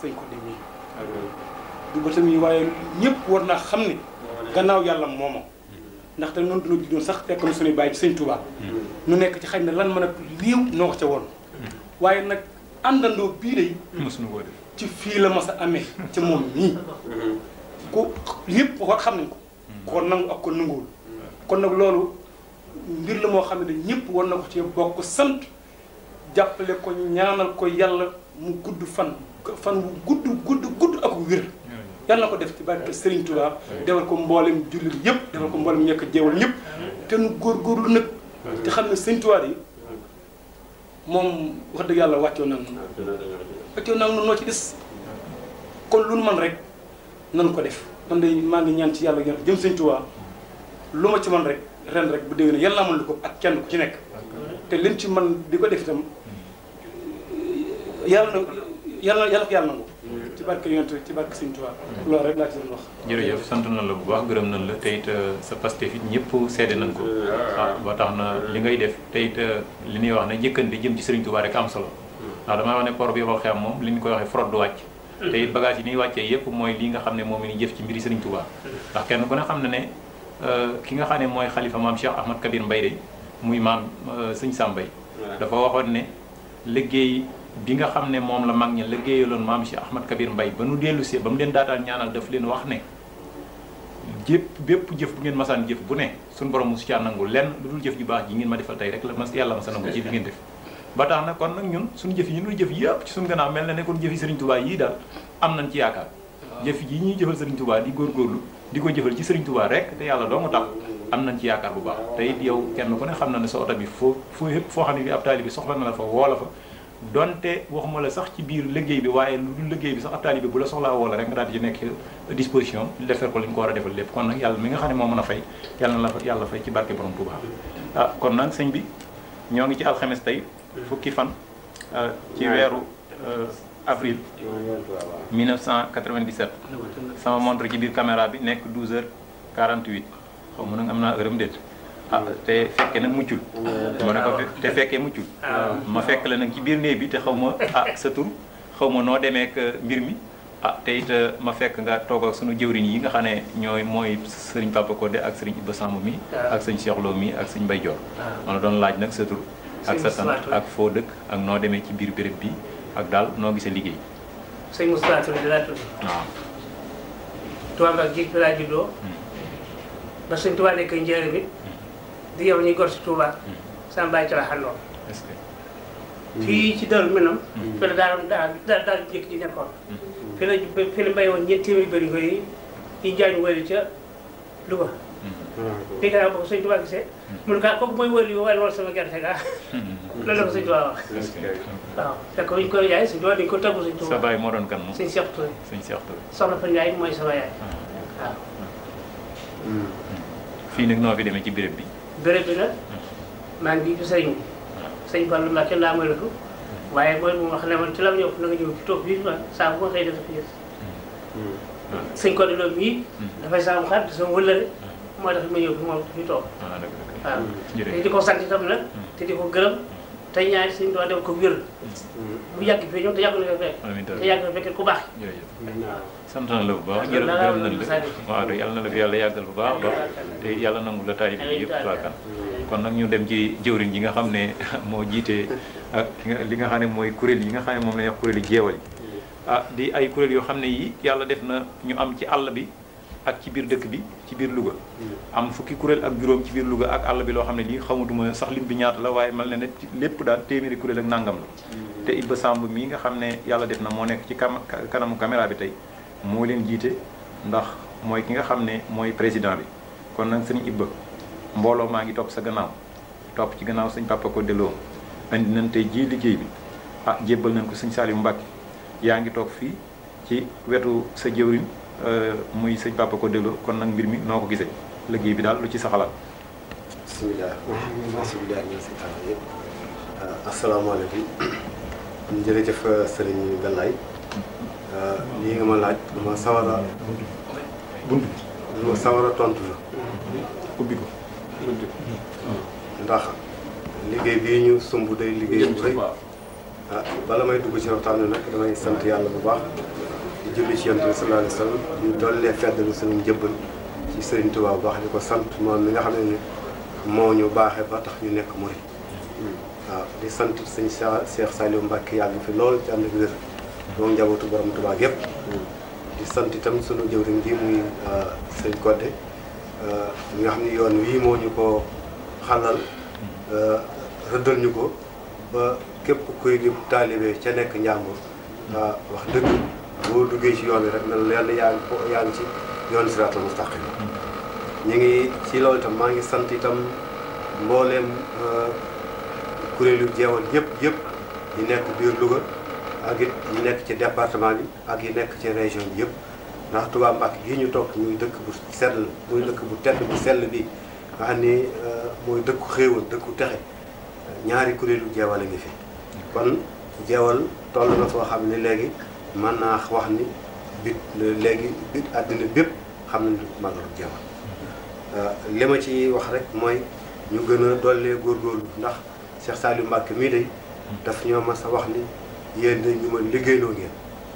sëñ ko dem yi du ba tamit waaye ñëpp war naa xam ne gannaaw yàlla mooma ndaxte noonu dañoo juddoon sax fekkoon suñuy bàyyi ci sëñ Touba nu nekk ci xaj na lan mën a liiw noo ko ca woon waaye nag àndandoo bii day mosuñu ko def ci fii la mas a amee ci moom nii ku yëpp wax xam nañ ko ko nangu ak ko nanguwul kon nag loolu mbir la moo xam ne ñëpp war na ko ci bokk sant jàppale ko ñaanal ko yàlla mu gudd fan fan bu gudd gudd gudd ak wér yàlla na ko def ci barke Serigne Touba defal ko mboolem jullit yëpp defal ko mboolem ñekk jeewal ñëpp te góor góorgóorlu nag te xam ne Serigne Touba yi moom wax dëgg yàlla wàccoo nag nu wàccoo nag nu ci des kon lu man rek nan ko def man de maa ngi ñaan ci yàlla yoon jëm sëñ Tuubaa lu ci man rek ren rek bu déwénee yàlla mën lu ko ak kenn ku ci nekk te lim ci man di ko def itam yàlla na yàlla yàlla ko yàlla nangu ci barke yonent ci barke sëñ Tuubaa loolu rek laa ci doon wax jërëjëf sant nañ la bu baax gërëm nañ la te it euh, sa pastef it ñëpp seede nañ ko ah, ba tax na li ngay def te euh, li ñuy wax ne jëkkante jëm ci sëriñ Tuubaa rek am solo ndax damay wax ne bi yobal xam moom li ñu koy frod du wàcc te it bagage ni ñuy wàccee yépp mooy li nga xam momi ni la jëf ci mbiri Serigne Touba ndax kenn ko ne xam ne euh, ki nga moy khalifa mam Cheikh Ahmad Kabir Mbaye muy mam euh, serigne Sambay dafa waxone ne liggéey bi nga xam mom la magni mam Cheikh Ahmad Kabir Mbaye ba nu dellu see ba mu leen Jep ñaanal daf leen wax ne jëpp bépp jëf bu ngeen masaan jëf bu ne sun borom mu ci nangul len dudul ju baax ji ngeen ma defal tay rek la mas yalla ma sa ci bi ngeen def ba tax na kon nag ñun suñu jëf yi ñun jëf yëpp ci suñu gannaaw mel na ne kon jëfi Serigne Touba yii daal am nañ ci yaakaar ah. jëf yi ñuy jëfal Serigne Touba di góorgóorlu di ko jëfal ci Serigne Touba rek te yàlla doomu tax am nañ ci yaakaar bu baax te it yow kenn ku ne xam na ne sa oto bi foo foo yëpp foo xam ne bi ab taalibe soxla na la fa woo la fa donte waxuma la sax ci biir liggéey bi waaye lu dul liggéey bi sax ab taalibe bu la soxla woo la rek nga daal di nekk disposition defar ko li ko war a lépp kon nag yàlla mi nga xam ne moo mën a fay yàlla na la yàlla fay ci barke borom Touba ah kon nag sëñ bi ñoo ngi ci alxames tey fukki fan euh, ci weeru euh, avril 1997 sama montre ci biir caméra bi nekk 12 heures 48 xaw ma nag am na heure am ah te fekke nag muccul ma ne ko te fekkee muccul ma fekk la nag ci biir néeg bi te xaw ma ah sa tur xaw ma noo demee ak euh, mbir mi ah te ma fekk nga toog ak sunu jëwriñ yi nga xam ne ñooy mooy sëriñ Papa Codé ak sëriñ Iba Samb mi ak sëñ Cheikh Lo ak sëñ laaj nag sa tur ak sa sant ak foo dëkk ak noo demee ci biir béréb bi ak daal noo gisee liggéey. sëñ Moustapha Touré di laa tudd. waaw. Touba Mbacke géej bi laa juddoo. Hmm. ba sëñ Touba nekk njëriñ bi. Hmm. di yow ñuy gor si Touba. Hmm. sama baay ci la xandoo. est-ce que. fii ci Darou Minam. fi la daal daal daal daal jëkk ji nekkoon. fi la fi la mbéy ñetti téeméeri bëri yi yi jaay ñu wële ca Louga. di gannaaw boobu sëñ Tuubaa gisee mu ne ko kooku mooy wël yu wala wala sama gerte ga loolu la ko sëñ Tuubaa wax waaw fekk dañ ko taggu sëñ Tuubaa sa baay moo doon kan moom sëñ Seex Tuure sëñ Seex Tuure mooy sama yaay fii nag noo fi ci béréb bi bi maa ngi ci sëriñ bi sëñ Fallu Mbàkke ci la mu ñëw na nga ñëw ci toog di loolu mii dafay saa mu xaar di sama mooy tax ma ñëw fi moom fi toog ah, mm, te di ko sant itam nag te di ko gërëm te ñaan suñu doon def ko wér bu mm. yàgg fii te yàgg na fee fekk te yàgg na fekk ku baax sant na la bu baax gërëm gërëm yàlla na la fi yàlla yàggal bu baax baax te yàlla nangu la taay bi yëpp waakan kon nag ñu dem ci jëwriñ yi nga xam ne <laughs> moo jiitee ak li nga xam ne mooy kuréel yi nga xam ne moom la ñuy kuréel yi jeewal yi mm. ah di ay kuréel yoo xam ne yi yàlla def na ñu am ci àll bi ak ci biir dëkk bi ci biir Louga. Hmm. am fukki kuréel ak juróom ci biir Louga ak àll bi loo xam ne nii xamatuma sax lim bi ñaata la waaye mel na ne lépp daal téeméeri kuréel ak nangam la. Hmm. te Ibba Samb mii nga xam ne yàlla def na moo nekk ci kanamu caméra bi tey moo leen jiite ndax mooy ki nga xam ne mooy président bi kon nag sëñ Ibba mbooloo maa ngi topp sa gannaaw topp ci gannaaw sëñ Papa ko delloo indi nañ tey jii liggéey bi ah jébbal nañ ko sëñ Saliou Mbacke yaa ngi toog fii ci wetu sa jëwriñ Euh, muy sëñ papa ko déglu kon nag mbir mi noo ko gisee liggéey bi daal lu ci sa xalaat. bisimilah bisimilah ñu ngi si taal euh, <coughs> jërëjëf euh, sëriñ lii nga ma laaj lu ma sawar a bunt tontu la ubbi ko ndax liggéey bii ñu sumb day liggéey bu rëy ah bala may dugg ci waxtaan nag damay sant yàlla bu baax di julli ci yonent bi sallallahu alayhi wa sallam ñu dollee fedd suñu njëbbal ci Serigne Touba baax di ko sant moom mi nga xam ne moo ñu baaxee ba tax ñu nekk murid waaw di sant sëñ Cheikh Saliou Mbacke yàgg fi lool ci ànd ak wér moom njabootu di sant itam sunu jëwriñ ji muy euh, sëñ Codé mi euh, nga xam ne yoon wii moo ñu ko xalal euh, rëddal ñu ko ba képp kuy di taalibe ca nekk njàmbur wax dëgg boo duggee ci yoon bi rek mel yàlla yaa ngi yaa ngi ci yoon siraatal mustaqim ñu ngi ci loolu itam maa ngi sant itam mbooleem euh, kuréelu jeewal yépp yëpp yi nekk biir Louga ak it yi nekk ci département bi ak yi nekk ci région bi yëpp ndax tubaab Mbacke gii ñu toog muy dëkk bu sell muy dëkk bu tedd bu sell bi nga xam ni euh, mooy dëkku xéewal dëkku texe ñaari kuréelu jeewal a ngi fi kon jeewal toll na foo xam ne léegi man naa wax ni bit léegi bit àddina bépp xam nañu magalu Jeewal euh, li ma ci wax rek mooy ñu gën a dollee góorgóorlu ndax Cheikh Saliou Mbacké mii day daf ñoo mas a wax ni yéen dañ ñu ma liggéeyloo ngeen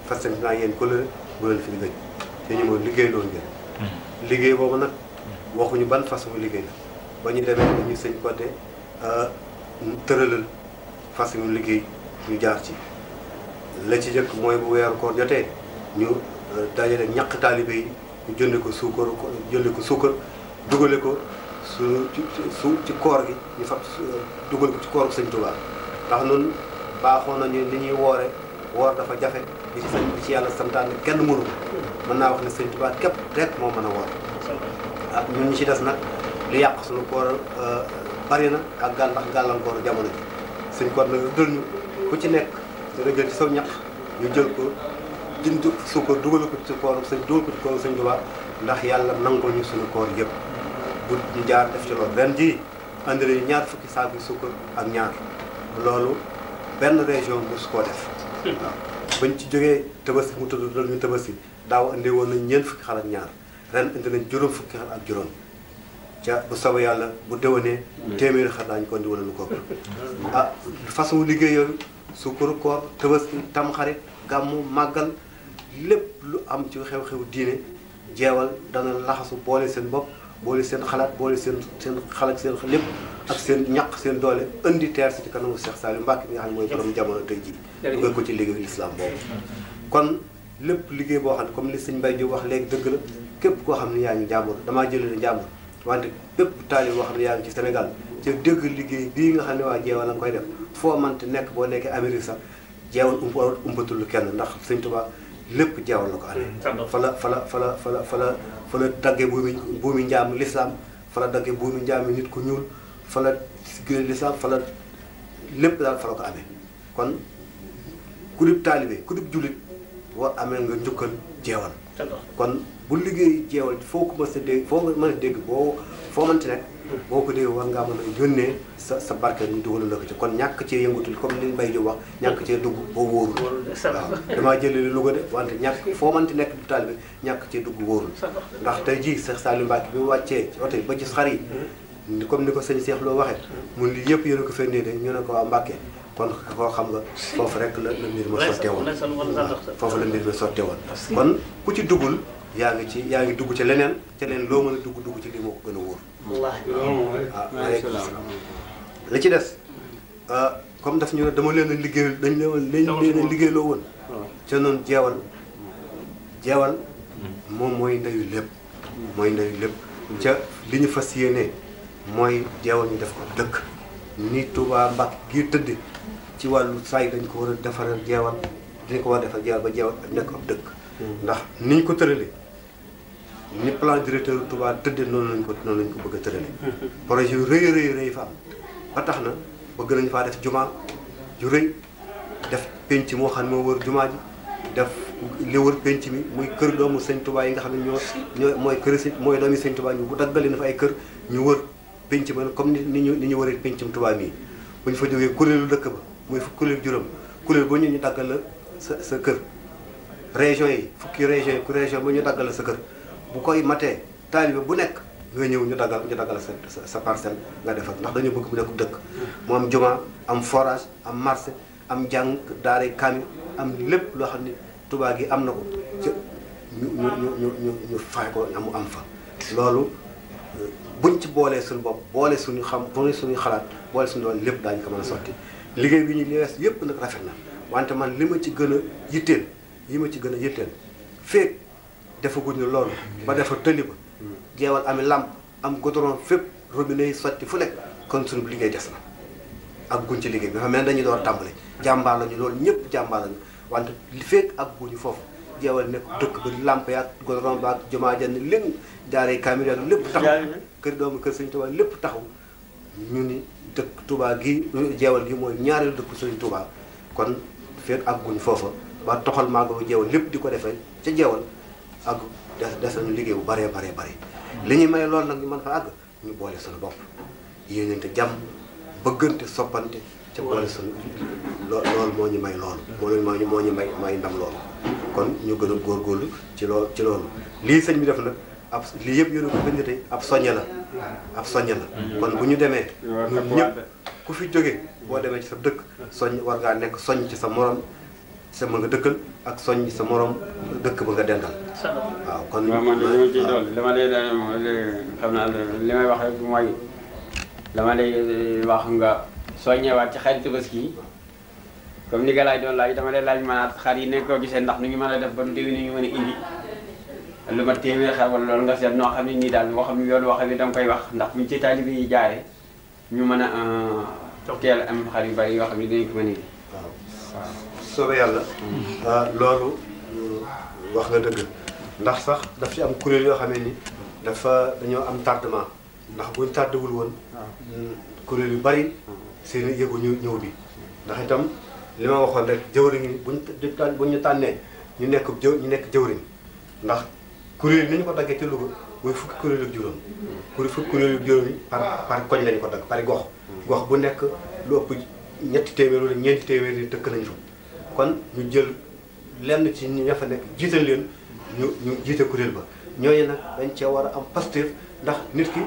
fasan naa yéen ko la bu leen fi gëj liggéey boobu nag waxuñu ban façon liggéey la ba ñu demee dañu sëñ côté euh, tëralal façon liggéey ñu jaar ci la ci jëkk mooy bu weeru koor jotee ñu euh, dajale ñaq taalibe yi ñu jënd ko suukar jënd ko suukar dugale ko su su ci koor gi ñu fab euh, dugal ko ci koor sëñ Tuubaa ndax nun baaxoon nañu li ñuy woore woor dafa jafe li ci sëñ bi ci yàlla santaane kenn mënu mën naa wax ne sëñ Tuubaa képp rek moo mën a woor ah ñun ñi ci des nag lu yàq suñu koor euh, bari na ak gàll ndax gàllankooru jamono ji sëñ koor nag dël ñu ku ci nekk dana jël ci saw ñu jël ko jënd suukar dugal ko ci kooram sëñ dugal ko ci kooram sëñ Tuubaa ndax yàlla nangul ñu suñu koor yëpp bu ñu jaar def ci loolu ren jii andi nañu ñaar fukki saaku suukar ak ñaar loolu benn région mosu koo def waaw bañ ci jógee tabaski mu tudd loolu ñu tabaski daaw indi woon nañ ñeent fukki xal ak ñaar ren indi nañ juróom fukki xar ak juróom ca bu soobee yàlla bu déwénee mm. téeméeri xar daañu ko indi wala lu ko ah façon liggéey yooyu su ko koor tëbaski tamxarit gàmmu màggal lépp lu am ci xew-xew diine jeewal dana laxasu boolee seen bopp boole seen xalaat boole seen seen xalaat seen lépp ak seen ñaq seen doole indi teer si ci kanamu Cheikh Saliou Mbacké bi nga xam ne mooy borom jamono tey jii. dugal ko ci liggéeyu lislaam boobu. kon lépp liggéey boo xam ne comme li sëñ mbay Diop wax léegi dëgg la képp koo xam ne yaa ngi njàmbur damaa jëlee njàmbur wante bépp taalib boo xam ne yaa ngi ci Sénégal dëgg liggéey bii nga xam ne waa jeewal la nga koy def. foo mënti nekk boo nekkee Amérique sax jeewal ump umpatul kenn ndax Sëñ Tuubaa lépp jeewal na ko amee mm, fa la fa la fa la fa la fa la fa la dagge buumi njaam lislaam fa la dagge buumi njaam nit ku ñuul fa la gën lislaam fa la lépp daal fa la ko amee kon ku dib taalibe ku dib jullit war amee nga njukkal jeewal kon bu liggéey jeewal foo ko mën a dégg foo mën a dégg boo foo mënti nekk boo ko dee war ngaa mën a yónnee sa sa barke ñu dugal la ko ci kon ñàkk cee yëngatul comme li Mbaye di wax ñàkk cee dugg boo wóorul waaw damaa jëleli Louga de wante ñàkk foo ti nekk du taalibe ñàkk cee dugg wóorul ndax tey jii Cheikh Saliou Mbacke bi wàccee ci oto yi ba ci xar comme ni ko sëñ Cheikh loo waxee mun li yëpp yéen a ko fennee de ñu ne ko waa Mbacke kon koo xam nga foofu rek la la mbir ma sottee woon foofu la mbir ma sottee woon kon ku ci duggul yaa ngi ci yaa ngi dugg ci leneen ca loo mën a dugg dugg ci li moo ko gën a la ci des ah, comme daf ñu ne dama leen a liggéey dañ leen a leen a liggéeyloo woon ca noonu jeewal jeewal moom mooy ndeyu lépp mooy ndeyu lépp ca li ñu fas yéene mooy jeewal ñu def ko dëkk ni Touba Mbàkke gi tëdd ci wàllu saay dañ ko war a defaral jeewal dañ ko war defar jeewal ba jeewal nekk ab dëkk hmm. ndax niñ ko tëralee ni plan directeur Touba tëddee noonu lañ ko noonu lañ ko bëgg a tëralee. projet yu rëy rëy rëy fa am ba tax na bëgg nañ faa def jumaa ju rëy def penc moo xam ne moo wër jumaa ji def li wër mi muy kër doomu sëñ Touba yi nga xam ne ñoo ñoo mooy kër mooy doomi sëñ Touba ñu bu daggalee na fa ay kër ñu wër penc ma comme ni ñu ni ñu wëree pencum Touba yi bu ñu fa jógee kuréelu dëkk ba muy fukk juróom kuréel boo ñu ñu daggal la sa sa kër région yi fukki région yi ku ñu daggal sa kër bu koy matee taalibe bu nekk nga ñëw ñu daggal ñu daggal sa sa parcelle nga defal ndax dañu bëgg bu nekk dëkk mu am jumaa am forage am marché am jàng daaray kaami am lépp loo xam ne Touba gi am na ko ñu ñu ñu am fa loolu euh, buñ ci boolee suñu bopp boole suñu xam boole suñu xalaat boole suñu doon lépp daañu ko mën a sotti liggéey bi ñu lees yëpp nag rafet na wante man li ma ci gën a yitteel li ma ci gën a yitteel feeg defaguñu loolu ba defa tëli ba jeewal ami làmp am goudron fépp robinet yi sotti fu nekk kon suñu liggéey des na ak guñ ci liggéey bi dafa mel dañuy door tàmbali jàmbaar lañu loolu ñëpp jàmbaar lañu wante li fekk ak guñu foofu jeewal nekk dëkk ba làmp yaak goudron ba jumaa jann lépp daaree caméra lépp taxaw kër doomu kër Sëriñ Tuubaa lépp taxaw ñu ni dëkk Tuubaa gi jeewal gi mooy ñaareelu dëkk Sëriñ Tuubaa kon fekk ak guñ foofa ba toxal maa nga jeewal lépp di ko defee ca jeewal àgg des des nañu liggéey bu baree baree bare li ñuy may lool nag ñu mën fa àgg ñu boole suñu bopp yéenante jàmm bëggante soppante ca boole suñu loo loolu moo ñu may loolu moo leen moo ñu may may ndam loolu kon ñu gën a góorgóorlu ci loolu ci loolu lii sëñ bi def nag ab lii yëpp yéen a ko bind ab soññe la ab soññe na mhm. kon bu ñu demee ñun ku fi jóge boo demee ci sa dëkk soññ war ngaa nekk soññ ci sa morom sama nga dëkkal ak soñ sa morom dëkk ba nga dendal waaw kon man ñu ci dool dama lay xam xamna li may wax rek moy dama lay wax nga soññewaat ci xarit tabaski comme ni galay laaj doon laaj dama lay laaj ma xari ne ko gisee ndax nu ngi mën def ba mu déwé ni ñu mën a indi lu ma téeméer xar wala lool nga seet no xamni ni dal daal xamni yoon wax bi dang koy wax ndax buñ ci talibi yi jaare ñu mën euh tokkel am xari bari yoo xamni dañ ko mën waaw soobee yàlla. Mm-hmm. Ah, loolu wax nga dëgg. ndax sax daf ci am kuréel yoo xamee ni dafa dañoo am tardement ndax buñ tardewul woon ah. kuréel yu bari seen i yëgu ñu ñëw bi ndax itam li ma waxoon rek jëwriñ yi buñ buñ ñu tànnee ñu nekk jëw ñu nekk jëwriñ ndax kuréel yi ñu ko daggee ci Louga muy fukki kuréel ak juróom kuréel fukki kuréel yu juróom yi par par koñ lañu ko dagg par gox mm-hmm. gox bu nekk lu ëpp ñetti téeméer wala ñeenti téeméer yi tëkk nañu fa kon ñu jël lenn ci ñu nga fa nekk jiital leen ñu ñu jiite kuréel ba ñooñu nag dañ cee war a am pasteur ndax nit ki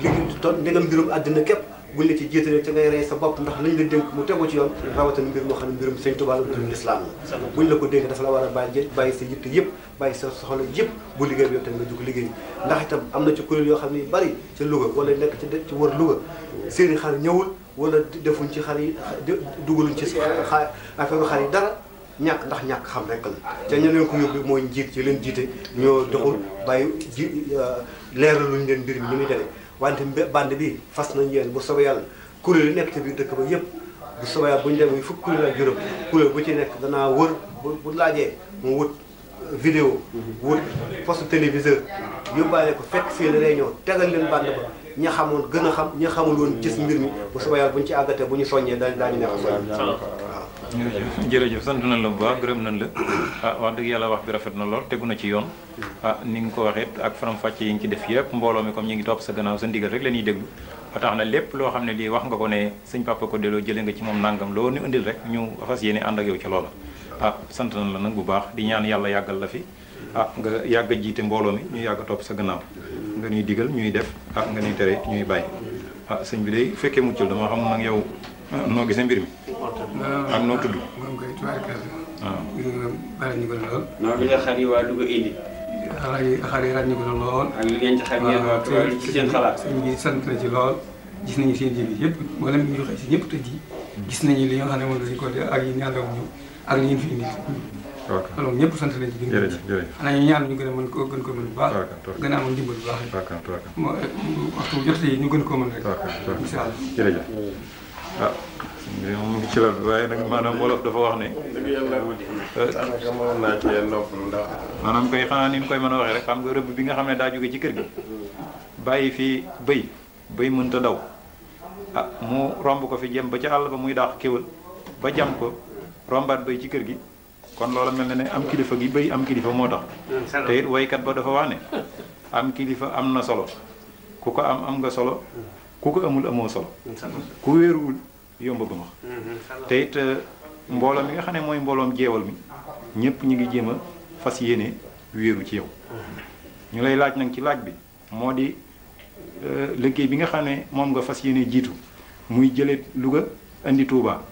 liggéey ton ndegam mbirum àddina képp buñ la ci jiitalee ca ngay rey sa bopp ndax lañ la dénk mu tegu ci yoon rawatina mbir moo xam ne mbirum sëñ Tuubaa la mbirum lislaam la buñ la ko dénk dafa la war a bàyyi bàyyi sa yitte yëpp bàyyi sa soxla yëpp bu liggéey bi yow tamit nga jug liggéey ndax itam am na ci kuréel yoo xam ne yu bari ca Louga wala nekk ci ci wër Louga seeni xar ñëwul wala defuñ ci xar yi dugaluñ ci xaar affaire xar yi dara ñàkk ndax ñàkk xam rek la te ñu leen ko yóbbu mooy njiit yi leen jiite ñoo doxul bàyyi ji euh, leeraluñ leen mbir mi ñu muy demee wante bande bi fas nañ yéen bu soobee yàlla kuréel yi nekk ci biir dëkk ba yëpp bu soobee yàlla bu ñu demee fukk kuréel ak juróom kuréel bu ci nekk danaa wër bu bu laajee mu wut vidéo mhm. wut poste téléviseur yóbbaale ko fekk fii la réunion tegal leen bande ba ña xamoon gën a xam ña xamul woon gis mbir mi bu suba yàlla bu ñu ci àggatee bu ñu soññee daal daañu neex a soññ waaw jërëjëf sant nañ la bu baax gërëm nañ la ah wax dëgg yàlla wax bi rafet na lool tegu na ci yoon ah ni nga ko waxee ak faram-fàcce yi nga ci def yëpp mbooloo mi comme ñu ngi topp sa gannaaw sa ndigal rek la ñuy déglu na lépp loo xam ne lii wax nga ko ne sëñ papa ko delloo jëlee nga ci moom nangam loo ñu indil rek ñu fas yéene ànd ak yow ci ah sant nañ la nag bu baax di ñaan yàlla yàggal la fi ah nga yàgg jiite mbooloo mi ñu yàgg a topp sa gannaaw nga ñuy digal ñuy def ah nga ñuy tere ñuy bàyyi ah sëñ bi day fekkee muccul dama xam nag yow ah, noo gisee mbir mi ah. ak noo tudd waaw ah. li nga xar yi waa Louga indi xar yi xar yi ràññi ko na lool ak li ngeen ci xam ngeen waa Touba ci seen xalaat sëñ bi sant na ci lool gis nañu seen jëf yëpp wala ñu joxe si ñëpp tëj yi gis nañu li nga xam ne moom lañu ko def ak yi ñàndawuñu ak li ngeen fi indi loolu ñëpp sant nañ ci gën ana ñu ñaan ñu gën a ko gën ko mën baax gën a amoon bu baax waxtu ñu gën ko rek jërëjëf ah moom ngi ci la waaye nag maanaam wolof dafa wax ne dëgg yàlla daanaka ni koy mën a rek xam nga rëbb bi nga ci kër gi mënta daw ah mu romb ko fi jëm ba ca àll ba muy daax kéwal ba jam ko ci kër gi kon loola mel na ne am kilifa gi béy am kilifa moo tax hmm, te it waykat ba dafa wax ne am kilifa am na solo ku ko am am nga solo hmm. ku ko amul amoo solo hmm, ku wéeruwul yomba ba wax te it euh, mbooloo mi nga xam ne mooy mbooloom jeewal mi ñëpp ñu ngi jéem a fas yéene wéeru ci yow ñu lay laaj nag ci laaj bi moo di euh, liggéey bi nga xam ne moom nga fas yéene jiitu muy jëlee Louga andi Touba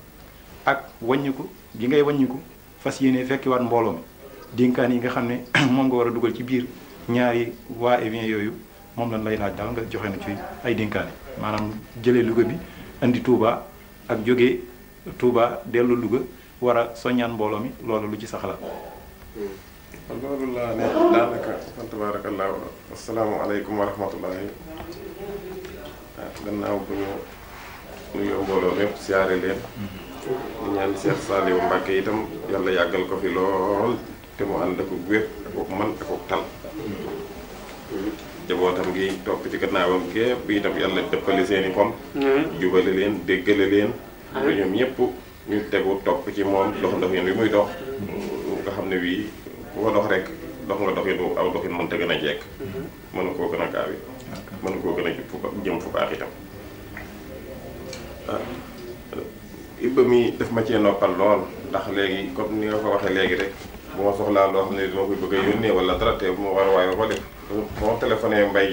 ak wàññiku gi ngay wàññiku fas yene fekkiwaat mbooloo mi dinkani nga xamne ne <clears throat> nga wara duggal yoyo, ci bir ñaari wa et bien yooyu moom lañ lay laaj dal nga joxe na ci ay dinkani manam jele Louga bi andi Touba ak joge Touba delu Louga wara soñan soññaan mi lolu lu ci saxala Alhamdulillah, di ñaan Cheikh Saliou Mbacke itam yàlla yàggal ko fi lool te mu ànd ak wér ak man ak tal jabootam gi topp ci gannaawam gépp itam yàlla dëppale seeni i xol jubale leen déggale leen ba ñoom ñëpp ñu tegu topp ci moom dox ndox yéen wi muy dox nga xam ne wii bu dox rek dox nga doxin boobu aw doxin mënta gën a jekk mhm. mën koo gën a gaaw yi mën koo gën a jëm fu baax itam ah, ibba mi daf ma cee noppal lool ndax léegi comme ni nga ko waxee léegi rek bu ma soxlaa loo xam ne dama koy bëgg a yónnee wala dara te bu ma war a waaye ko mbay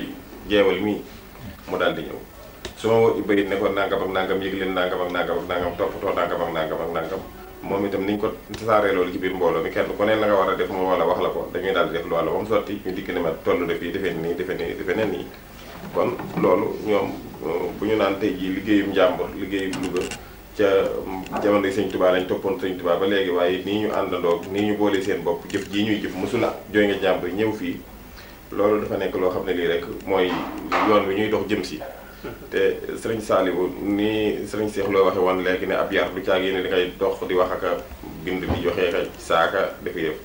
jeewal mii mu daal di ñëw su ma woo ibba it ne ko nangam ak nangam yëg leen nangam ak nangam ak nangam toppatoo nangam ak nangam ak nangam moom itam niñ ko tasaaree loolu ci biir mbooloo mi kenn ku ne la nga war a def mu wala wax la ko dañuy daal di def loolu ba mu sotti ñu dikk ne ma toll na fii defee nii defee nii nen nii kon loolu ñoom bu ñu naan tey jii liggéeyum njàmbur liggéeyum Louga ca jamono yi sëñ Tuubaa lañ toppoon sëñ Tuubaa ba léegi waaye nii ñu àndandoo nii ñu boole seen bopp jëf jii ñuy jëf mosul a jooy nga jàmbur ñëw fii loolu dafa nekk loo xam ne lii rek mooy yoon wi ñuy dox jëm si. te sëriñ Saliou nii sëriñ Cheikh loo waxe wan léegi ne ab yar du caag yéen di kay dox di wax ak bind di joxe kay saaka def yëf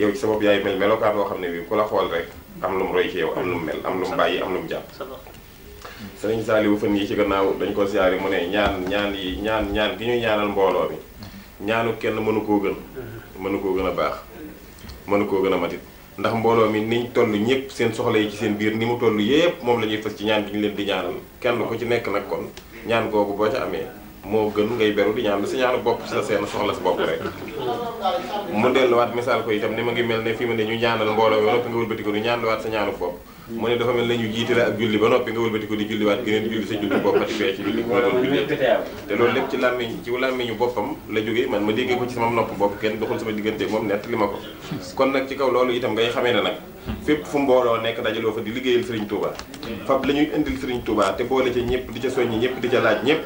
yow ci sa bopp yaay mel melokaan boo xam ne bii ku la xool rek am lu mu roy ci yow am lu mel am lu mu bàyyi am lu mu jàpp. sëriñ Saliou fan yi ci gannaaw dañ ko siyaari mu ne ñaan ñaan yi ñaan ñaan gi ñuy ñaanal mbooloo bi ñaanu kenn mënu koo gën mënu koo gën a baax mënu koo gën a matit ndax mbooloo mi niñ toll ñëpp seen soxla yi ci seen biir ni mu toll yëpp moom la ñuy fës ci ñaan gi ñu leen di kenn ku ci nekk nag kon ñaan googu boo ca amee moo gën ngay beru di ñaan sa ñaanu bopp sa seen soxla si bopp rek mu delluwaat misaal ni ma ñu ñaanal mbooloo mi noppi nga ko du ñaanluwaat sa ñaanu bopp mu ne dafa mel ne ñu jiite la ak julli ba noppi nga wëlbati ko di julliwaat geneen julli sa julli boppati fee ci julli boo doon julli te loolu lépp ci làmmiñ ci làmmiñu boppam la jógee man ma déggee ko ci sama nopp bopp kenn doxul sama diggante moom nett li ma ko kon nag ci kaw loolu itam ngay xamee ne nag fépp fu mbooloo nekk dajaloo fa di liggéeyal Serigne Touba fab la ñuy indil Serigne Touba te boole ca ñëpp di ca soññi ñëpp di ca laaj ñëpp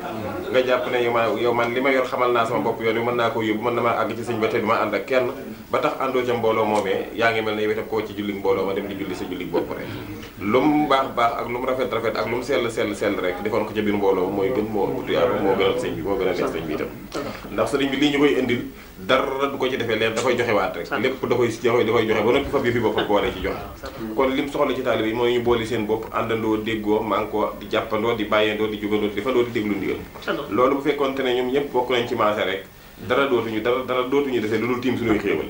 nga jàpp ne ma yow man li sama bopp yoon wi mën na maa àgg ci sëñ ba te duma ànd ak kenn ba tax àndoo ca mbooloo moomee yaa ngi mel ne yow itam koo ci julli mbooloo ma dem di julli sa julli bopp rek lu baax baax ak lu mu rafet rafet ak lu mu sell sell sell rek defoon ko ca biir mbooloo mooy gën moo ëpp tuyaaba moo gënal sëñ bi moo gën a sëñ bi itam ndax dara du ko ci defee leen dafay joxe waat rek ah. lépp dafay dafay joxe ba noppi fab yi fi boppam boole ci joxe ah, kon lim soxla ci taalibe ne ñoom ñëpp bokk nañ ci maase rek dara dootuñu dara dootuñu dese lu dul tiim suñuy xéewal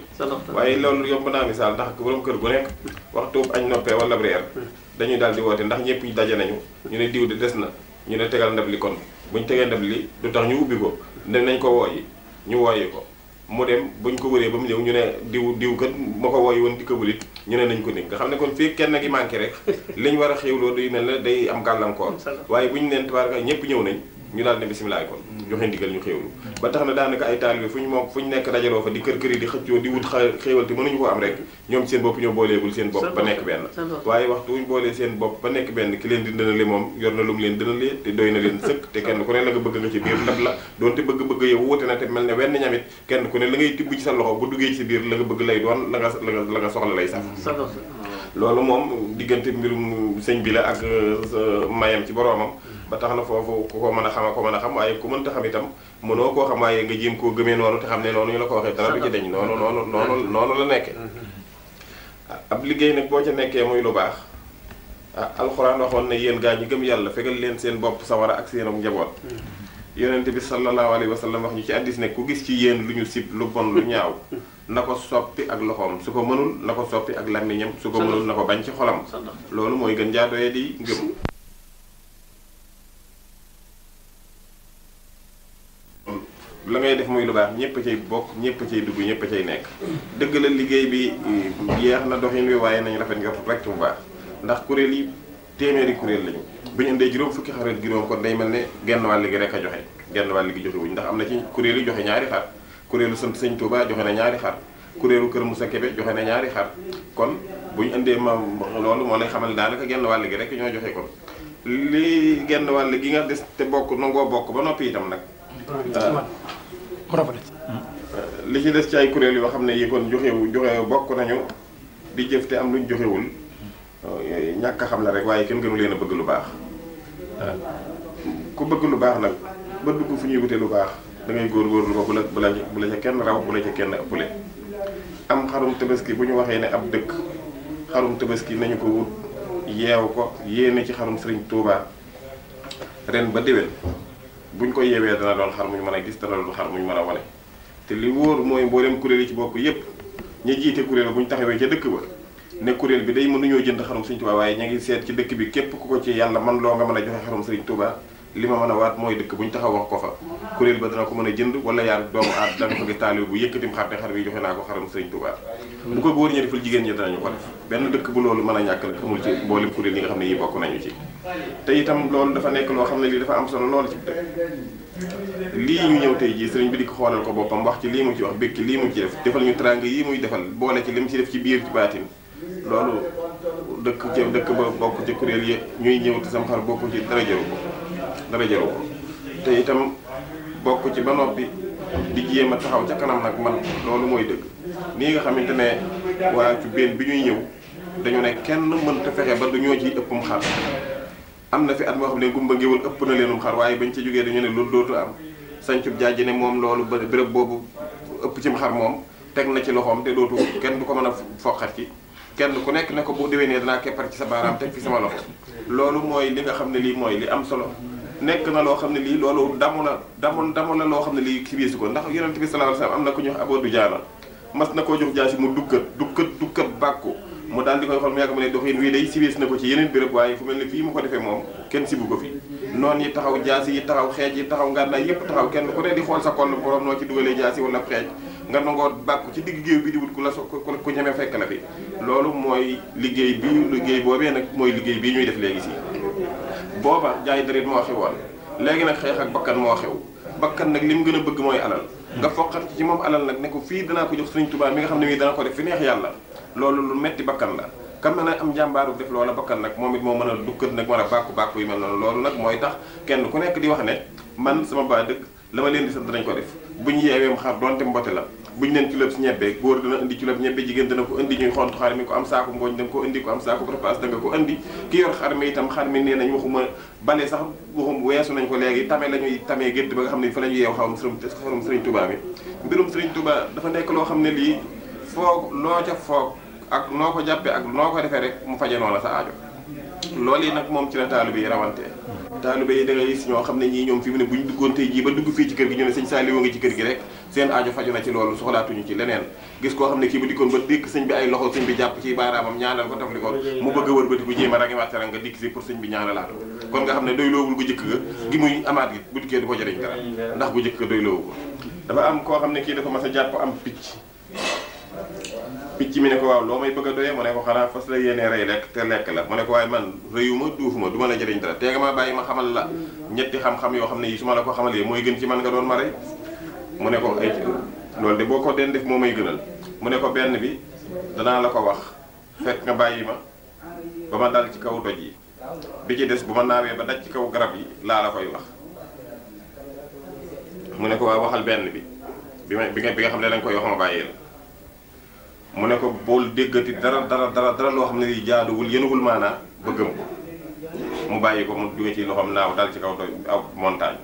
waaye loolu yomb naa misaal ndax borom kër gu nekk waxtu añ noppee wala reer hmm. dañuy daal di woote ndax ñëpp ñu daje nañu hmm. ñu ne diw de des na ñu ne tegal ndab li kon buñu tegee ndab li du tax ñu ubbi ko dem nañ ko wooyi ñu wooyi ko mu dem buñ ko wëree ba mu ñëw ñu ne diw diw kat ma ko wooy woon di ko wulit ñu ne nañ ko nekk nga xam ne kon fii kenn gi manqué rek <laughs> liñ war a xéwloo day mel ne day am gàllankoor waaye bu ñu neen tabaaraka ñëpp ñëw nañ ñu daal ne bisimilah kon joxe ndigal ñu xéewlu ba tax na daanaka ay taalibe fu ñu moom fu ñu nekk dajaloo fa di kër kër yi di xëccoo di wut xéewal te mënuñu ko am rek ñoom seen bopp ñoo booleegul seen bopp ba nekk benn waaye waxtu boolee seen bopp ba nekk benn ki leen di dënale moom yor na lu leen dënale te doy na leen sëkk te kenn ku ne la nga bëgg nga ci biir ndab la doonte bëgg-bëgg yow wute na te mel ne wenn ñamit kenn ku ne la ngay tibb ci sa loxo bu duggee ci biir la nga moom diggante mbirum sëñ bi la ak euh, mayam ci boroomam ba tax na foofu ku ko mën a xam ko mën a xam waaye ku mënta xam itam mënoo koo xam waaye nga jéem koo gëmee noonu te xam ne noonu ñu la ko waxee dara du ci dañ noonu noonu noonu la nekkee mm-hmm. ab liggéey nag boo ca nekkee muy lu baax ah alxuraan waxoon na yéen gaa ñi gëm yàlla fegal leen seen bopp sawara ak seen ak njaboot mm-hmm. yonent bi sallallahu alayhi wa sallam wax ñu ci hadiis ne ku gis ci yéen lu ñu sib lu bon lu ñaaw mm-hmm. na ko soppi ak loxoom su ko mënul na ko soppi ak làmmiñam su ko na ko bañ ci xolam loolu mooy gën jaadoye di ngëm la ngay def muy lu baax ñëpp cay bokk ñëpp cay dugg ñëpp cay nekk dëgg la liggéey bi yeex mm, na doxin wi waaye nañu rafet njort rek bu baax ndax kuréel yi téeméeri kuréel lañu bu ñu indee juróom fukki xarit juróom kon day mel ne genn wàll gi rek joxe genn wàll gi joxe ndax am na ci kuréel yi joxe ñaari xar kuréelu sant sëñ Touba joxe na ñaari xar kuréelu kër Moussa Kébé joxe na ñaari xar kon bu ñu indee ma loolu moo lay xamal daanaka genn wàll gi rek ñoo joxe kon lii genn wàll gi nga des te bokk nangoo bokk ba noppi itam nag proprement. li ci des ci ay kuréel yoo xam ne yi kon joxewu joxe bokk nañu di jëf te am luñ joxewul ñàkk a xam na rek waaye kenn gënu leen a bëgg lu baax ku bëgg lu baax nag ba dugg fu ñuy wute lu baax da góor góorgóorlu ba bu la bu la bu kenn raw bu la ca kenn ëppule am xarum tabaski bu ñu waxee ne ab dëkk xarum tabaski nañu ko wut yeew ko yéene ci xarum sëriñ tuubaa ren ba déwén bu buñ ko yeewee dana doon xar muñ man a gis dana doon xar muñ mën a wane te li wóor mooy mboolem kuréel yi ci bokk yépp ña jiite kuréel bu ñu taxawee ca dëkk ba ne kuréel bi day mënuñoo jënd xarum Sëriñ Tuubaa waaye ña ngi seet ci dëkk bi képp ku ko ci yàlla man loo nga a joxe xarum Sëriñ li ma mën a waat mooy dëkk bu ñu taxaw wax ko fa kuréel ba dana ko mën a jënd wala yaar doomu aat danga fa gis taalibe bu yëkkatim xar ne xar bi joxe naa ko xarum Sëriñ Tuubaa bu ko góor ñi deful jigéen ñi danañu ko def benn dëkk bu loolu mën a ñàkk la amul ci mboolem kuréel yi ne yi bokk nañu ci te itam loolu dafa nekk loo xam ne lii dafa am solo loolu ci dëkk lii ñu ñëw tey jii sëriñ bi di ko xoolal ko boppam wax ci lii mu ci wax békki lii mu ci def defal ñu trang yi muy defal boole ci li mu ci def ci biir ci baatin loolu dëkk ci dëkk ba bokk ci kuréel yi ñuy ñëw te sam xar bokk ci dara jaru ko te itam bokk ci ba noppi di jéem a taxaw ca kanam nag man loolu mooy dëkk nii nga xamante ne waa ci benn bi ñuy ñëw dañu ne kenn mënta fexe ba du ñoo ciy ëppum xar am na fi at moo xam ne gumba géwël ëpp na leenum xar waaye bañ ci jógee dañu ne loolu dootu am sancub jaaji ne moom loolu ba béréb boobu ëpp cim xar moom teg na ci loxoom te dootu kenn du ko mën a foqat ci kenn ku nekk ne ko bu déwénee danaa keppar ci sa baaraam teg fi sama loxo loolu mooy li nga xam ne lii mooy li am solo nekk na loo xam ne lii loolu damu na damu damu la loo xam ne lii kibiisu ko ndax yonent bi sallallahu alayhi wasallam am na ku ñu wax Abu Dujaana mas na koo jox jaasi mu dukkat dukkat dukkat bàkku mu daal di koy xool mu yàgg mu ne doxin wii day siwees na ko ci yeneen béréb waaye fu mel ne fii mu ko defee moom kenn sibu ko fi noonu yi taxaw jaasi yi taxaw xeej yi taxaw ngànnaay yépp taxaw kenn ku ne di xool sa koll borom noo ci dugalee jaasi wala xeej nga bi di wut ku la ñeme fekk la fi loolu mooy liggéey bi liggéey boobee nag mooy liggéey bii ñuy def léegi si booba jaay deret moo xewoon léegi nag xeex ak bakkan moo xew bakkan nag li mu gën a bëgg mooy alal nga foqat ci moom alal nag ne ko fii danaa ko jox Sëriñ Tuubaa nga xam ne mii dana ko def fi neex yàlla loolu lu metti bakkan la kan mën a am jàmbaaru def loola bakkan nag moom it moo mën a dukkat nag mën a bàkku bàkku yu mel noonu loolu nag mooy tax kenn ku nekk di wax ne man sama baa dëgg la ma leen di sant nañ ko def bu ñu yeeweem xar donte mbote la bu leen culob si ñebbe góor dana indi culob ñebbe jigéen dana ko indi ñuy xont xar mi ko ko indi ko am saako repasse danga ko indi ki yor itam xar mi nee nañ waxuma bale sax waxum weesu nañ ko léegi tame la ñuy tamee gédd ba nga xam ne fa la yeew xawam sërum sëriñ Touba mi mbirum sëriñ Touba dafa nekk loo xam ne lii foog loo ca foog ak noo ko jàppee ak noo ko defee rek mu faje noo sa aajo loolu yi nag moom ci la taalibe yi rawantee taalibe yi da ngay gis ñoo xam ne ñii ñoom fi mu ne bu ñu duggoon tey jii ba dugg fii ci kër gi ñu ne sëñ Saliou ngi ci kër gi rek seen aajo faju na ci loolu soxlaatuñu ci leneen gis koo xam ne kii bu dikkoon ba dikk ay loxo sëñ bi jàpp ci baaraamam ñaanal ko taf li ko mu a wër bati bu jéem a rangi ne doy loowul gu jëkk ga gi muy amaat gi dikkee du ko jëriñ dara ndax bu jëkk ga doy loowu dafa am koo xam ne kii dafa ma a jàpp am picc picc mi ne ko waaw loo may bëgg a doyee mu ne ko xanaa fas la yéenee rey lekk te lekk la mu ne ko waaye man rëyuma duufuma du ma la jëriñ dara tee nga ma bàyyi ma xamal la ñetti xam-xam yoo xam ne yi su ma la ko xamalee mooy gën ci man nga doon ma rey mu ne ko ay loolu de boo ko den def moo may gënal mu ne ko benn bi danaa la ko wax fekk nga bàyyi ma ba ma dal ci kaw doj yi bi ci des bu ma naawee ba daj ci kaw garab yi laa la koy wax mu ne ko waaw waxal benn bi bi ma bi nga xam ne danga koy wax ma bàyyi la mu ne ko bool déggati dara dara dara dara loo xam ne ni jaaduwul yënuwul maanaa bëggam ko mu bàyyi ko mu jóge ci loxoom naaw dal ci kaw do aw montagne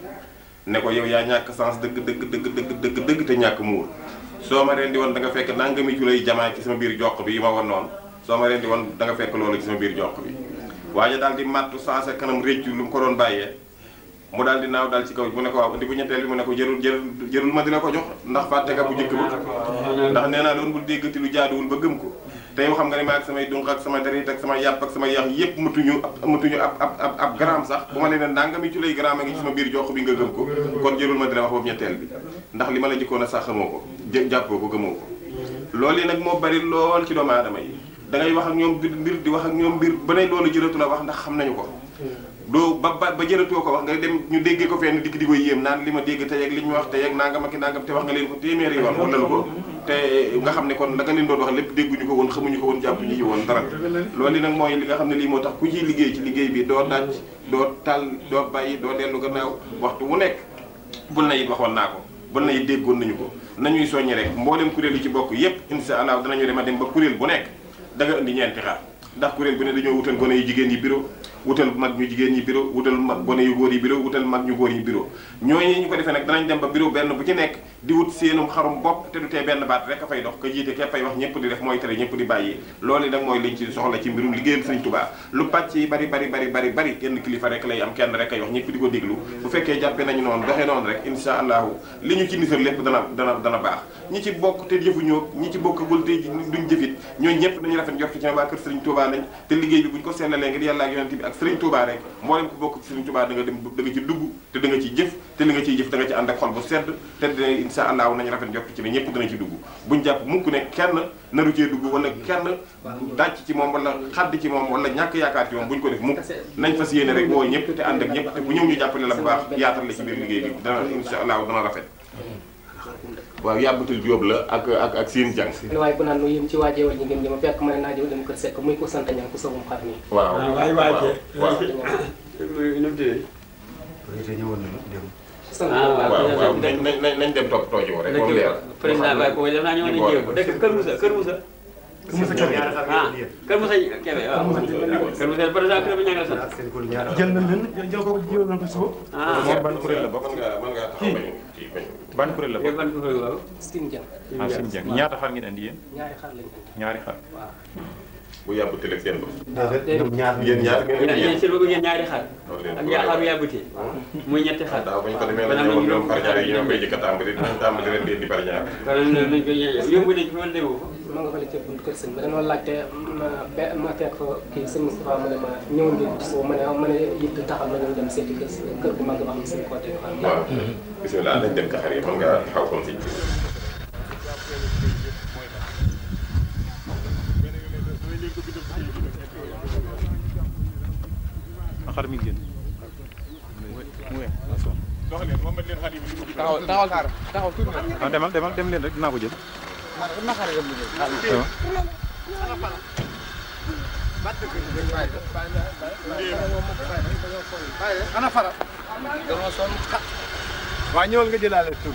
ne ko yow yaa ñàkk sens dëgg dëgg dëgg dëgg dëgg dëgg te ñàkk muur soo ma rendi woon da nga fekk nangami julay jamaa ci sama biir jox bi yi ma wan noonu soo ma rendi woon da nga fekk loolu ci sama biir jox bi waaye daal di màttu saasa kanam réccu lu mu ko doon bàyyee mu daal di naaw daal ci kaw mu ne ko waaw indi bu ñetteel bi mu ne ko jërul jërul ma dina ko jox ndax fàtte nga bu njëkk ba ndax nee naa loolu bu déggati lu jaaduwul ba gëm ko te yow xam nga ne maa ak samay dunq ak sama deret ak sama yàpp ak sama yax yëpp matuñu matuñu ab ab ab sax bu ma ne ne nangami mi lay gramme a ngi ci sama biir jox bi nga gëm ko kon jërul ma di la wax boobu ñetteel bi ndax li ma la jëkkoon a sax xamoo ko jàppoo ko gëmoo ko loolu yi nag moo bari lool ci doomu aadama yi da wax ak ñoom mbir di wax ak ñoom mbir ba ne loolu jëratu la wax ndax xam nañu ko doo ba ba ba jëlatoo ko wax nga dem ñu déggee ko fenn dikk di ko yéem naan li ma dégg te ak li ñu wax tey ak nangam ak nangam te wax nga leen ko téeméeri yoon wala lu ko te nga xam ne kon la nga leen doon wax lépp dégguñu ko woon xamuñu ko woon jàpp ñu ci woon dara loolu nag mooy li nga xam ne lii moo tax ku ciy liggéey ci liggéey bi doo daaj doo tal doo bàyyi doo dellu gannaaw waxtu wu nekk bul na it waxoon naa ko bul na it déggoon nañu ko nañuy soññi rek mboolem kuréel yi ci bokk yépp insha allah ñu dem a dem ba bu nekk da nga indi ndax kuréel bu ne dañoo wutal gone yu jigéen yi bureau wutal mag ñu jigéen ñi bureau wutal mag gone yu góor yi bureau wutal mag ñu góor yi bureau ñooñu ñu ko defee nag bu ci nekk di wut seenum xarum bopp te du tee benn baat rek a fay mooy tere ñëpp di bàyyi loolu nag mooy liñ ci soxla ci mbirum liggéeyal Sëriñ Tuubaa lu pàcc yi bari ko déglu bu fekkee jàppe nañu noonu doxee noonu rek insha allahu li ñu ci nisar lépp dana dana dana baax te liggéey bi buñ ko seenalee ngir yàlla ak yonent bi nag Serigne Touba moo mboolem ku bokk ci Serigne Touba da nga dem da nga ci dugg te da nga ciy jëf te li nga ciy jëf da ci ànd ak xol bu sedd te dina incha allahu nañu rafet jot ci ne ñëpp dana ci dugg buñ jàpp mukk ne kenn naru cee dugg wala kenn dàcc ci moom wala xadd ci moom wala ñàkk yaakaar ci moom buñ ko def mukk nañ fas yéene rek woo ñëpp te ànd ak ñëpp bu ñëw ñu jàppale la baax yaatal la ci biir liggéey bi dana incha allahu dana rafet waaw yàbbatul Jóob la ak ak ak Sine Diang. waaye bu naan nu yéen ci waa Jéewal ñu ngeen jëm fekk ma ne naa jëm kër Seck muy ko sant ñaan ko sawum xar nii. waaw ah, waaw waay waay kay ah, waaw waaw nañ nañ dem topp tooji rek moom leer. président waay boobu def naa ñëw nañ jéego dëkk Kër Moussa Kër Moussa. Kër Moussa Kébé ah Kër Moussa Kébé waaw. Kër ngaa ah. mën ngaa taxaw bañ kii bañ ban kuréel la ban kuréel la. Sinjang. ah Sinjang ñaata xar ngeen andi yéen. ñaari xar lañ andi. ñaari xar. bu yàbbutee rek seen bopp. ñoom ñaari xar. ak ñaar yàbbutee. muy ñetti xar. waaw bu ñu ko demee nag ñoom ñoom ah. par ñaar a tàmbali ma demee ko. ma nga fële ca bunt kër sëñ bi dama laajte ma be ma fekk fa kii ma ne ma ñëw ngeen gisoo ma ne ma ne it taxaw ma dem seeti kër kër bu mag ba xam seen côté. waaw bisimilah nañ dem taxar yi mën nga taxaw comme si xar mi génn. Ah, dem leen rek dinaa ko jël. waa ñëwal nga jëlaale tur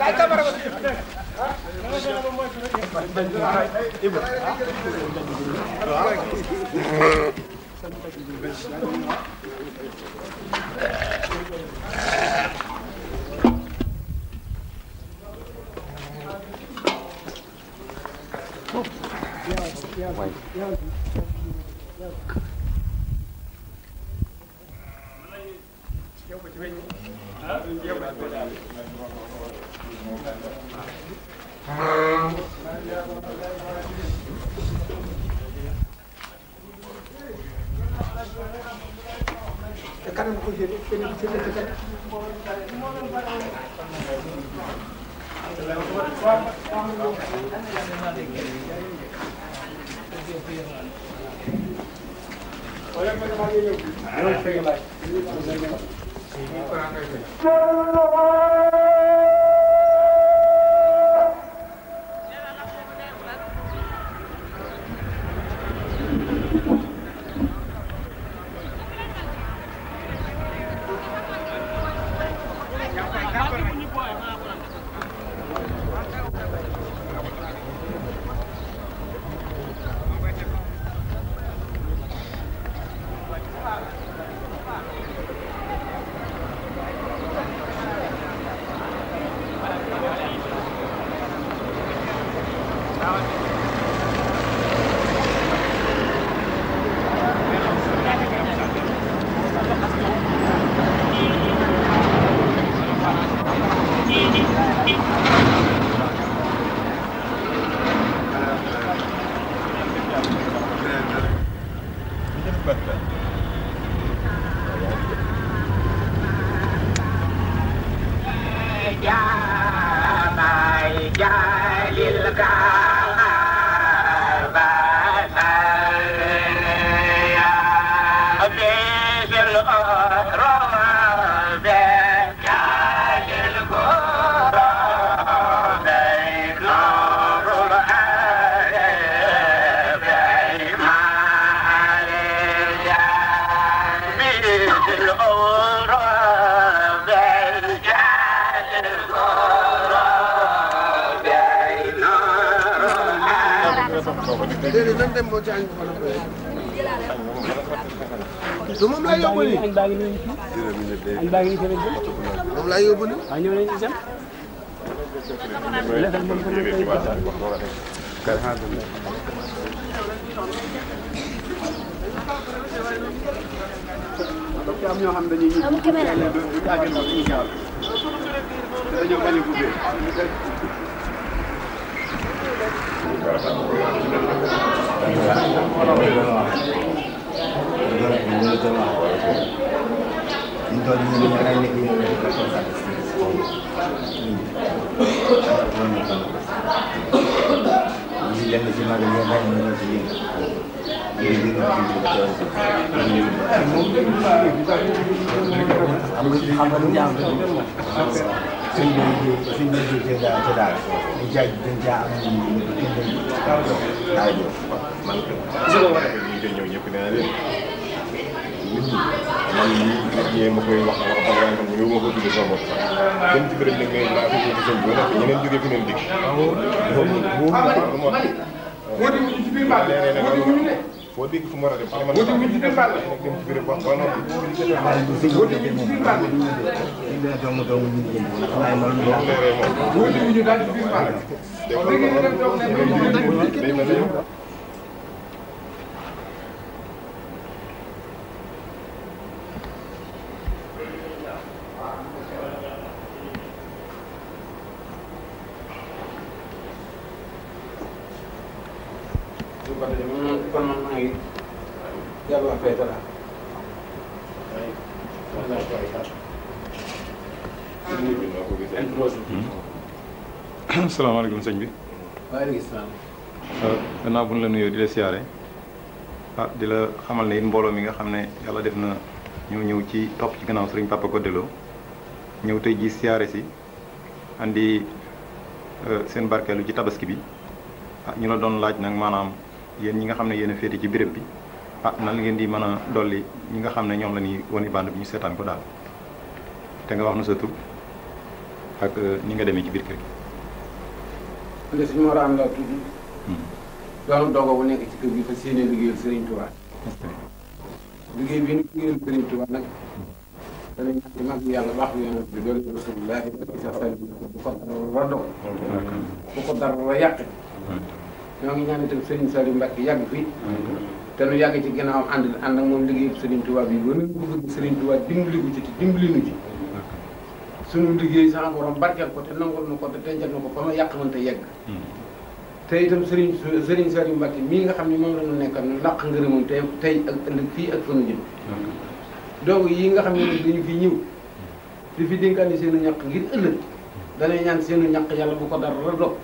काय का बरोबर Yeah, yeah, ja, Yeah, but you ja, ja, ja, te kanam ko jëlee keneen ci la ci teg. Thank you. shine. dem boo ci añ bu ma la du moom lay yóbbu nii. añ baa ngi nii añ baa ngi nii tamit moom lay yóbbu nii. waaw ñëw nañu si seen. léegi moom tamit kay baax a. parce que am ñoo xam dañuy ñu ñu àggal ma dañuy gaawal te dañoo bañ a guddee. xam nga sëñ bi sëñ bi jógee daal ca daal di jaaj dañ caa am ñu ñu ñu ñu ñu. waaw waaw man de ñëw ñëpp nee na leen nit ñi man ñii ma koy wax wax ba nga xam ma ko tuddee sama bopp dem ci béréb nag ngay laa ko tuddee sëñ bi ba noppi ñeneen jógee foo dégg que mu war a dem xamal ne ñu fi baal la dem ci béréb wax ba noppi foo dégg ñu fi baal la doomu doomu ñu ngi xamay ma lu salaamaaleykum sëñ bi. waaleykum salaam. Euh, gannaaw bu ñu la nuyoo di la siyaare ah di la xamal ne it mi nga xam ne yàlla def na ñoo ñëw ci topp ci gannaaw sëriñ Papa Codé Lo ñëw tey ji siyaare si andi euh, seen barkeelu ci tabaski bi ah ñu la doon laaj nag maanaam yéen ñi nga xam ne yéen a féete ci béréb bi ah nan ngeen di mën a ñi nga xam ne ñoom la ñuy wane bande bi ñu seetaan ko daal te nga wax na sa tur ak euh, ni nga demee ci biir kër gi. ne suñu mor am laa tudd doon dongo bu nekk ci kër gi fa séenee liggéeyal Serigne Touba liggéey bi ñu liggéeyal Serigne Touba nag danañ ci mag yàlla baax sa sal bu ko dara dog bu ko dara yàqe ñoo ngi ñaan itam Serigne Saliou yàgg fi te nu yàgg ci ginnaawam ànd ànd ak moom liggéeyal Serigne Touba bi ba nu bëgg Serigne Touba dimbali ko ci te dimbali nu ci suñu liggéey sama borom barkeel ko te nangul na ko te dencal na ko fa ma yàq mënta yegg hmm. te itam sëriñ sëriñ Saliou Mbacke mii nga xam ne moom la ñu nekkal nu làq ngërëmam te tey ak ëllëg fii ak fa nu jëm hmm. nga xam ne dañu fi ñëw hmm. di fi dénkaani seen ñàq ngir ëllëg danay ñaan seen ñàq yàlla bu ko dara dog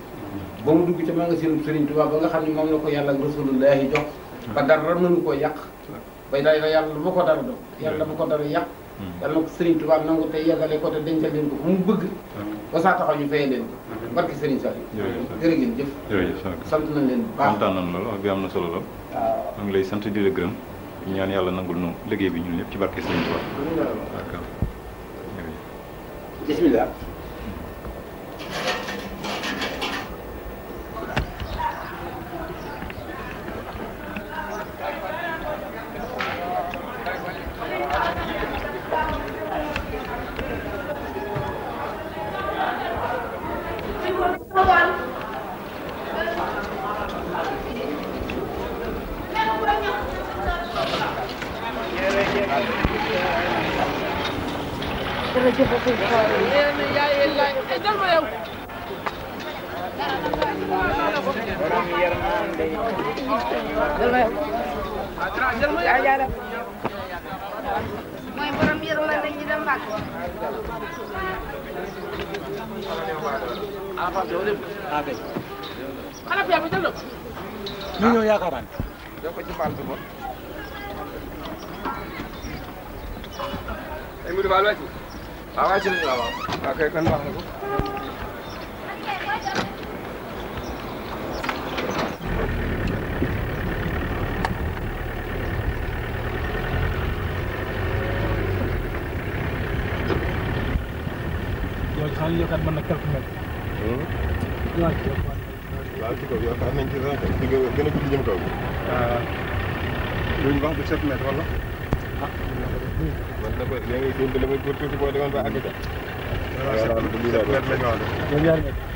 ba mu dugg ca maa nga seen sëriñ ba nga xam ne moom la ko yàlla ak rasulullahi jox ba dara mënu koo yàq bay daay la yàlla bu ko dara dog yàlla bu ko dara yàq Mm-hmm. yal na ko Serigne Touba nangu te yeggale ko te dencal leen ko fu mu bëgg mm-hmm. ba saa taxaw ñu fayee leen ko mm-hmm. barke Serigne Sall jërë ngeen jëf jërëjëf sant nañ leen baax kontaan nañ loolu wax bi am na solo lool ngi lay sant di la gërëm ñaan yàlla nangul nu liggéey bi ñu ñëpp ci barke Serigne Touba bismillah xanaa bi yàlla jël na ko. ñu ñëw yaakaaraan. doo ko ci mbaal bi bon. tey mu dubaal wàcc. waaw wàcc nañu waaw waaw. waaw kay kon wax na ko. loolu xaalis yokkaat mën na quelques mètres. waaw ci kaw yaakaar nañ ci rànq di nga gën a gudd jëm kaw. luñ wax du sept mètres wala. ah man na ko léegi seen bi la may góor tuuti boo demoon ba àgg ca. waaw sept mètres la ñu wax de.